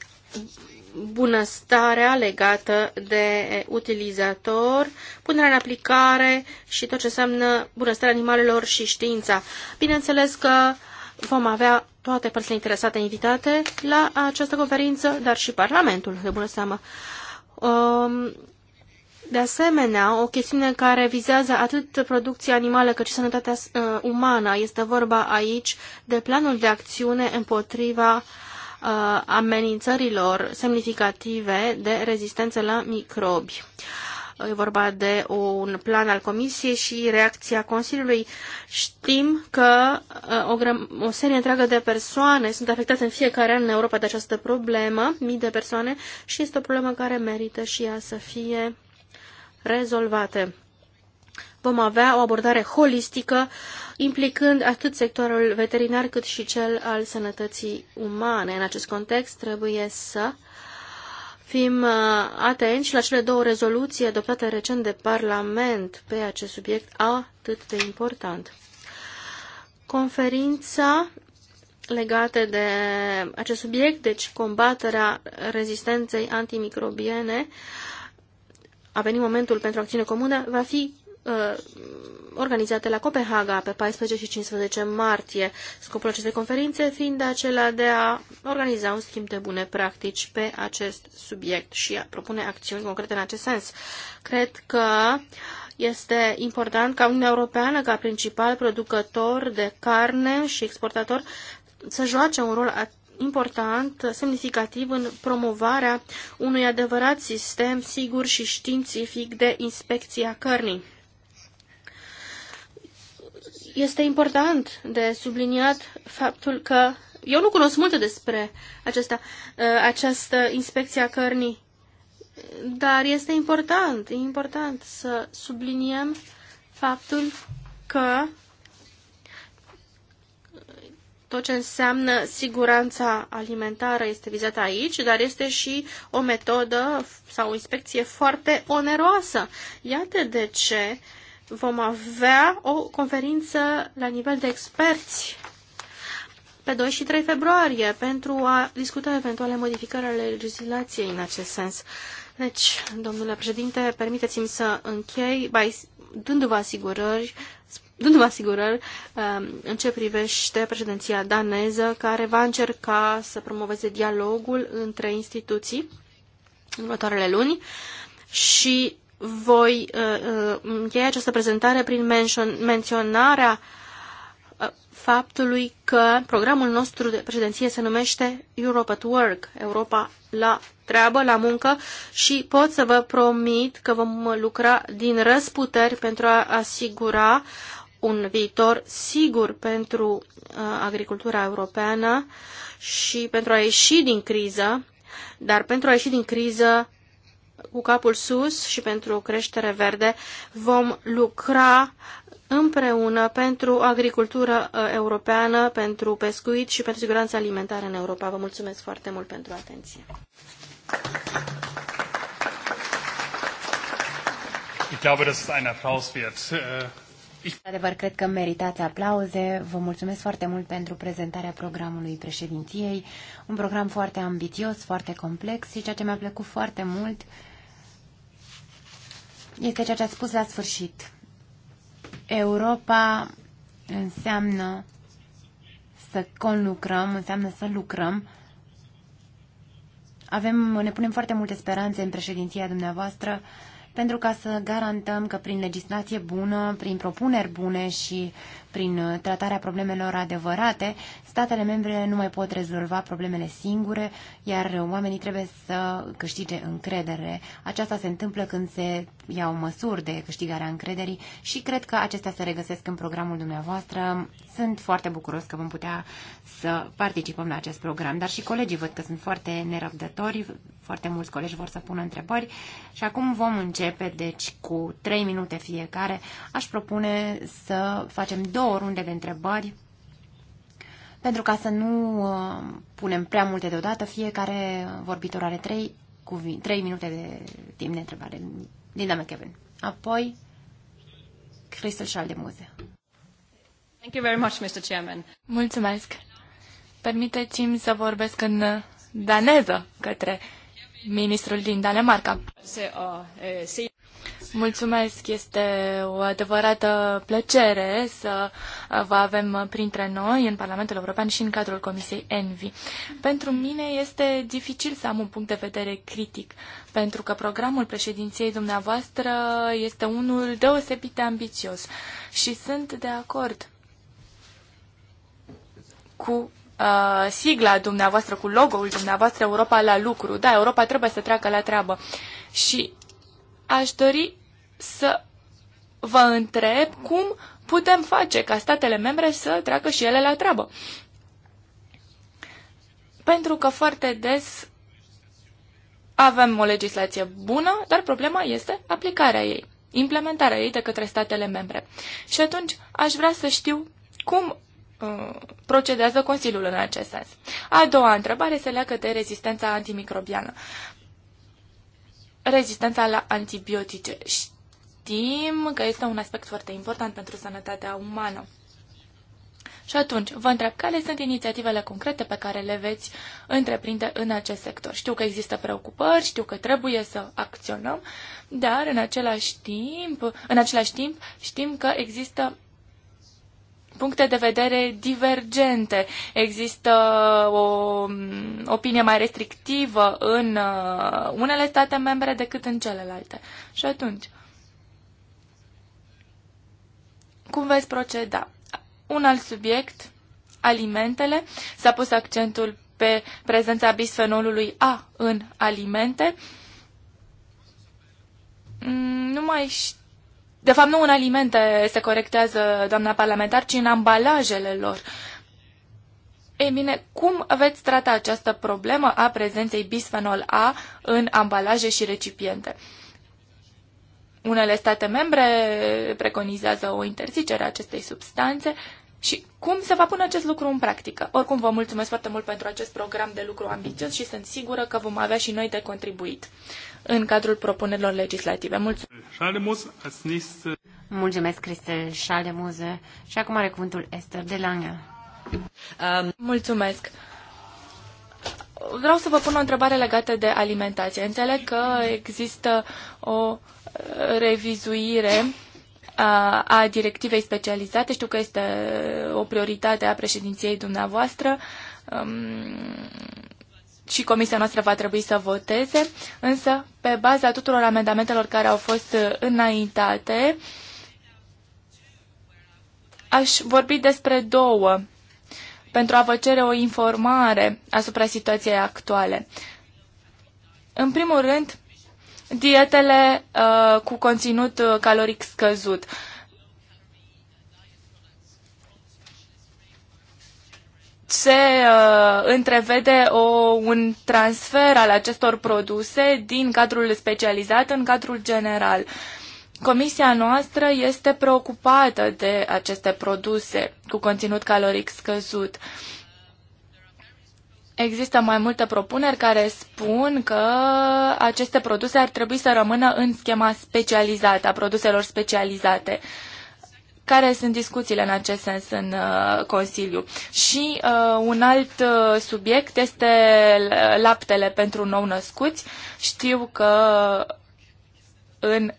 bunăstarea legată de utilizator, punerea în aplicare și tot ce înseamnă bunăstarea animalelor și știința. Bineînțeles că vom avea toate părțile interesate invitate la această conferință, dar și Parlamentul, de bună seamă. Um, de asemenea, o chestiune care vizează atât producția animală cât și sănătatea uh, umană, este vorba aici de planul de acțiune împotriva uh, Uh, amenințărilor semnificative de rezistență la microbi. E vorba de un plan al Comisiei și reacția Consiliului. Știm că uh, o, o serie întreagă de persoane sunt afectate în fiecare an în Europa de această problemă, mii de persoane, și este o problemă care merită și ea să fie rezolvate. Vom avea o abordare holistică uh, implicând atât sectorul veterinar cât și cel al sănătății umane. În acest context trebuie să fim uh, atenți la cele două rezoluții adoptate recent de Parlament pe acest subiect atât de important. Conferința legate de acest subiect, deci combaterea rezistenței antimicrobiene, a venit momentul pentru acțiune comună, va fi Uh, organizate la Copenhaga pe 14 și 15 martie, scopul acestei conferințe fiind acela de a organiza un schimb de bune practici pe acest subiect și a propune acțiuni concrete în acest sens. Cred că este important ca Uniunea Europeană, ca principal producător de carne și exportator, să joace un rol important, semnificativ în promovarea unui adevărat sistem sigur și științific de inspecție a cărnii. Este important de subliniat faptul că eu nu cunosc multe despre acesta, uh, această inspecție a cărnii, dar este important, e important să subliniem faptul că tot ce înseamnă siguranța alimentară este vizată aici, dar este și o metodă sau o inspecție foarte oneroasă. Iată de ce uh, vom avea o conferință la nivel de experți pe 2 și 3 februarie pentru a discuta eventuale modificări ale legislației în acest sens. Deci, domnule președinte, permiteți-mi să închei by, dându-vă asigurări, dându-vă asigurări um, în ce privește președinția daneză, care va încerca să promoveze dialogul între instituții în următoarele luni și voi uh, uh, încheia această prezentare prin menționarea uh, faptului că programul nostru de președinție se numește Europe at Work, Europa la treabă, la muncă și pot să vă promit că vom lucra din răsputeri pentru a asigura un viitor sigur pentru agricultura europeană și pentru a ieși din criză, dar pentru a ieși din criză cu capul sus și pentru o creștere verde vom lucra împreună pentru agricultură uh, europeană, pentru pescuit și pentru siguranța alimentară în Europa. Vă mulțumesc foarte mult pentru atenție. Ich glaube, ein Applaus äh, Adevăr, cred că meritați aplauze. Vă mulțumesc foarte mult pentru prezentarea programului președinției. Un program foarte ambițios, foarte complex și ceea ce mi-a plăcut foarte mult este ceea ce ați spus la sfârșit. Europa înseamnă să conlucrăm, înseamnă să lucrăm. Avem, ne punem foarte multe speranțe în președinția dumneavoastră pentru ca să garantăm că prin legislație bună, prin propuneri bune și prin uh, tratarea problemelor adevărate, statele membre nu mai pot rezolva problemele singure, iar oamenii trebuie să câștige încredere. Aceasta se întâmplă când se iau măsuri de câștigarea încrederii și cred că acestea se regăsesc în programul dumneavoastră. Sunt foarte bucuros că vom putea să participăm la acest program, dar și colegii văd că sunt foarte nerăbdători, foarte mulți colegi vor să pună întrebări și acum vom începe, deci, cu 3 minute fiecare. Aș propune să facem două două runde de întrebări pentru ca să nu uh, punem prea multe deodată, fiecare vorbitor are trei, cuvinte, trei minute de timp de întrebare. Linda McKevin. Apoi, Crystal Schaldemuse. Thank you very much, Mr. Chairman. Mulțumesc. Permiteți-mi să vorbesc în daneză către ministrul din Danemarca. Uh, uh, Mulțumesc, este o adevărată plăcere să uh, vă avem uh, printre noi în Parlamentul European și în cadrul Comisiei Envi. Pentru mine este dificil să am un punct de vedere critic, pentru că programul președinției dumneavoastră este unul deosebit de ambițios și sunt de acord cu uh, sigla dumneavoastră, cu logo-ul dumneavoastră Europa la lucru. Da, Europa trebuie să treacă la treabă. Și aș dori să vă întreb cum putem face ca statele membre să treacă și ele la treabă. Pentru că foarte des avem o legislație bună, dar problema este aplicarea ei, implementarea ei de către statele membre. Și atunci aș vrea să știu cum uh, procedează Consiliul în acest sens. A doua întrebare se leagă de rezistența antimicrobiană. Rezistența la antibiotice. Și știm că este un aspect foarte important pentru sănătatea umană. Și atunci, vă întreb, care sunt inițiativele concrete pe care le veți întreprinde în acest sector? Știu că există preocupări, știu că trebuie să acționăm, dar în același timp, în același timp știm că există puncte de vedere divergente. Există o mm, opinie mai restrictivă în uh, unele state membre decât în celelalte. Și atunci, Cum veți proceda? Un alt subiect, alimentele. S-a pus accentul pe prezența bisfenolului A în alimente. Mm, nu mai știu. De fapt, nu în alimente se corectează, doamna parlamentar, ci în ambalajele lor. Ei bine, cum veți trata această problemă a prezenței bisfenol A în ambalaje și recipiente? Unele state membre preconizează o interzicere a acestei substanțe și cum se va pune acest lucru în practică. Oricum, vă mulțumesc foarte mult pentru acest program de lucru ambițios și sunt sigură că vom avea și noi de contribuit în cadrul propunerilor legislative. Mulțumesc! Mulțumesc, Cristel Schalemuse. Și acum are cuvântul Esther de Lange. Um... Mulțumesc! vreau să vă pun o întrebare legată de alimentație. Înțeleg că există o uh, revizuire a, uh, a directivei specializate. Știu că este uh, o prioritate a președinției dumneavoastră um, și comisia noastră va trebui să voteze, însă pe baza tuturor amendamentelor care au fost înaintate, aș vorbi despre două pentru a vă cere o informare asupra situației actuale. În primul rând, dietele uh, cu conținut uh, caloric scăzut. Se uh, întrevede o, un transfer al acestor produse din cadrul specializat în cadrul general. Uh, Comisia noastră este preocupată de aceste produse cu conținut caloric scăzut. Există mai multe propuneri care spun că aceste produse ar trebui să rămână în schema specializată, a produselor specializate. Care sunt discuțiile în acest sens în uh, Consiliu? Și uh, un alt uh, subiect este uh, laptele pentru nou-născuți. Știu că în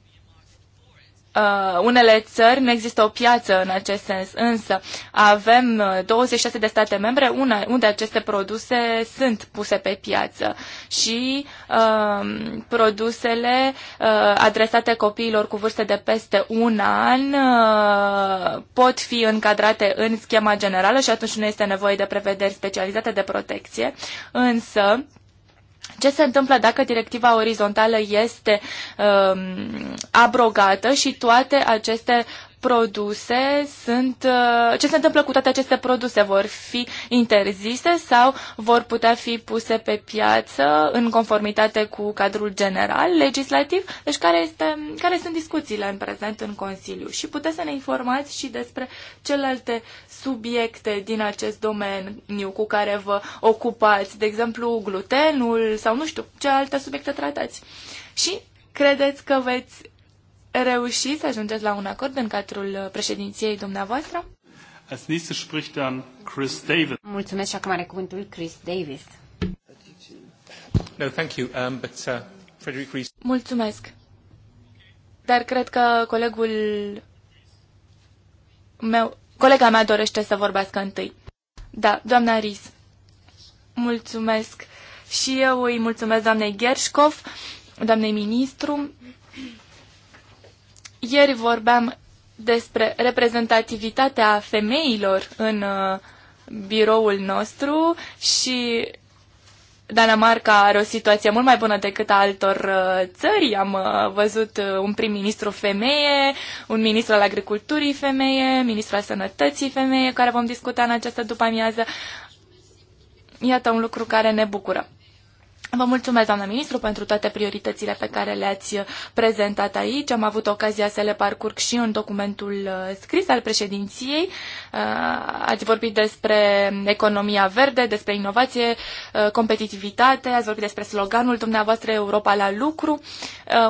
uh, unele țări nu există o piață în acest sens, însă avem 26 uh, de state membre una, unde aceste produse sunt puse pe piață și uh, produsele uh, adresate copiilor cu vârste de peste un an uh, pot fi încadrate în schema generală și atunci nu este nevoie de prevederi specializate de protecție, însă ce se întâmplă dacă directiva orizontală este um, abrogată și toate aceste produse sunt. Uh, ce se întâmplă cu toate aceste produse? Vor fi interzise sau vor putea fi puse pe piață în conformitate cu cadrul general legislativ? Deci, care, este, care sunt discuțiile în prezent în Consiliu? Și puteți să ne informați și despre celelalte subiecte din acest domeniu cu care vă ocupați, de exemplu glutenul sau nu știu ce alte subiecte tratați. Și credeți că veți Reușit să ajungeți la un acord în cadrul președinției dumneavoastră? Als nächstes spricht dann Chris Davis. Mulțumesc și acum are cuvântul Chris Davis. No, thank you, um, but, uh, Frederick Rees... Mulțumesc. Dar cred că colegul meu, colega mea dorește să vorbească întâi. Da, doamna Ries. Mulțumesc. Și eu îi mulțumesc doamnei Gershkov, doamnei ministru, ieri vorbeam despre reprezentativitatea femeilor în uh, biroul nostru și Danemarca are o situație mult mai bună decât a altor uh, țări. Am uh, văzut uh, un prim-ministru femeie, un ministru al agriculturii femeie, ministru al sănătății femeie, care vom discuta în această după-amiază. Iată un lucru care ne bucură. Vă mulțumesc, doamnă ministru, pentru toate prioritățile pe care le-ați prezentat aici. Am avut ocazia să le parcurg și în documentul uh, scris al președinției. Uh, ați vorbit despre economia verde, despre inovație, uh, competitivitate, ați vorbit despre sloganul dumneavoastră Europa la lucru,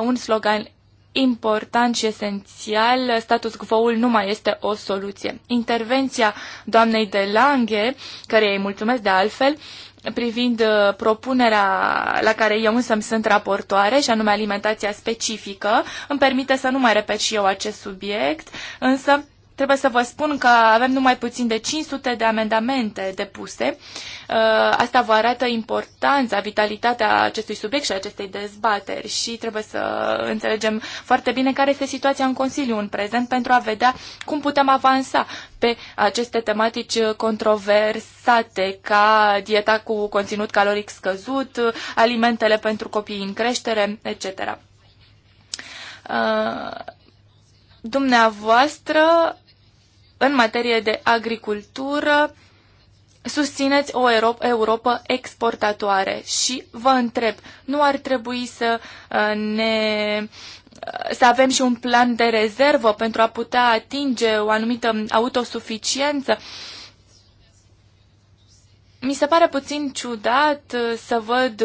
un slogan important și esențial, status quo-ul nu mai este o soluție. Intervenția doamnei de Lange, care îi mulțumesc de altfel, uh, privind uh, propunerea la care eu însă sunt raportoare, și anume alimentația specifică. Îmi permite să nu mai repet și eu acest subiect, însă Trebuie să vă spun că avem numai puțin de 500 de amendamente depuse. Uh, asta vă arată importanța, vitalitatea acestui subiect și acestei dezbateri și trebuie să înțelegem foarte bine care este situația în Consiliu în prezent pentru a vedea cum putem avansa pe aceste tematici controversate ca dieta cu conținut caloric scăzut, alimentele pentru copii în creștere, etc uh, dumneavoastră în materie de agricultură susțineți o Europa exportatoare și vă întreb, nu ar trebui să uh, ne uh, să avem și un plan de rezervă pentru a putea atinge o anumită autosuficiență. Mi se pare puțin ciudat uh, să văd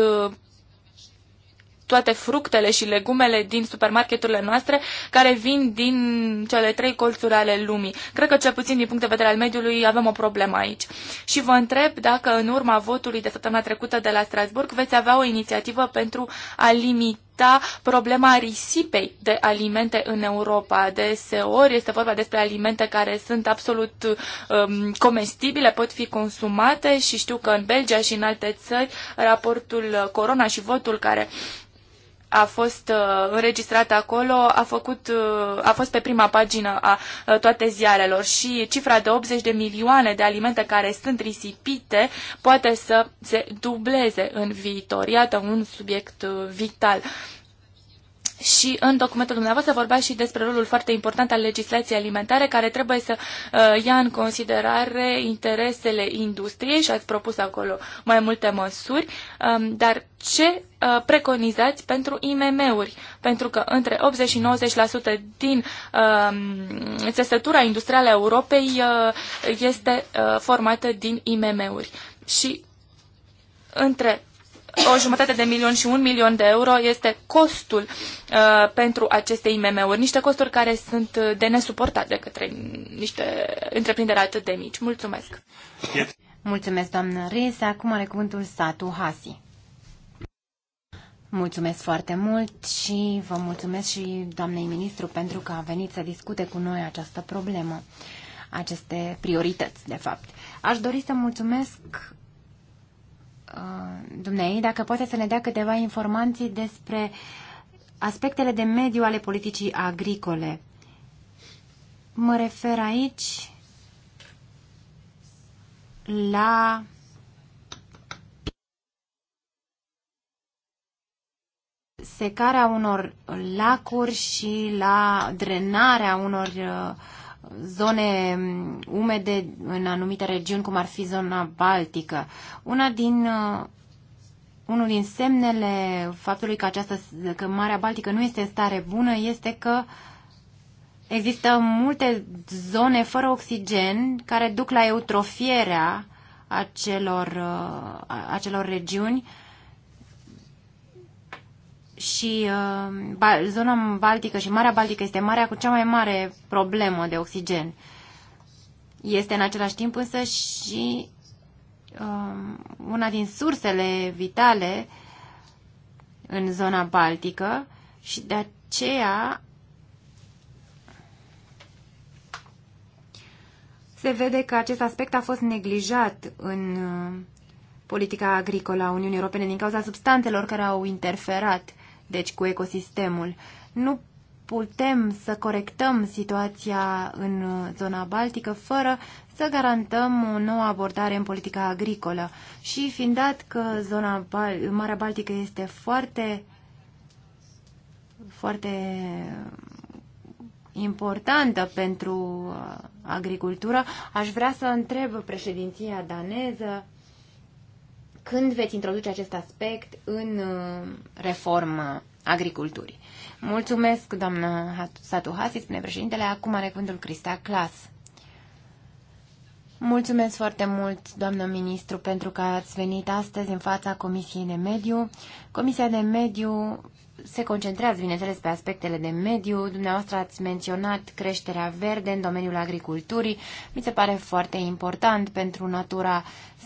toate fructele și legumele din supermarketurile noastre care vin din cele trei colțuri ale lumii. Cred că cel puțin din punct de vedere al mediului avem o problemă aici. Și vă întreb dacă în urma votului de săptămâna trecută de la Strasburg veți avea o inițiativă pentru a limita da problema risipei de alimente în Europa. Deseori este vorba despre alimente care sunt absolut um, comestibile, pot fi consumate și știu că în Belgia și în alte țări raportul Corona și votul care a fost uh, înregistrată acolo a, făcut, uh, a fost pe prima pagină a uh, toate ziarelor și cifra de 80 de milioane de alimente care sunt risipite poate să se dubleze în viitor. Iată un subiect uh, vital. Uh, și în documentul dumneavoastră vorbea și despre rolul foarte important al legislației alimentare, care trebuie să uh, ia în considerare interesele industriei și ați propus acolo mai multe măsuri. Um, dar ce uh, preconizați pentru IMM-uri? Pentru că între 80 și 90% din uh, țesătura industrială a Europei uh, este uh, formată din IMM-uri. Și între o jumătate de milion și un milion de euro este costul uh, pentru aceste IMM-uri, niște costuri care sunt uh, de nesuportat de către niște întreprinderi atât de mici. Mulțumesc! Mulțumesc, doamnă Riz. Acum are cuvântul Satu Hasi. Mulțumesc foarte mult și vă mulțumesc și doamnei ministru pentru că a venit să discute cu noi această problemă, aceste priorități, de fapt. Aș dori să mulțumesc uh, dumnei dacă poate să ne dea câteva informații despre aspectele de mediu ale politicii agricole. Mă refer aici la secarea unor lacuri și la drenarea unor uh, zone umede în anumite regiuni, cum ar fi zona baltică. Una din, uh, unul din semnele faptului că, această, că Marea Baltică nu este în stare bună este că există multe zone fără oxigen care duc la eutrofierea acelor, uh, acelor regiuni și uh, zona Baltică și Marea Baltică este marea cu cea mai mare problemă de oxigen. Este în același timp însă și uh, una din sursele vitale în zona Baltică și de aceea se vede că acest aspect a fost neglijat în uh, politica agricolă a Uniunii Europene din cauza substanțelor care au interferat deci cu ecosistemul. Nu putem să corectăm situația în uh, zona baltică fără să garantăm o nouă abordare în politica agricolă. Și fiind dat că zona Bal Marea Baltică este foarte foarte importantă pentru uh, agricultură, aș vrea să întreb președinția daneză când veți introduce acest aspect în uh, reforma agriculturii? Mulțumesc, doamnă Hasi, spune președintele. Acum are cuvântul Crista Clas. Mulțumesc foarte mult, doamnă ministru, pentru că ați venit astăzi în fața Comisiei de Mediu. Comisia de Mediu se concentrează, bineînțeles, pe aspectele de mediu. Dumneavoastră ați menționat creșterea verde în domeniul agriculturii. Mi se pare foarte important pentru natura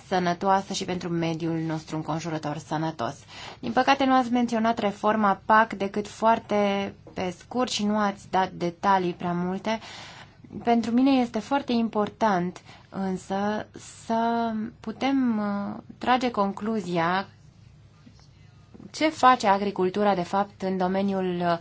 sănătoasă și pentru mediul nostru înconjurător sănătos. Din păcate, nu ați menționat reforma PAC decât foarte pe scurt și nu ați dat detalii prea multe. Pentru mine este foarte important însă să putem uh, trage concluzia ce face agricultura, de fapt, în domeniul uh,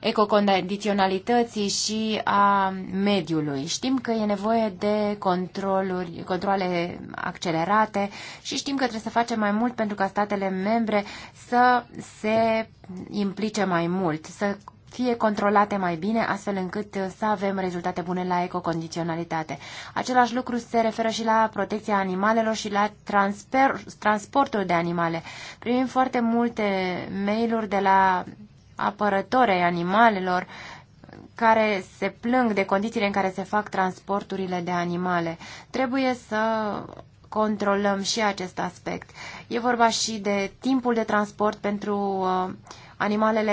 ecocondiționalității și a mediului. Știm că e nevoie de controluri, controle accelerate și știm că trebuie să facem mai mult pentru ca statele membre să se implice mai mult, să fie controlate mai bine, astfel încât uh, să avem rezultate bune la ecocondiționalitate. Același lucru se referă și la protecția animalelor și la transfer, transportul de animale. Primim foarte multe mail-uri de la apărători ai animalelor care se plâng de condițiile în care se fac transporturile de animale. Trebuie să controlăm și acest aspect. E vorba și de timpul de transport pentru uh, animalele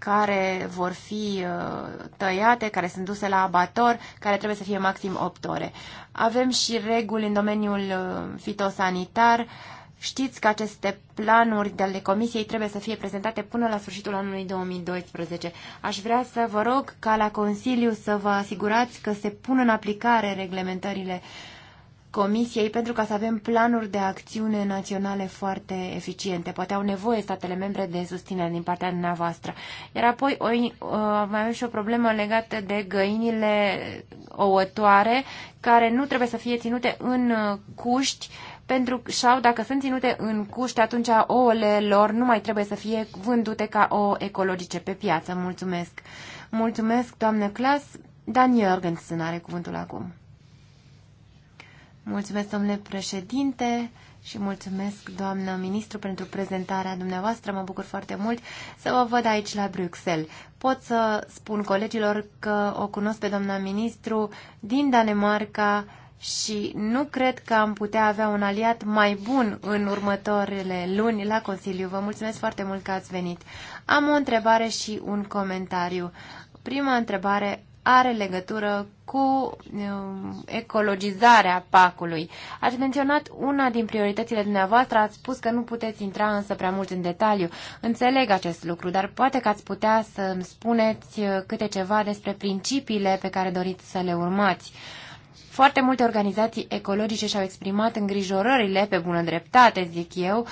care vor fi uh, tăiate, care sunt duse la abator, care trebuie să fie maxim 8 ore. Avem și reguli în domeniul uh, fitosanitar. Știți că aceste planuri de ale Comisiei trebuie să fie prezentate până la sfârșitul anului 2012. Aș vrea să vă rog ca la Consiliu să vă asigurați că se pun în aplicare reglementările uh, Comisiei pentru ca să avem planuri de acțiune naționale foarte eficiente. Poate au nevoie statele membre de susținere din partea dumneavoastră. Iar apoi o, uh, mai avem și o problemă legată de găinile ouătoare care nu trebuie să fie ținute în uh, cuști pentru sau dacă sunt ținute în cuști, atunci ouăle lor nu mai trebuie să fie vândute ca o ecologice pe piață. Mulțumesc! Mulțumesc, doamnă Clas! Dan Jorgensen are cuvântul acum. Mulțumesc, domnule președinte, și mulțumesc, doamnă ministru, pentru prezentarea dumneavoastră. Mă bucur foarte mult să vă văd aici la Bruxelles. Pot să spun colegilor că o cunosc pe doamna ministru din Danemarca și nu cred că am putea avea un aliat mai bun în următoarele luni la Consiliu. Vă mulțumesc foarte mult că ați venit. Am o întrebare și un comentariu. Prima întrebare are legătură cu um, ecologizarea pacului. Ați menționat una din prioritățile dumneavoastră, ați spus că nu puteți intra însă prea mult în detaliu. Înțeleg acest lucru, dar poate că ați putea să îmi spuneți uh, câte ceva despre principiile pe care doriți să le urmați. Foarte multe organizații ecologice și-au exprimat îngrijorările, pe bună dreptate, zic eu,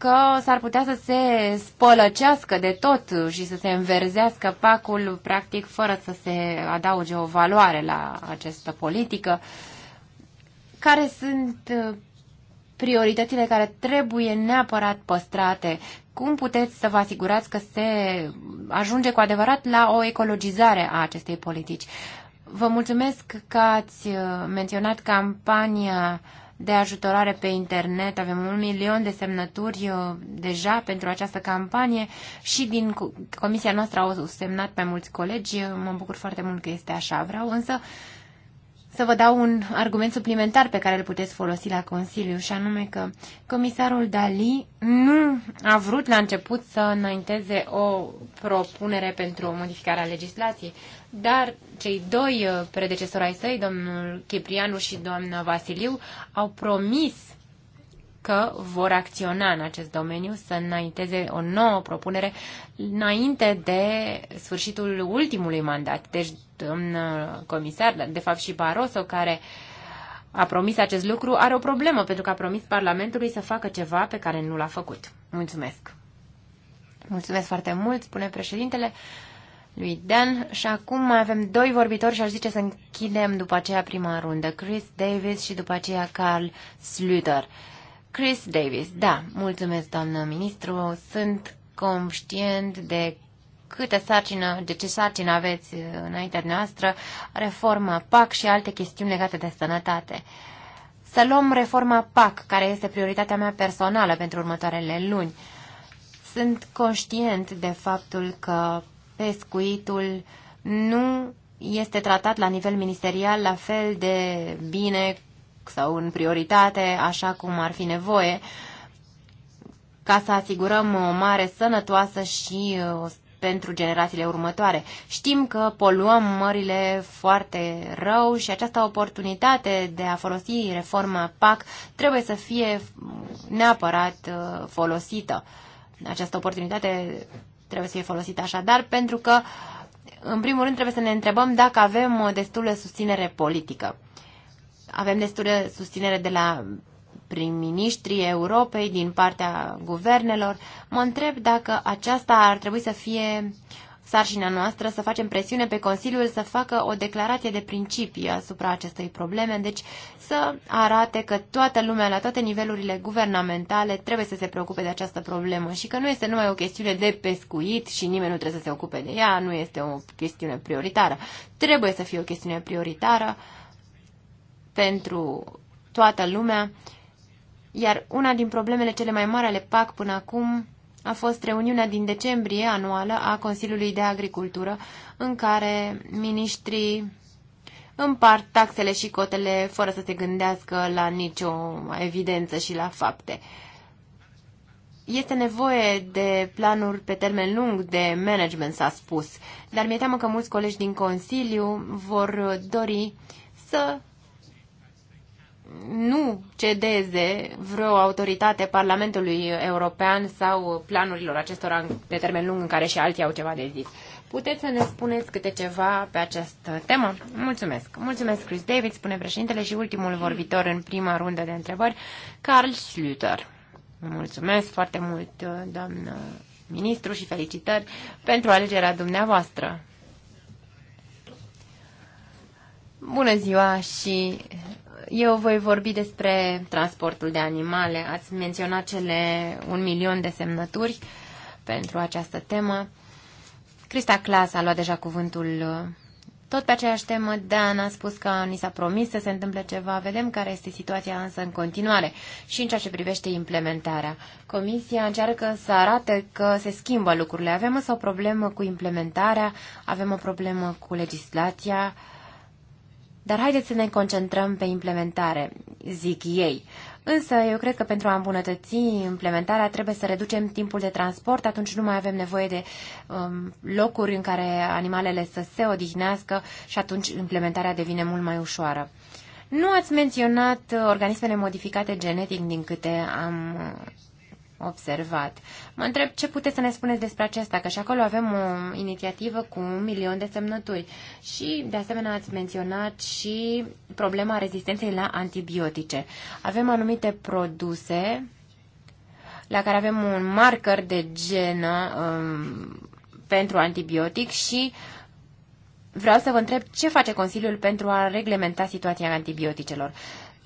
că s-ar putea să se spălăcească de tot și să se înverzească pacul, practic, fără să se adauge o valoare la această politică. Care sunt uh, prioritățile care trebuie neapărat păstrate? Cum puteți să vă asigurați că se ajunge cu adevărat la o ecologizare a acestei politici? Vă mulțumesc că ați uh, menționat campania uh, de ajutorare pe internet. Avem un milion de semnături uh, deja pentru această campanie și din comisia noastră au semnat mai mulți colegi. Uh, mă bucur foarte mult că este așa. Vreau însă să vă dau un argument suplimentar pe care îl puteți folosi la Consiliu, și anume că comisarul Dali nu a vrut la început să înainteze o propunere pentru o modificare a legislației, dar cei doi uh, predecesori ai săi, domnul Chiprianu și doamna Vasiliu, au promis că vor acționa în acest domeniu, să înainteze o nouă propunere înainte de sfârșitul ultimului mandat. Deci domn uh, comisar, de fapt și Barroso, care a promis acest lucru, are o problemă, pentru că a promis Parlamentului să facă ceva pe care nu l-a făcut. Mulțumesc! Mulțumesc foarte mult, spune președintele lui Dan. Și acum mai avem doi vorbitori și aș zice să închidem după aceea prima rundă. Chris Davis și după aceea Carl Sluter. Chris Davis, da, mulțumesc, doamnă ministru. Sunt conștient de câte sarcină, de ce sarcină aveți uh, înaintea noastră, reforma PAC și alte chestiuni legate de sănătate. Să luăm reforma PAC, care este prioritatea mea personală pentru următoarele luni. Sunt conștient de faptul că pescuitul nu este tratat la nivel ministerial la fel de bine sau în prioritate, așa cum ar fi nevoie, ca să asigurăm o mare sănătoasă și o uh, pentru generațiile următoare. Știm că poluăm mările foarte rău și această oportunitate de a folosi reforma PAC trebuie să fie neapărat uh, folosită. Această oportunitate trebuie să fie folosită așadar pentru că, în primul rând, trebuie să ne întrebăm dacă avem uh, destulă susținere politică avem destulă susținere de la prim-ministrii Europei, din partea guvernelor. Mă întreb dacă aceasta ar trebui să fie sarșina noastră să facem presiune pe Consiliul să facă o declarație de principii asupra acestei probleme, deci să arate că toată lumea la toate nivelurile guvernamentale trebuie să se preocupe de această problemă și că nu este numai o chestiune de pescuit și nimeni nu trebuie să se ocupe de ea, nu este o chestiune prioritară. Trebuie să fie o chestiune prioritară pentru toată lumea iar una din problemele cele mai mari ale PAC până acum a fost reuniunea din decembrie anuală a Consiliului de Agricultură, în care miniștrii împart taxele și cotele fără să se gândească la nicio evidență și la fapte. Este nevoie de planuri pe termen lung de management, s-a spus, dar mi-e teamă că mulți colegi din Consiliu vor dori să nu cedeze vreo autoritate Parlamentului European sau planurilor acestora de termen lung în care și alții au ceva de zis. Puteți să ne spuneți câte ceva pe această temă? Mulțumesc! Mulțumesc, Chris David, spune președintele și ultimul vorbitor în prima rundă de întrebări, Carl Schlüter. Mulțumesc foarte mult, doamnă ministru, și felicitări pentru alegerea dumneavoastră. Bună ziua și eu voi vorbi despre transportul de animale. Ați menționat cele un milion de semnături pentru această temă. Crista Clas a luat deja cuvântul uh, tot pe aceeași temă. Dan a spus că ni s-a promis să se întâmple ceva. Vedem care este situația însă în continuare și în ceea ce privește implementarea. Comisia încearcă să arate că se schimbă lucrurile. Avem însă o problemă cu implementarea, avem o problemă cu legislația, dar haideți să ne concentrăm pe implementare, zic ei. Însă eu cred că pentru a îmbunătăți implementarea trebuie să reducem timpul de transport, atunci nu mai avem nevoie de um, locuri în care animalele să se odihnească și atunci implementarea devine mult mai ușoară. Nu ați menționat organismele modificate genetic din câte am observat. Mă întreb ce puteți să ne spuneți despre acesta, că și acolo avem o inițiativă cu un milion de semnături. Și, de asemenea, ați menționat și problema rezistenței la antibiotice. Avem anumite produse la care avem un marker de genă um, pentru antibiotic și vreau să vă întreb ce face Consiliul pentru a reglementa situația antibioticelor.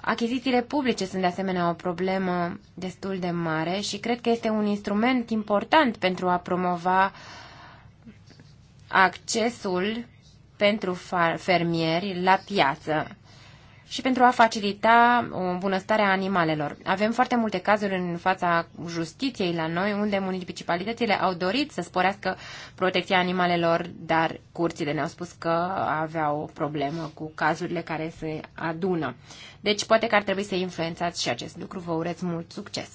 Achizițiile publice sunt de asemenea o problemă destul de mare și cred că este un instrument important pentru a promova accesul pentru fermieri la piață și pentru a facilita uh, bunăstarea animalelor. Avem foarte multe cazuri în fața justiției la noi, unde municipalitățile au dorit să sporească protecția animalelor, dar curțile ne-au spus că aveau o problemă cu cazurile care se adună. Deci poate că ar trebui să influențați și acest lucru. Vă urez mult succes!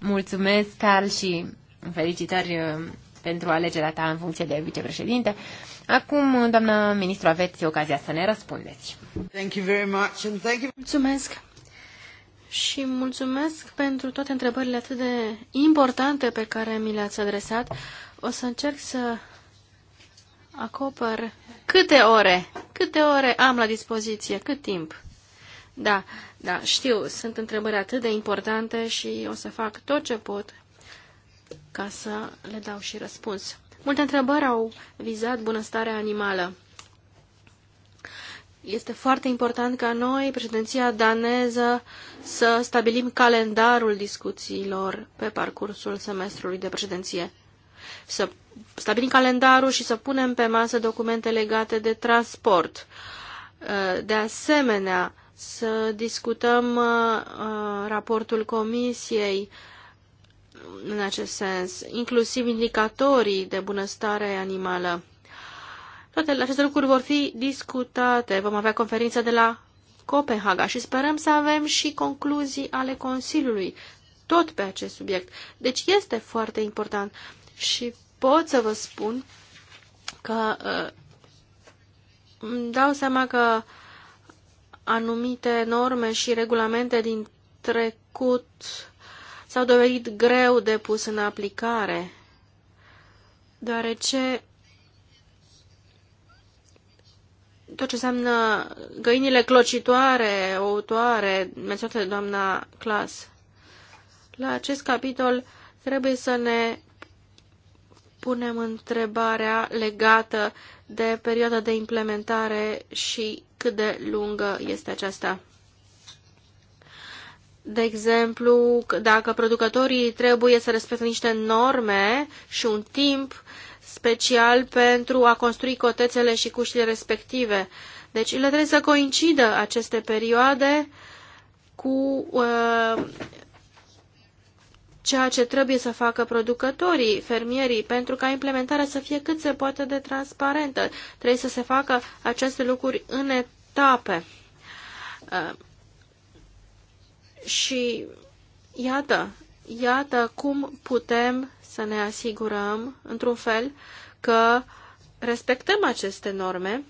Mulțumesc, Carl, și felicitări uh, pentru alegerea ta în funcție de vicepreședinte. Acum, doamna ministru, aveți ocazia să ne răspundeți. Thank you very much and thank you... Mulțumesc și mulțumesc pentru toate întrebările atât de importante pe care mi le-ați adresat. O să încerc să acopăr câte ore, câte ore am la dispoziție, cât timp. Da, da, știu, sunt întrebări atât de importante și o să fac tot ce pot ca să le dau și răspuns. Multe întrebări au vizat bunăstarea animală. Este foarte important ca noi, președinția daneză, să stabilim calendarul discuțiilor pe parcursul semestrului de președinție. Să stabilim calendarul și să punem pe masă documente legate de transport. De asemenea, să discutăm uh, raportul comisiei în acest sens, inclusiv indicatorii de bunăstare animală. Toate aceste lucruri vor fi discutate. Vom avea conferința de la Copenhaga și sperăm să avem și concluzii ale Consiliului tot pe acest subiect. Deci este foarte important și pot să vă spun că uh, îmi dau seama că anumite norme și regulamente din trecut uh, s-au dovedit greu de pus în aplicare, deoarece tot ce înseamnă găinile clocitoare, outoare, menționate de doamna Clas. La acest capitol trebuie să ne punem întrebarea legată de perioada de implementare și cât de lungă este aceasta de exemplu, dacă producătorii trebuie să respecte niște norme și un timp special pentru a construi cotețele și cuștile respective. Deci le trebuie să coincidă aceste perioade cu uh, ceea ce trebuie să facă producătorii, fermierii, pentru ca implementarea să fie cât se poate de transparentă. Trebuie să se facă aceste lucruri în etape. Uh, și iată, iată cum putem să ne asigurăm, într-un fel, că respectăm aceste norme,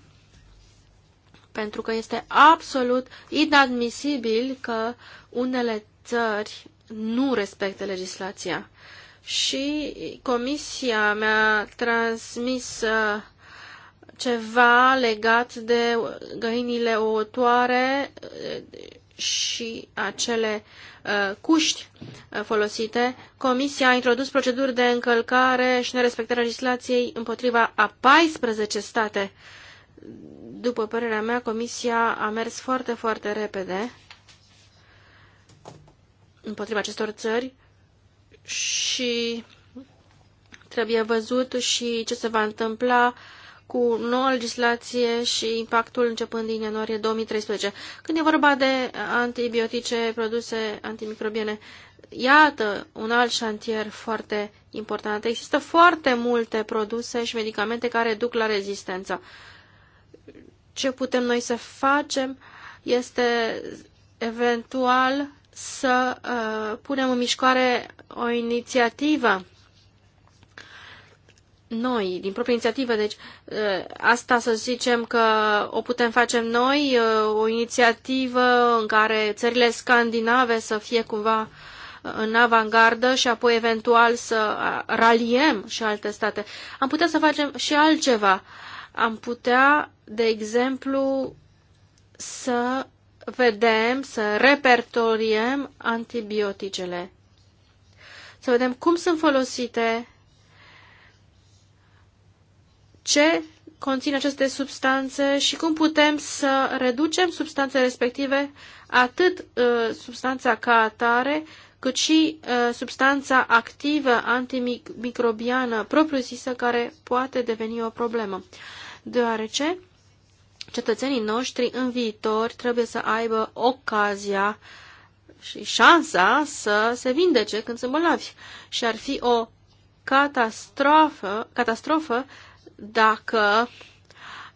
pentru că este absolut inadmisibil că unele țări nu respectă legislația. Și comisia mi-a transmis uh, ceva legat de găinile ouătoare uh, și acele uh, cuști uh, folosite, Comisia a introdus proceduri de încălcare și nerespectarea legislației împotriva a 14 state. După părerea mea, Comisia a mers foarte, foarte repede împotriva acestor țări și trebuie văzut și ce se va întâmpla uh, cu noua legislație și impactul începând din ianuarie 2013. Când e vorba de antibiotice, produse antimicrobiene, iată un alt șantier foarte important. Există foarte multe produse și medicamente care duc la rezistență. Ce putem noi să facem este eventual să uh, punem în mișcare o inițiativă noi, din proprie inițiativă. Deci uh, asta să zicem că o putem face noi, uh, o inițiativă în care țările scandinave să fie cumva în avangardă și apoi eventual să raliem și alte state. Am putea să facem și altceva. Am putea, de exemplu, să vedem, să repertoriem antibioticele. Să vedem cum sunt folosite ce conțin aceste substanțe și cum putem să reducem substanțele respective, atât uh, substanța ca atare, cât și uh, substanța activă antimicrobiană propriu-zisă care poate deveni o problemă. Deoarece cetățenii noștri în viitor trebuie să aibă ocazia și șansa să se vindece când sunt bolnavi. Și ar fi o catastrofă, catastrofă dacă uh,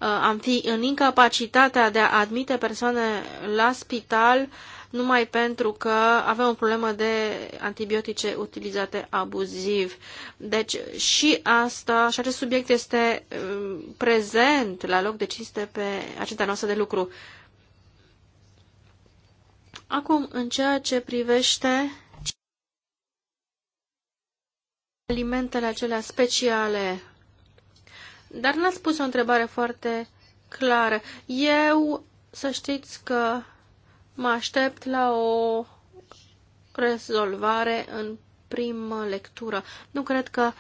am fi în incapacitatea de a admite persoane la spital numai pentru că avem o problemă de antibiotice utilizate abuziv. Deci și asta, și acest subiect este um, prezent la loc de cinste pe agenda noastră de lucru. Acum, în ceea ce privește alimentele acelea speciale dar n-ați pus o întrebare foarte clară. Eu, să știți că mă aștept la o rezolvare în primă lectură. Nu cred că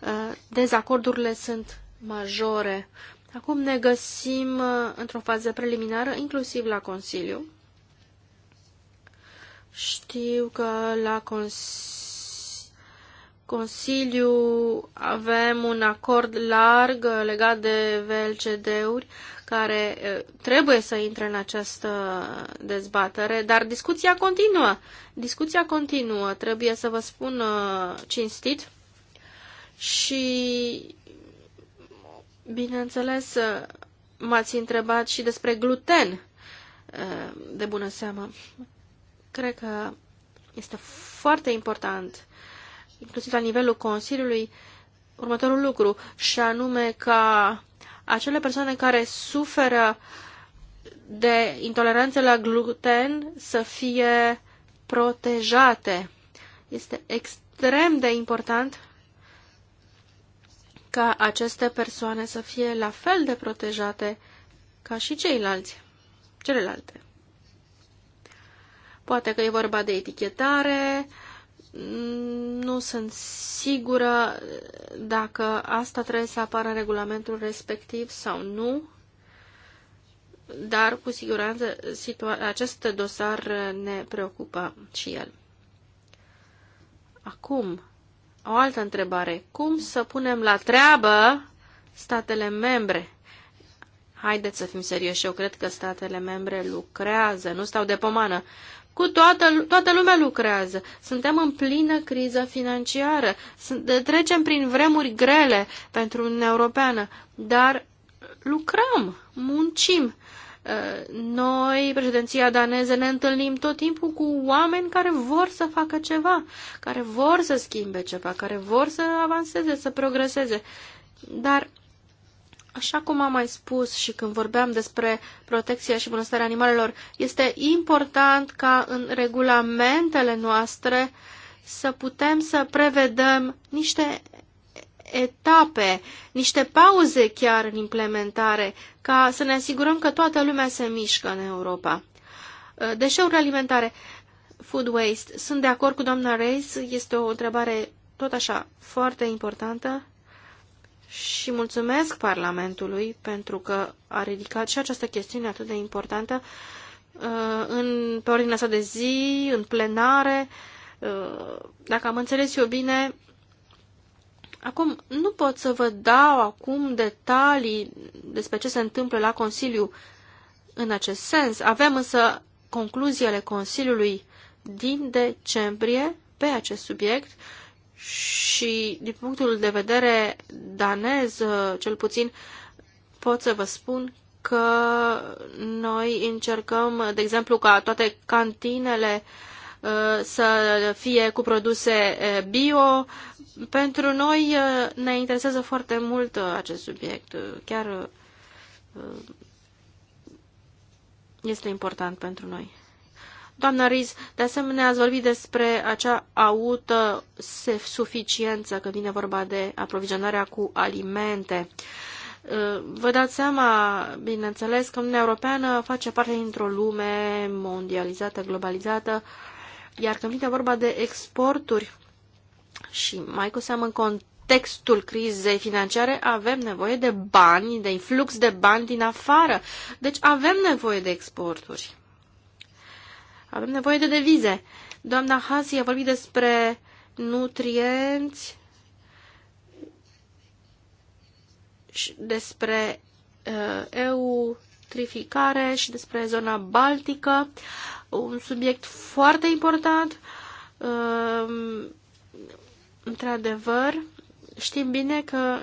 uh, dezacordurile sunt majore. Acum ne găsim uh, într-o fază preliminară, inclusiv la Consiliu. Știu că la Consiliu Consiliu avem un acord larg uh, legat de VLCD-uri care uh, trebuie să intre în această dezbatere, dar discuția continuă. Discuția continuă, trebuie să vă spun uh, cinstit și, bineînțeles, m-ați întrebat și despre gluten, de bună seamă. Cred că este foarte important inclusiv la nivelul Consiliului, următorul lucru, și anume ca acele persoane care suferă de intoleranță la gluten să fie protejate. Este extrem de important ca aceste persoane să fie la fel de protejate ca și ceilalți, celelalte. Poate că e vorba de etichetare, nu sunt sigură dacă asta trebuie să apară în regulamentul respectiv sau nu, dar cu siguranță acest dosar ne preocupă și el. Acum, o altă întrebare. Cum să punem la treabă statele membre? Haideți să fim serioși, eu cred că statele membre lucrează, nu stau de pomană cu toată, toată lumea lucrează. Suntem în plină criză financiară. Sunt, trecem prin vremuri grele pentru Uniunea Europeană, dar lucrăm, muncim. Uh, noi, președinția daneză, ne întâlnim tot timpul cu oameni care vor să facă ceva, care vor să schimbe ceva, care vor să avanseze, să progreseze. Dar Așa cum am mai spus și când vorbeam despre protecția și bunăstarea animalelor, este important ca în regulamentele noastre să putem să prevedem niște etape, niște pauze chiar în implementare, ca să ne asigurăm că toată lumea se mișcă în Europa. Deșeuri alimentare, food waste, sunt de acord cu doamna Reis, este o întrebare tot așa foarte importantă și mulțumesc Parlamentului pentru că a ridicat și această chestiune atât de importantă uh, în, pe ordinea sa de zi, în plenare. Uh, dacă am înțeles eu bine, acum nu pot să vă dau acum detalii despre ce se întâmplă la Consiliu în acest sens. Avem însă concluziile Consiliului din decembrie pe acest subiect și din punctul de vedere danez, uh, cel puțin, pot să vă spun că noi încercăm, de exemplu, ca toate cantinele uh, să fie cu produse uh, bio. Pentru noi ne interesează foarte mult acest subiect. Chiar este important pentru noi. Doamna Riz, de asemenea ați vorbit despre acea aută suficiență când vine vorba de aprovizionarea cu alimente. Uh, vă dați seama, bineînțeles, că Uniunea Europeană face parte dintr-o lume mondializată, globalizată, iar când vine vorba de exporturi și mai cu seamă în contextul crizei financiare, avem nevoie de bani, de influx de bani din afară. Deci avem nevoie de exporturi. Avem nevoie de devize. Doamna Hasi a vorbit despre nutrienți, și despre uh, eutrificare și despre zona baltică, un subiect foarte important. Uh, într-adevăr, știm bine că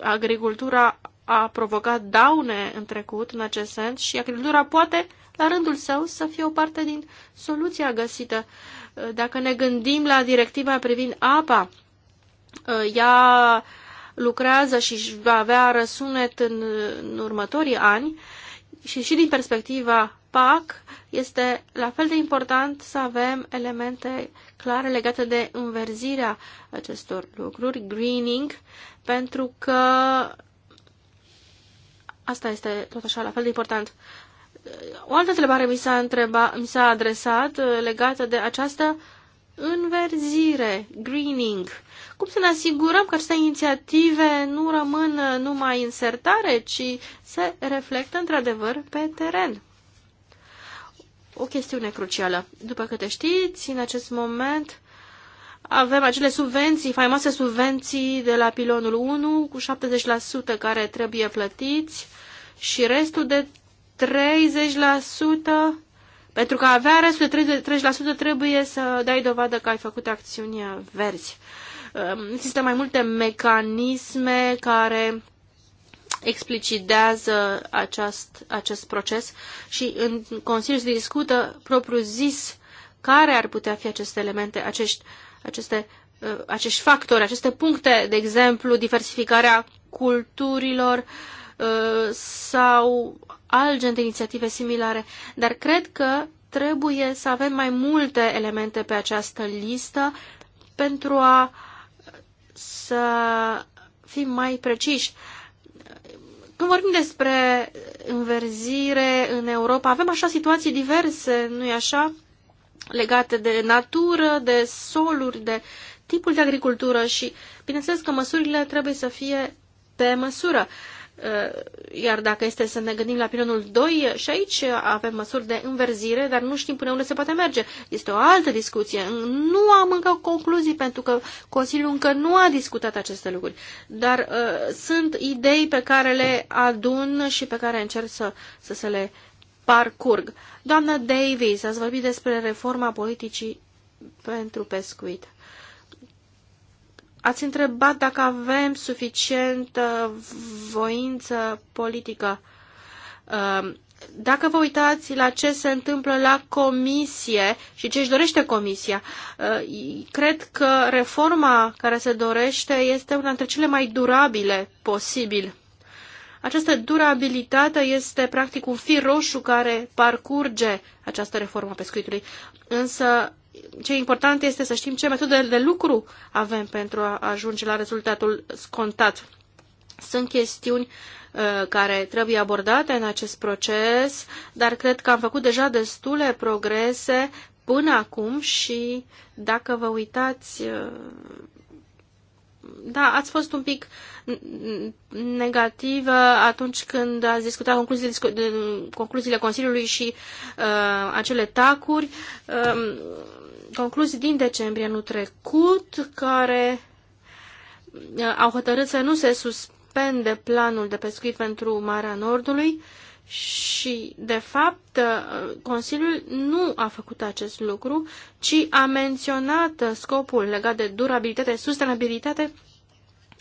agricultura a provocat daune în trecut în acest sens și agricultura poate la rândul său, să fie o parte din soluția găsită. Uh, dacă ne gândim la directiva privind apa, uh, ea lucrează și va avea răsunet în, în următorii ani și și din perspectiva PAC este la fel de important să avem elemente clare legate de înverzirea acestor lucruri, greening, pentru că asta este tot așa la fel de important. O altă întrebare mi s-a, mi s-a adresat uh, legată de această înverzire, greening. Cum să ne asigurăm că aceste inițiative nu rămân uh, numai în sertare, ci se reflectă într-adevăr pe teren? O chestiune crucială. După câte știți, în acest moment avem acele subvenții, faimoase subvenții de la pilonul 1 cu 70% care trebuie plătiți și restul de 30 pentru că a avea restul de 30% trebuie să dai dovadă că ai făcut acțiuni verzi. Există mai multe mecanisme care explicitează acest, acest proces și în Consiliu se discută propriu zis care ar putea fi aceste elemente, acești, aceste, uh, acești factori, aceste puncte, de exemplu, diversificarea culturilor uh, sau alt gen de inițiative similare, dar cred că trebuie să avem mai multe elemente pe această listă pentru a să fim mai preciși. Când vorbim despre înverzire în Europa, avem așa situații diverse, nu-i așa? Legate de natură, de soluri, de tipul de agricultură și, bineînțeles că măsurile trebuie să fie pe măsură. Uh, Eh, iar dacă este să ne gândim la pilonul 2, și aici avem măsuri de înverzire, dar nu știm până unde se poate merge. Este o altă discuție. Nu am încă concluzii, pentru că Consiliul încă nu a discutat aceste lucruri. Dar uh, sunt idei pe care le adun și pe care încerc să, să se le parcurg. Doamna Davis, ați vorbit despre reforma politicii pentru pescuit. Ați întrebat dacă avem suficientă voință politică. Um, dacă vă uitați la ce se întâmplă la comisie și ce își dorește comisia, uh, cred că reforma care se dorește este una dintre cele mai durabile posibil. Această durabilitate este practic un fir roșu care parcurge această reformă a pescuitului. Însă ce important este să știm ce metode de lucru avem pentru a ajunge la rezultatul scontat. Sunt chestiuni uh, care trebuie abordate în acest proces, dar cred că am făcut deja destule progrese până acum și dacă vă uitați, uh, da, ați fost un pic negativă atunci când ați discutat concluziile, concluziile Consiliului și uh, acele tacuri. Uh, concluzii din decembrie anul trecut care uh, au hotărât să nu se suspende planul de pescuit pentru Marea Nordului și, de fapt, uh, Consiliul nu a făcut acest lucru, ci a menționat scopul legat de durabilitate, sustenabilitate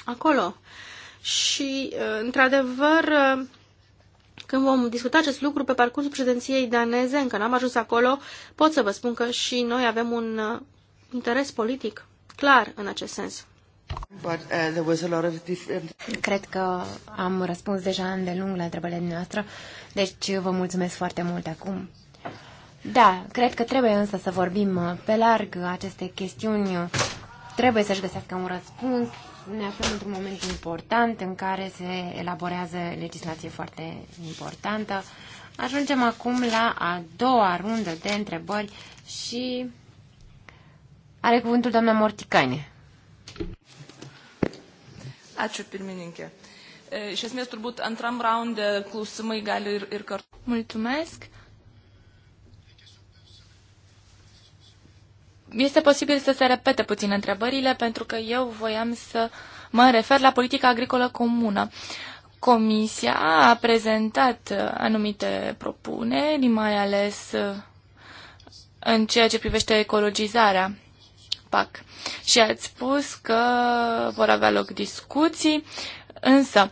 acolo. Și, uh, într-adevăr, când vom discuta acest lucru pe parcursul președinției daneze, încă n-am ajuns acolo, pot să vă spun că și noi avem un uh, interes politic clar în acest sens. But, uh, there was a lot of different... Cred că am răspuns deja îndelung la întrebările noastre, deci vă mulțumesc foarte mult acum. Da, cred că trebuie însă să vorbim uh, pe larg aceste chestiuni. Trebuie să-și găsească un răspuns ne aflăm într-un moment important în care se elaborează legislație foarte importantă. Ajungem acum la a doua rundă de întrebări și are cuvântul doamna Morticaine. Ačiū pirmininkė. Iš esmės turbūt antram raunde klausimai gali ir, ir kartu. Mulțumesc. este posibil să se repete puțin întrebările, pentru că eu voiam să mă refer la politica agricolă comună. Comisia a prezentat uh, anumite propuneri, mai ales uh, în ceea ce privește ecologizarea PAC. Și ați spus că vor avea loc discuții, însă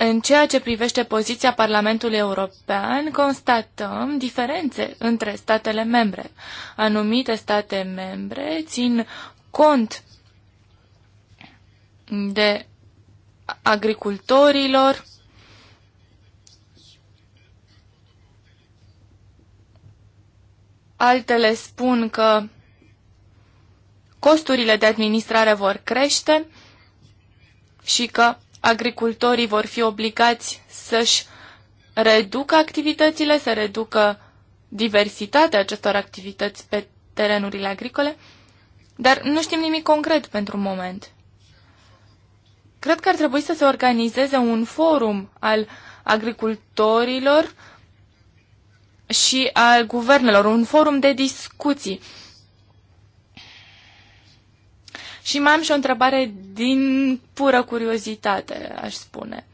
în ceea ce privește poziția Parlamentului European, constatăm diferențe între statele membre. Anumite state membre țin cont de agricultorilor, altele spun că costurile de administrare vor crește și că agricultorii vor fi obligați să-și reducă activitățile, să reducă diversitatea acestor activități pe terenurile agricole, dar nu știm nimic concret pentru moment. Cred că ar trebui să se organizeze un forum al agricultorilor și al guvernelor, un forum de discuții și mai am și o întrebare din pură curiozitate, aș spune.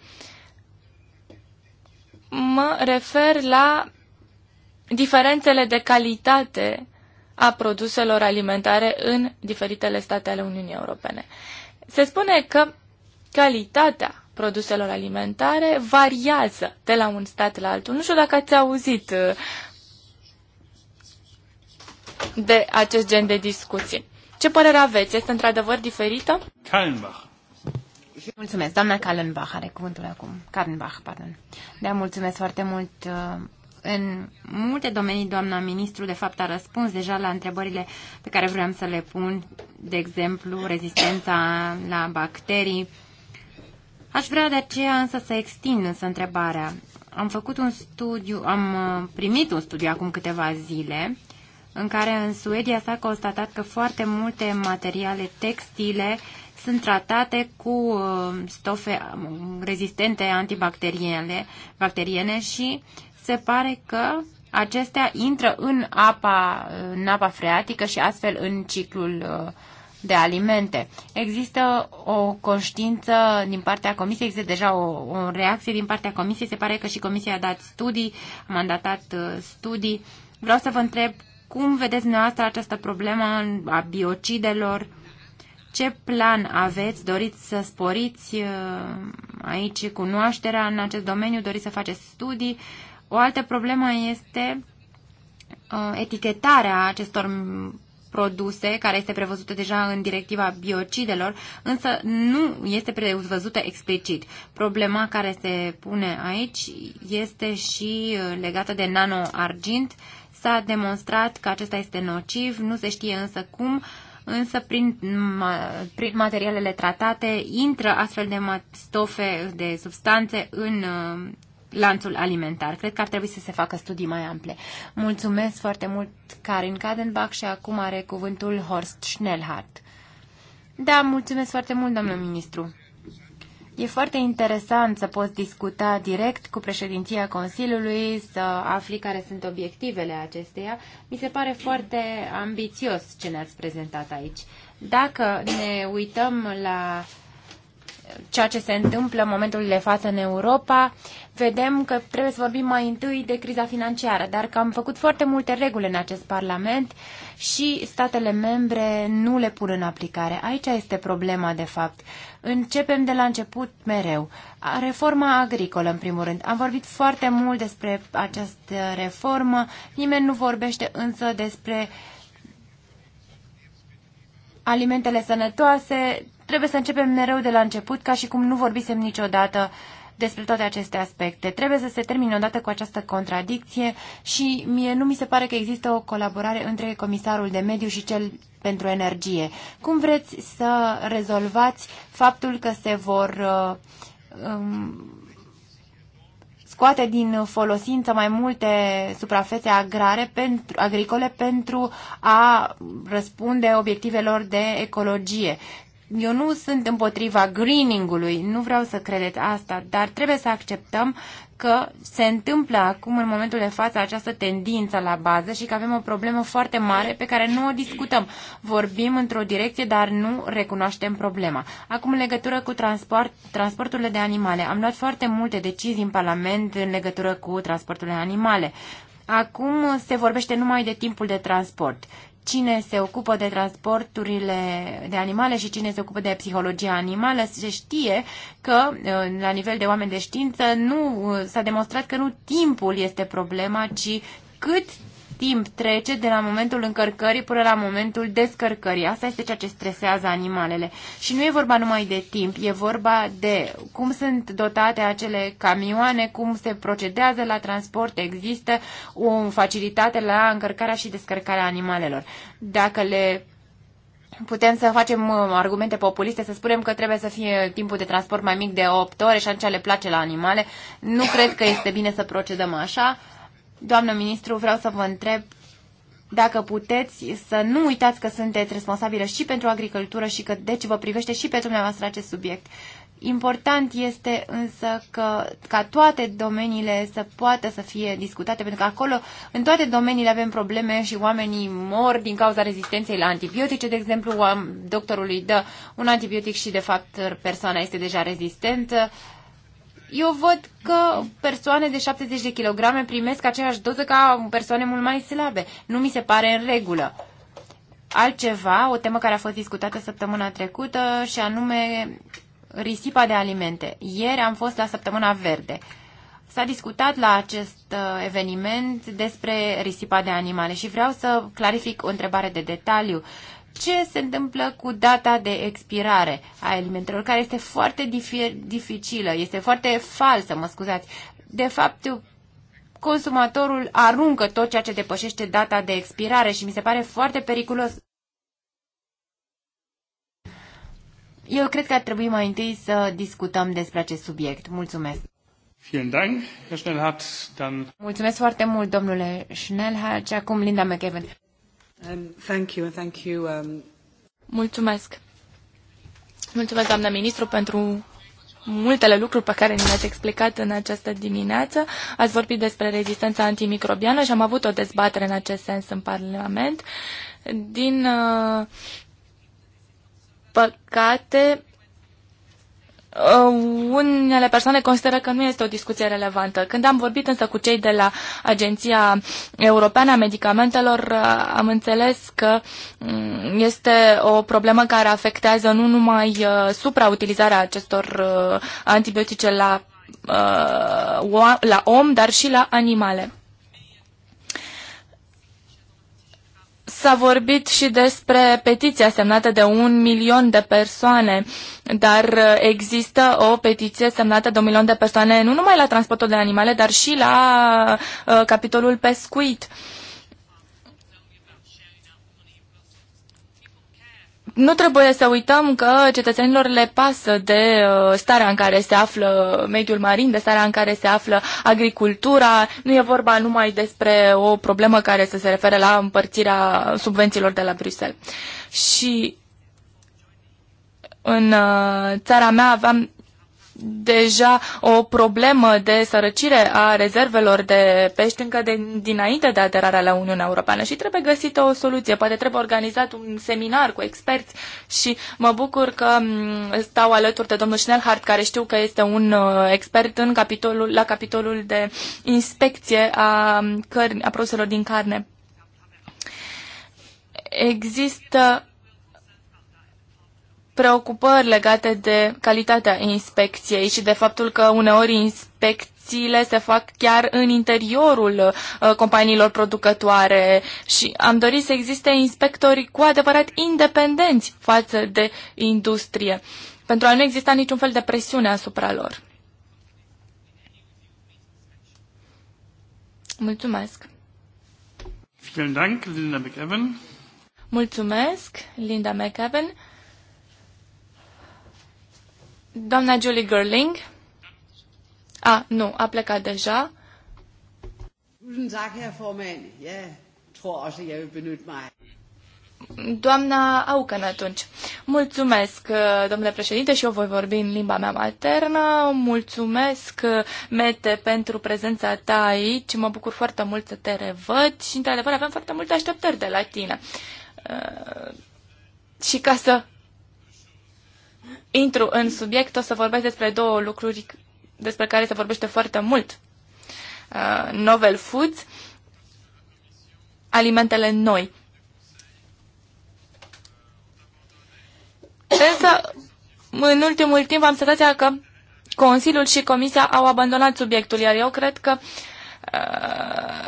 Mă refer la diferențele de calitate a produselor alimentare în diferitele state ale Uniunii Europene. Se spune că calitatea produselor alimentare variază de la un stat la altul. Nu știu dacă ați auzit uh, de acest gen de discuții. Ce părere aveți? Este într-adevăr diferită? Kallenbach. Mulțumesc. Doamna Kallenbach are cuvântul acum. Kallenbach, pardon. Da, mulțumesc foarte mult. Uh, în multe domenii, doamna ministru, de fapt, a răspuns deja la întrebările pe care vreau să le pun, de exemplu, rezistența la bacterii. Aș vrea de aceea însă să extind însă întrebarea. Am făcut un studiu, am uh, primit un studiu acum câteva zile în care în Suedia s-a constatat că foarte multe materiale textile sunt tratate cu uh, stofe um, rezistente antibacteriene bacteriene și se pare că acestea intră în apa, uh, în apa freatică și astfel în ciclul uh, de alimente. Există o conștiință din partea comisiei, există deja o, o reacție din partea comisiei, se pare că și comisia a dat studii, a mandatat studii. Vreau să vă întreb cum vedeți dumneavoastră această problemă a biocidelor? Ce plan aveți? Doriți să sporiți uh, aici cunoașterea în acest domeniu? Doriți să faceți studii? O altă problemă este uh, etichetarea acestor produse, care este prevăzută deja în directiva biocidelor, însă nu este prevăzută explicit. Problema care se pune aici este și uh, legată de nanoargint, S-a demonstrat că acesta este nociv, nu se știe însă cum, însă prin, prin materialele tratate intră astfel de stofe, de substanțe în uh, lanțul alimentar. Cred că ar trebui să se facă studii mai ample. Mulțumesc foarte mult, Karin Kadenbach, și acum are cuvântul Horst Schnellhardt. Da, mulțumesc foarte mult, domnul ministru. E foarte interesant să poți discuta direct cu președinția Consiliului, să afli care sunt obiectivele acesteia. Mi se pare foarte ambițios ce ne-ați prezentat aici. Dacă ne uităm la ceea ce se întâmplă în momentul de față în Europa, vedem că trebuie să vorbim mai întâi de criza financiară, dar că am făcut foarte multe reguli în acest Parlament și statele membre nu le pun în aplicare. Aici este problema, de fapt. Începem de la început mereu. Reforma agricolă, în primul rând. Am vorbit foarte mult despre această reformă, nimeni nu vorbește însă despre alimentele sănătoase. Trebuie să începem mereu de la început, ca și cum nu vorbisem niciodată uh, despre toate aceste aspecte. Trebuie să se termine odată cu această contradicție și mie nu mi se pare că există o colaborare între comisarul de mediu și cel pentru energie. Cum vreți să rezolvați faptul că se vor uh, um, scoate din folosință mai multe suprafețe agrare pentru, agricole pentru a răspunde obiectivelor de ecologie eu nu sunt împotriva greening-ului, nu vreau să credeți asta, dar trebuie să acceptăm că se întâmplă acum în momentul de față această tendință la bază și că avem o problemă foarte mare pe care nu o discutăm. Vorbim într-o direcție, dar nu recunoaștem problema. Acum, în legătură cu transport, transporturile de animale, am luat foarte multe decizii în Parlament în legătură cu transporturile animale. Acum se vorbește numai de timpul de transport cine se ocupă de transporturile de animale și cine se ocupă de psihologia animală, se știe că, uh, la nivel de oameni de știință, nu uh, s-a demonstrat că nu timpul este problema, ci cât timp trece de la momentul încărcării până la momentul descărcării. Asta este ceea ce stresează animalele. Și nu e vorba numai de timp, e vorba de cum sunt dotate acele camioane, cum se procedează la transport, există o facilitate la încărcarea și descărcarea animalelor. Dacă le putem să facem uh, argumente populiste, să spunem că trebuie să fie timpul de transport mai mic de 8 ore și atunci le place la animale. Nu cred că este bine să procedăm așa. Doamnă ministru, vreau să vă întreb dacă puteți să nu uitați că sunteți responsabilă și pentru agricultură și că deci vă privește și pe dumneavoastră acest subiect. Important este însă că, ca toate domeniile să poată să fie discutate, pentru că acolo, în toate domeniile avem probleme și oamenii mor din cauza rezistenței la antibiotice. De exemplu, doctorului dă un antibiotic și, de fapt, persoana este deja rezistentă eu văd că persoane de 70 de kilograme primesc aceeași doză ca persoane mult mai slabe. Nu mi se pare în regulă. Altceva, o temă care a fost discutată săptămâna trecută și anume risipa de alimente. Ieri am fost la Săptămâna Verde. S-a discutat la acest uh, eveniment despre risipa de animale și vreau să clarific o întrebare de detaliu. Uh, ce se întâmplă cu data de expirare a alimentelor, care este foarte dificilă, este foarte falsă, mă scuzați. De fapt, consumatorul aruncă tot ceea ce depășește data de expirare și mi se pare foarte periculos. Eu cred că ar trebui mai întâi să discutăm despre acest subiect. Mulțumesc! Mulțumesc foarte mult, domnule Schnellhardt. Și acum Linda McEwen. Um, thank you, thank you, um... Mulțumesc. Mulțumesc, doamnă ministru, pentru multele lucruri pe care ni le-ați explicat în această dimineață. Ați vorbit despre rezistența antimicrobiană și am avut o dezbatere în acest sens în Parlament. Din uh, păcate, Uh, unele persoane consideră că nu este o discuție relevantă. Când am vorbit însă cu cei de la Agenția Europeană a Medicamentelor, uh, am înțeles că mm, este o problemă care afectează nu numai uh, suprautilizarea acestor antibiotice la, la om, dar și la animale. S-a vorbit și despre petiția semnată de un milion de persoane, dar uh, există o petiție semnată de un milion de persoane nu numai la transportul de animale, dar și la uh, capitolul pescuit. Uh, nu trebuie să uităm că cetățenilor le pasă de uh, starea în care se află mediul marin, de starea în care se află agricultura. Nu e vorba numai despre o problemă care să se refere la împărțirea subvențiilor de la Bruxelles. Și în uh, țara mea aveam deja o problemă de sărăcire a rezervelor de pești încă de, dinainte de aderarea la Uniunea Europeană și trebuie găsită o soluție. Poate trebuie organizat un seminar cu experți și mă bucur că mm, stau alături de domnul Schnellhardt, care știu că este un uh, expert în capitolul, la capitolul de inspecție a, mm, cărni, a produselor din carne. Există preocupări legate de calitatea inspecției și de faptul că uneori inspecțiile se fac chiar în interiorul uh, companiilor producătoare și am dorit să existe inspectori cu adevărat independenți față de industrie, pentru a nu exista niciun fel de presiune asupra lor. Mulțumesc! Mulțumesc, Linda McEwen. Doamna Julie Gerling. A, nu, a plecat deja. Doamna Aucan atunci. Mulțumesc, uh, domnule președinte, și eu voi vorbi în limba mea maternă. Mulțumesc, uh, Mete, pentru prezența ta aici. Mă bucur foarte mult să te revăd și, într-adevăr, avem foarte multe așteptări de la tine. Uh, și ca să intru în subiect, o să vorbesc despre două lucruri despre care se vorbește foarte mult. Uh, novel foods, alimentele noi. Însă, în ultimul timp am senzația că Consiliul și Comisia au abandonat subiectul, iar eu cred că Uh,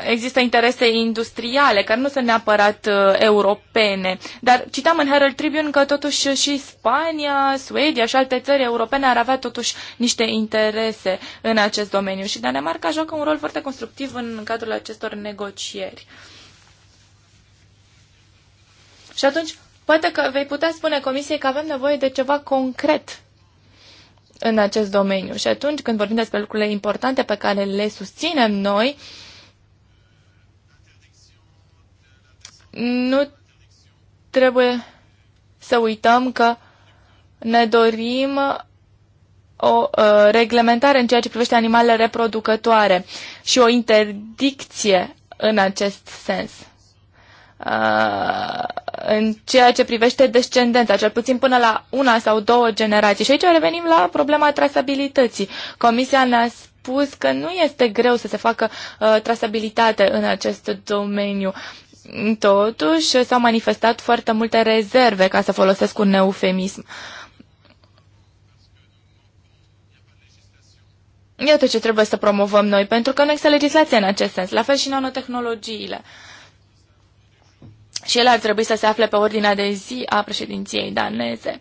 există interese industriale, care nu sunt neapărat uh, europene. Dar citam în Herald Tribune că totuși și Spania, Suedia și alte țări europene ar avea totuși niște interese în acest domeniu și Danemarca joacă un rol foarte constructiv în cadrul acestor negocieri. Și atunci, poate că vei putea spune Comisiei că avem nevoie de ceva concret în acest domeniu. Și atunci când vorbim despre lucrurile importante pe care le susținem noi, nu trebuie să uităm că ne dorim o uh, reglementare în ceea ce privește animalele reproducătoare și o interdicție în acest sens. Uh, în ceea ce privește descendența, cel puțin până la una sau două generații. Și aici revenim la problema trasabilității. Comisia ne-a spus că nu este greu să se facă uh, trasabilitate în acest domeniu. Totuși, s-au manifestat foarte multe rezerve, ca să folosesc un eufemism. Iată ce trebuie să promovăm noi, pentru că nu există legislație în acest sens, la fel și nanotehnologiile. Uh, și el ar trebui să se afle pe ordinea de zi a președinției daneze.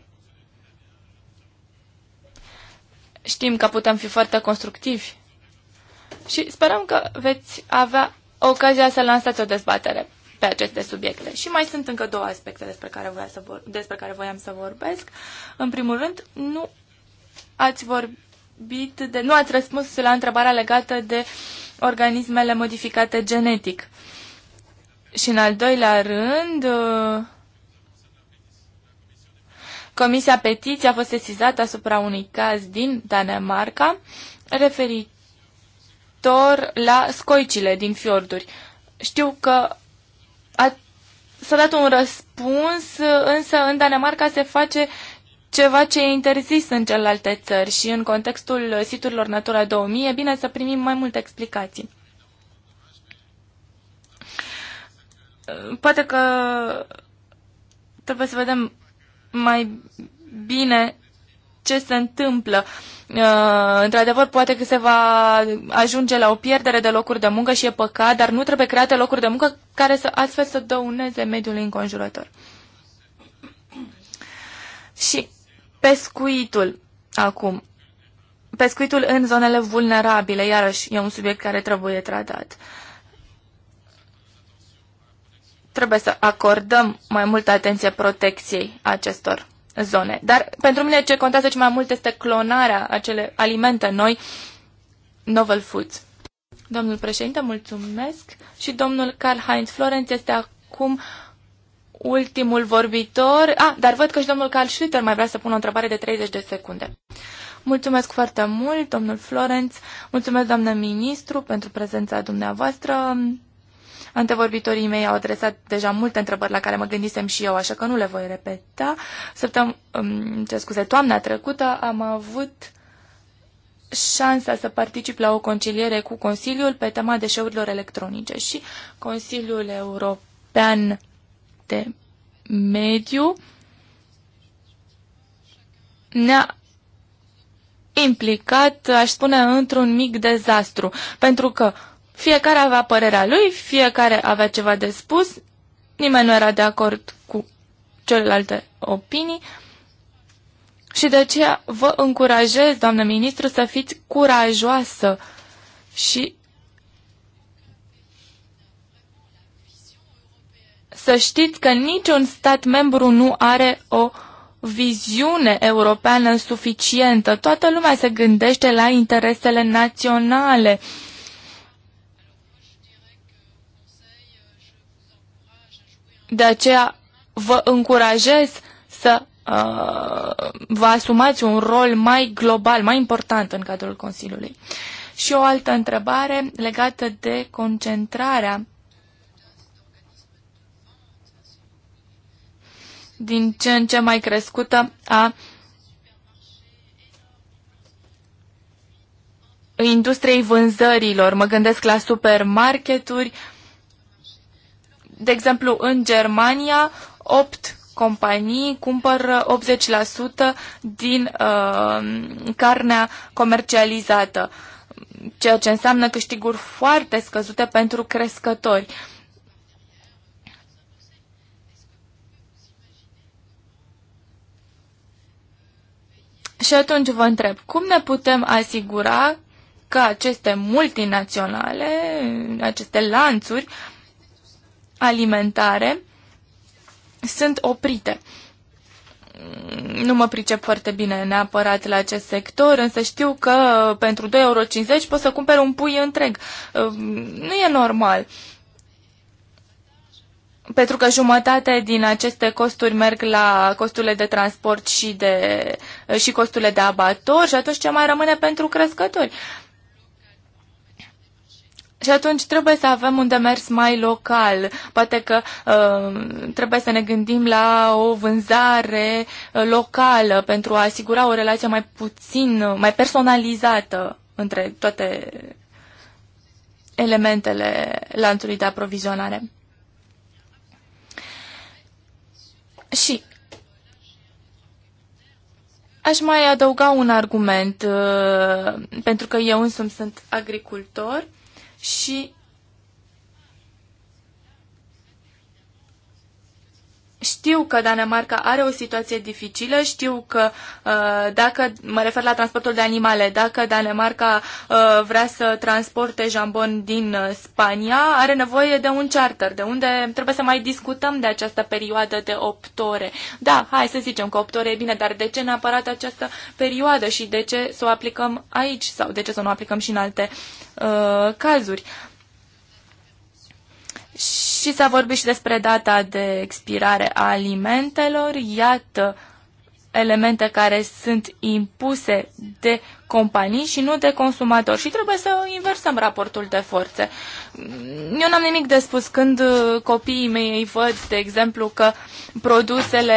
Știm că putem fi foarte constructivi și sperăm că veți avea ocazia să lansați o dezbatere pe aceste subiecte. Și mai sunt încă două aspecte despre care, voia să vor, despre care voiam să vorbesc. În primul rând, nu ați vorbit de, nu ați răspuns la întrebarea legată de organismele modificate genetic. Uh, și în al doilea rând, uh, Comisia Petiției a fost sesizată asupra unui caz din Danemarca referitor la scoicile din fiorduri. Știu că a, s-a dat un răspuns, însă în Danemarca se face ceva ce e interzis în celelalte țări și în contextul siturilor Natura 2000 e bine să primim mai multe explicații. poate că trebuie să vedem mai bine ce se întâmplă. Uh, într-adevăr, poate că se va ajunge la o pierdere de locuri de muncă și e păcat, dar nu trebuie create locuri de muncă care să astfel să dăuneze mediul înconjurător. Și pescuitul acum. Pescuitul în zonele vulnerabile, iarăși, e un subiect care trebuie tratat. Uh, trebuie să acordăm mai multă atenție protecției acestor zone. Dar pentru mine ce contează ce mai mult este clonarea acele alimente noi, novel foods. Domnul președinte, mulțumesc. Și domnul Karl-Heinz Florenz este acum ultimul vorbitor. Ah, dar văd că și domnul Karl Schlitter mai vrea să pună o întrebare de 30 de secunde. Mulțumesc foarte mult, domnul Florenț. Mulțumesc, doamnă ministru, pentru prezența dumneavoastră. Antevorbitorii mei au adresat deja multe întrebări la care mă gândisem și eu, așa că nu le voi repeta. Săptăm, ce scuze, toamna trecută am avut șansa să particip la o conciliere cu Consiliul pe tema deșeurilor electronice și Consiliul European de Mediu ne-a implicat, aș spune, într-un mic dezastru, pentru că fiecare avea părerea lui, fiecare avea ceva de spus, nimeni nu era de acord cu celelalte opinii și de aceea vă încurajez, doamnă ministru, să fiți curajoasă și să știți că niciun stat membru nu are o viziune europeană suficientă. Toată lumea se gândește la interesele naționale De aceea vă încurajez să uh, vă asumați un rol mai global, mai important în cadrul Consiliului. Și o altă întrebare legată de concentrarea din ce în ce mai crescută a industriei vânzărilor. Mă gândesc la supermarketuri, uh, de exemplu, în Germania, 8 companii cumpără 80% din uh, carnea comercializată, ceea ce înseamnă câștiguri foarte scăzute pentru crescători. Și atunci vă întreb, cum ne putem asigura că aceste multinaționale, aceste lanțuri, uh, alimentare sunt oprite. Nu mă pricep foarte bine neapărat la acest sector, însă știu că pentru 2,50 euro pot să cumpere un pui întreg. Nu e normal pentru că jumătate din aceste costuri merg la costurile de transport și, de, și costurile de abator și atunci ce mai rămâne pentru crescători? Uh, și atunci trebuie să avem un demers mai local. Poate că uh, trebuie să ne gândim la o vânzare uh, locală pentru a asigura o relație mai puțin, uh, mai personalizată între toate elementele lanțului de aprovizionare. Și aș mai adăuga un argument, uh, pentru că eu însumi sunt agricultor și Știu că Danemarca are o situație dificilă, știu că uh, dacă, mă refer la transportul de animale, dacă Danemarca uh, vrea să transporte jambon din uh, Spania, are nevoie de un charter, de unde trebuie să mai discutăm de această perioadă de 8 ore. Da, hai să zicem că 8 ore e bine, dar de ce neapărat această perioadă și de ce să o aplicăm aici sau de ce să nu o aplicăm și în alte uh, cazuri? Și și s-a vorbit și despre data de expirare a alimentelor. Iată elemente care sunt impuse de companii și nu de consumatori. Și trebuie să inversăm raportul de forțe. Eu n-am nimic de spus când copiii mei văd, de exemplu, că produsele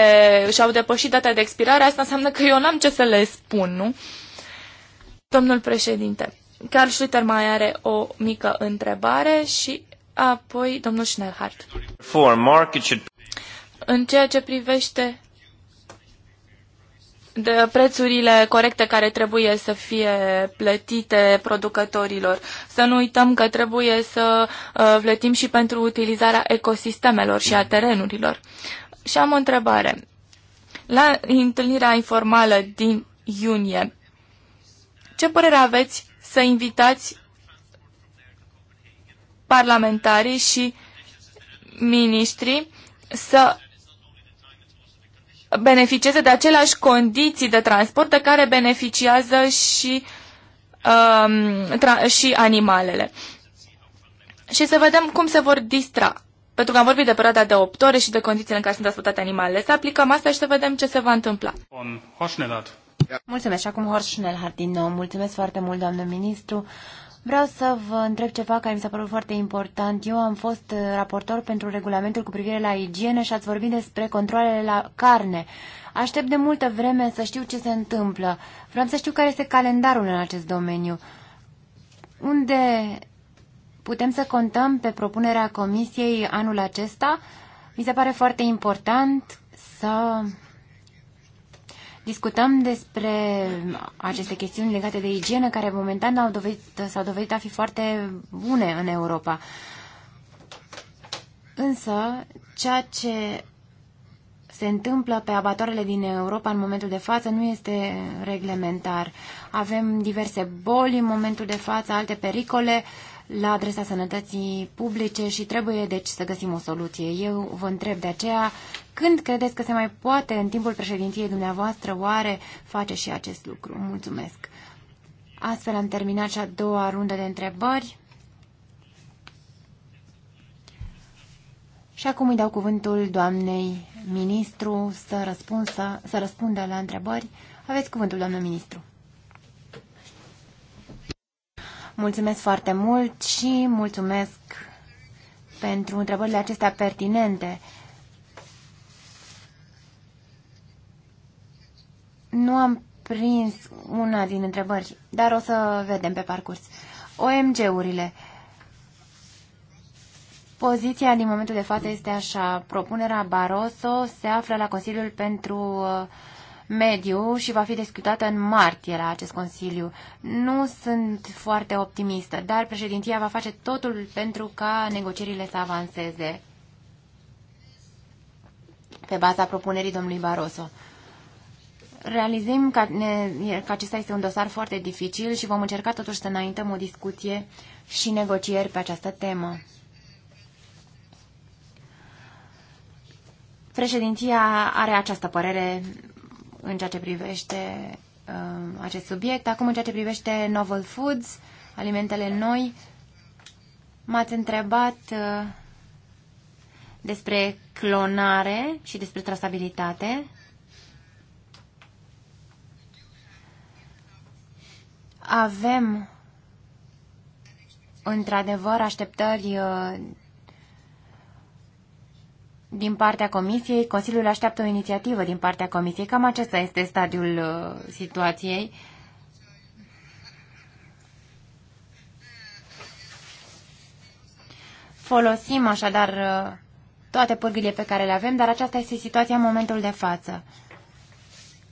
și-au depășit data de expirare, asta înseamnă că eu n-am ce să le spun, nu? Domnul președinte, Carl Schlitter mai are o mică întrebare și Apoi, domnul Schnellhardt. În ceea ce privește de prețurile corecte care trebuie să fie plătite producătorilor. Să nu uităm că trebuie să uh, plătim și pentru utilizarea ecosistemelor și a terenurilor. Și am o întrebare. La întâlnirea informală din iunie, ce părere aveți să invitați parlamentarii și miniștrii să beneficieze de aceleași condiții de transport de care beneficiază și, um, și animalele. Și să vedem cum se vor distra. Pentru că am vorbit de perioada de 8 ore și de condițiile în care sunt transportate animalele. Să aplicăm asta și să vedem ce se va întâmpla. Mulțumesc. Și acum Horst Schnellhardt din nou. Mulțumesc foarte mult, doamnă ministru. Vreau să vă întreb ceva care mi s-a părut foarte important. Eu am fost raportor pentru regulamentul cu privire la igienă și ați vorbit despre controlele la carne. Aștept de multă vreme să știu ce se întâmplă. Vreau să știu care este calendarul în acest domeniu. Unde putem să contăm pe propunerea comisiei anul acesta? Mi se pare foarte important să Discutăm despre aceste chestiuni legate de igienă, care momentan s-au dovedit, dovedit a fi foarte bune în Europa. Însă, ceea ce se întâmplă pe abatoarele din Europa în momentul de față nu este reglementar. Avem diverse boli în momentul de față, alte pericole la adresa sănătății publice și trebuie deci să găsim o soluție. Eu vă întreb de aceea, când credeți că se mai poate în timpul președinției dumneavoastră oare face și acest lucru? Mulțumesc! Astfel am terminat și a doua rundă de întrebări. Și acum îi dau cuvântul doamnei ministru să, răspunsă, să răspundă la întrebări. Aveți cuvântul, doamnă ministru. Mulțumesc foarte mult și mulțumesc pentru întrebările acestea pertinente. Nu am prins una din întrebări, dar o să vedem pe parcurs. OMG-urile. Poziția din momentul de față este așa. Propunerea Barroso se află la Consiliul pentru uh, mediu și va fi discutată în martie la acest Consiliu. Nu sunt foarte optimistă, dar președinția va face totul pentru ca negocierile să avanseze pe baza propunerii domnului Barroso. Realizăm că, ne, că acesta este un dosar foarte dificil și vom încerca totuși să înaintăm o discuție și negocieri pe această temă. Președinția are această părere în ceea ce privește uh, acest subiect. Acum, în ceea ce privește novel foods, alimentele noi, m-ați întrebat uh, despre clonare și despre trasabilitate. Avem într-adevăr așteptări uh, din partea Comisiei. Consiliul așteaptă o inițiativă din partea Comisiei. Cam acesta este stadiul uh, situației. Folosim așadar uh, toate pârghile pe care le avem, dar aceasta este situația în momentul de față.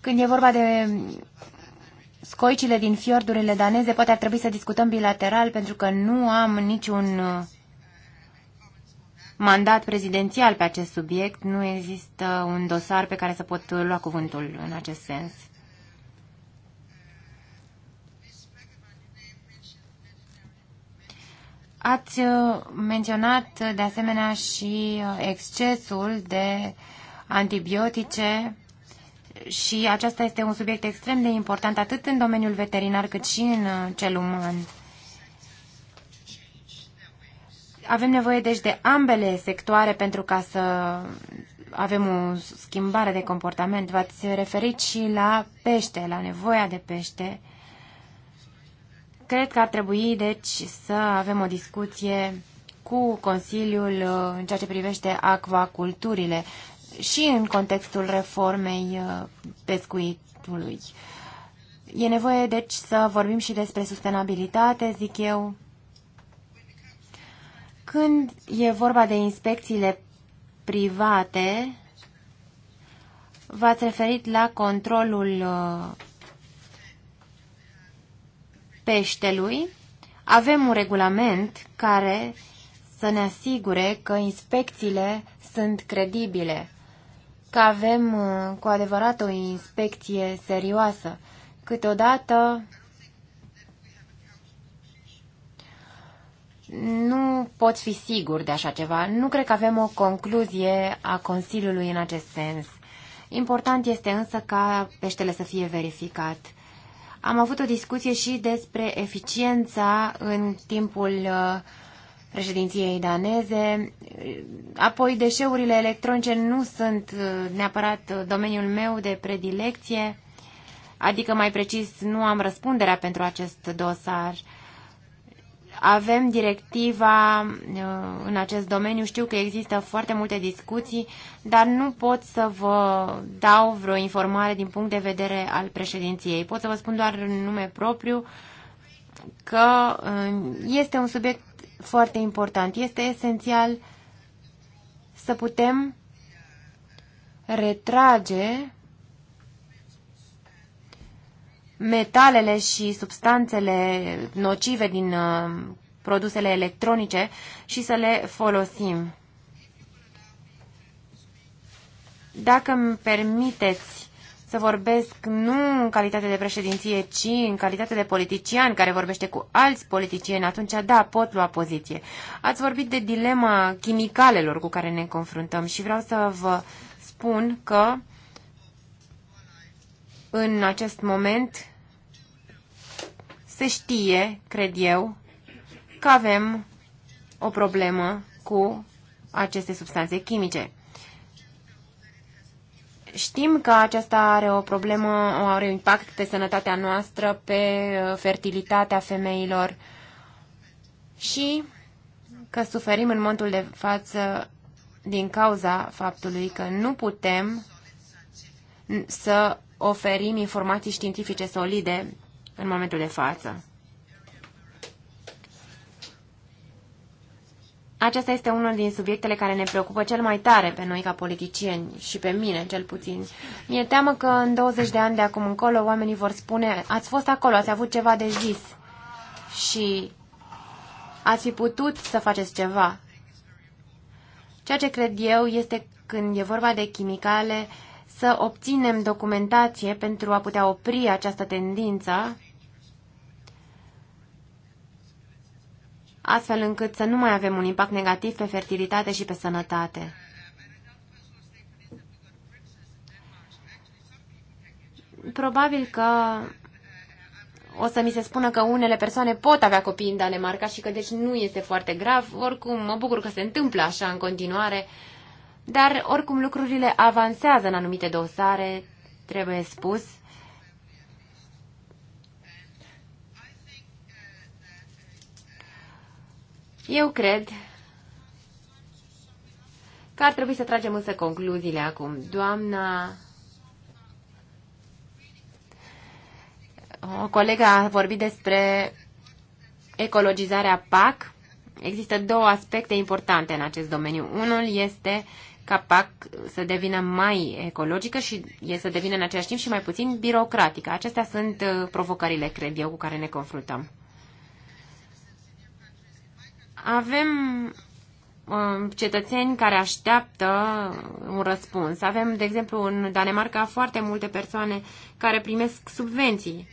Când e vorba de um, scoicile din fiordurile daneze, poate ar trebui să discutăm bilateral, pentru că nu am niciun uh, mandat prezidențial pe acest subiect. Nu există un dosar pe care să pot lua cuvântul în acest sens. Ați uh, menționat uh, de asemenea și uh, excesul de antibiotice și acesta este un subiect extrem de important atât în domeniul veterinar cât și în cel uman. Avem nevoie deci de ambele sectoare pentru ca să avem o schimbare de comportament. V-ați referit și la pește, la nevoia de pește. Cred că ar trebui, deci, să avem o discuție cu Consiliul uh, în ceea ce privește acvaculturile și în contextul reformei uh, pescuitului. E nevoie, deci, să vorbim și despre sustenabilitate, zic eu, când e vorba de inspecțiile private, v-ați referit la controlul uh, peștelui. Avem un regulament care să ne asigure că inspecțiile sunt credibile, că avem uh, cu adevărat o inspecție serioasă. Câteodată nu pot fi sigur de așa ceva. Nu cred că avem o concluzie a Consiliului în acest sens. Important este însă ca peștele să fie verificat. Am avut o discuție și despre eficiența în timpul uh, președinției daneze. Apoi, deșeurile electronice nu sunt uh, neapărat uh, domeniul meu de predilecție, adică, mai precis, nu am răspunderea pentru acest dosar. Avem directiva uh, în acest domeniu, știu că există foarte multe discuții, dar nu pot să vă dau vreo informare din punct de vedere al președinției. Pot să vă spun doar în nume propriu că uh, este un subiect foarte important. Este esențial să putem retrage metalele și substanțele nocive din uh, produsele electronice și să le folosim. Dacă îmi permiteți să vorbesc nu în calitate de președinție, ci în calitate de politician care vorbește cu alți politicieni, atunci da, pot lua poziție. Ați vorbit de dilema chimicalelor cu care ne confruntăm și vreau să vă spun că uh, în acest moment se știe, cred eu, că avem o problemă cu aceste substanțe chimice. Știm că aceasta are o problemă, are un impact pe sănătatea noastră, pe uh, fertilitatea femeilor și că suferim în momentul de față din cauza faptului că nu putem să oferim informații științifice solide în momentul de față. Acesta este unul din subiectele care ne preocupă cel mai tare pe noi ca politicieni și pe mine cel puțin. Mi-e teamă că în 20 de ani de acum încolo oamenii vor spune ați fost acolo, ați avut ceva de zis și ați fi putut să faceți ceva. Ceea ce cred eu este când e vorba de chimicale, să obținem documentație pentru a putea opri această tendință, astfel încât să nu mai avem un impact negativ pe fertilitate și pe sănătate. Probabil că o să mi se spună că unele persoane pot avea copii în Danemarca și că deci nu este foarte grav. Oricum, mă bucur că se întâmplă așa în continuare. Uh, dar oricum lucrurile avansează în anumite dosare, trebuie spus. Eu cred că ar trebui să tragem însă concluziile acum. Doamna O colegă a vorbit despre ecologizarea PAC. Există două aspecte importante în acest domeniu. Unul este capac să devină mai ecologică și să devină în același timp și mai puțin birocratică. Acestea sunt uh, provocările, cred eu, cu care ne confruntăm. Avem um, cetățeni care așteaptă un răspuns. Avem, de exemplu, în Danemarca foarte multe persoane care primesc subvenții.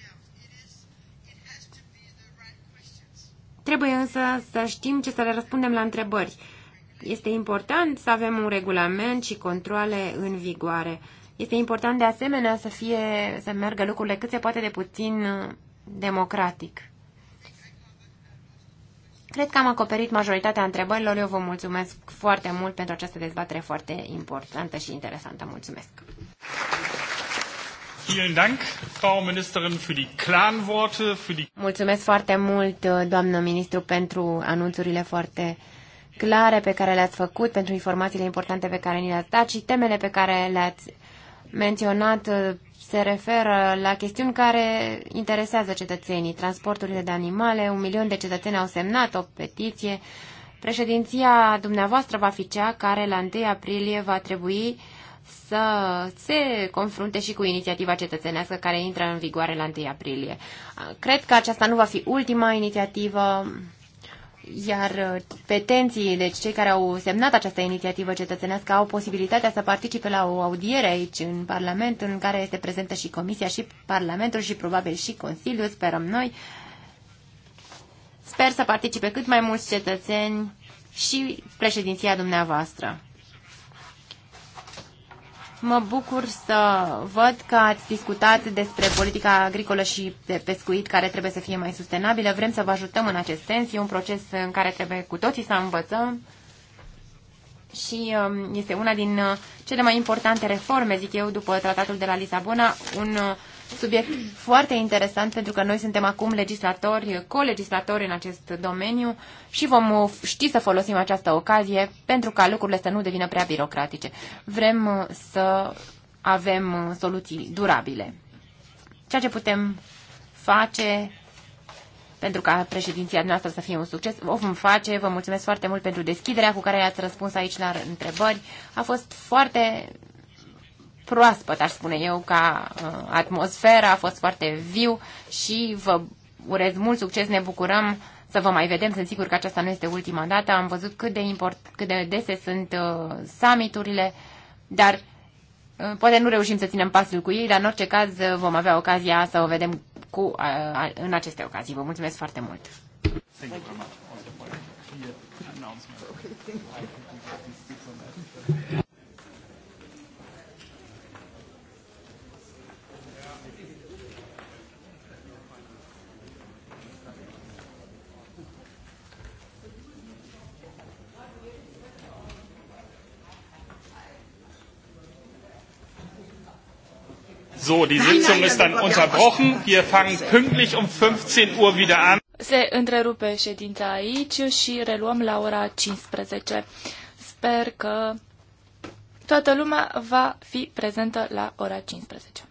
Trebuie însă să știm ce să le răspundem la întrebări. Este important să avem un regulament și controle în vigoare. Este important de asemenea să, fie, să meargă lucrurile cât se poate de puțin uh, democratic. Cred că am acoperit majoritatea întrebărilor. Eu vă mulțumesc foarte mult pentru această dezbatere foarte importantă și interesantă. Mulțumesc! Mulțumesc foarte mult, uh, doamnă ministru, pentru anunțurile foarte clare pe care le-ați făcut, pentru informațiile importante pe care ni le-ați dat și temele pe care le-ați menționat uh, se referă la chestiuni care interesează cetățenii. Transporturile de animale, un milion de cetățeni au semnat o petiție. Președinția dumneavoastră va fi cea care la 1 aprilie va trebui să se confrunte și cu inițiativa cetățenească care intră în vigoare la 1 aprilie. Cred că aceasta nu va fi ultima inițiativă iar uh, petenții, deci cei care au semnat această inițiativă cetățenească, au posibilitatea să participe la o audiere aici în Parlament, în care este prezentă și Comisia, și Parlamentul, și probabil și Consiliul, sperăm noi. Sper să participe cât mai mulți cetățeni și președinția dumneavoastră. Mă bucur să văd că ați discutat despre politica agricolă și de pescuit care trebuie să fie mai sustenabilă. Vrem să vă ajutăm în acest sens. E un proces în care trebuie cu toții să învățăm și um, este una din uh, cele mai importante reforme, zic eu, după tratatul de la Lisabona, un uh, subiect foarte interesant pentru că noi suntem acum legislatori, colegislatori în acest domeniu și vom uh, ști să folosim această ocazie pentru ca lucrurile să nu devină prea birocratice. Vrem uh, să avem uh, soluții durabile. Ceea ce putem face pentru ca președinția noastră să fie un succes. O vom face, vă mulțumesc foarte mult pentru deschiderea cu care ați răspuns aici la întrebări. A fost foarte proaspăt, aș spune eu, ca uh, atmosfera, a fost foarte viu și vă urez mult succes, ne bucurăm să vă mai vedem, sunt sigur că aceasta nu este ultima dată, am văzut cât de, import, cât de dese sunt uh, summiturile, dar uh, poate nu reușim să ținem pasul cu ei, dar în orice caz uh, vom avea ocazia să o vedem cu, uh, uh, în aceste ocazii. Vă mulțumesc foarte mult! Thank you very much. So, die Sitzung ist dann unterbrochen. Wir fangen pünktlich um 15 Uhr wieder an. Se întrerupe ședința aici și reluăm la ora 15. Sper că toată lumea va fi prezentă la ora 15.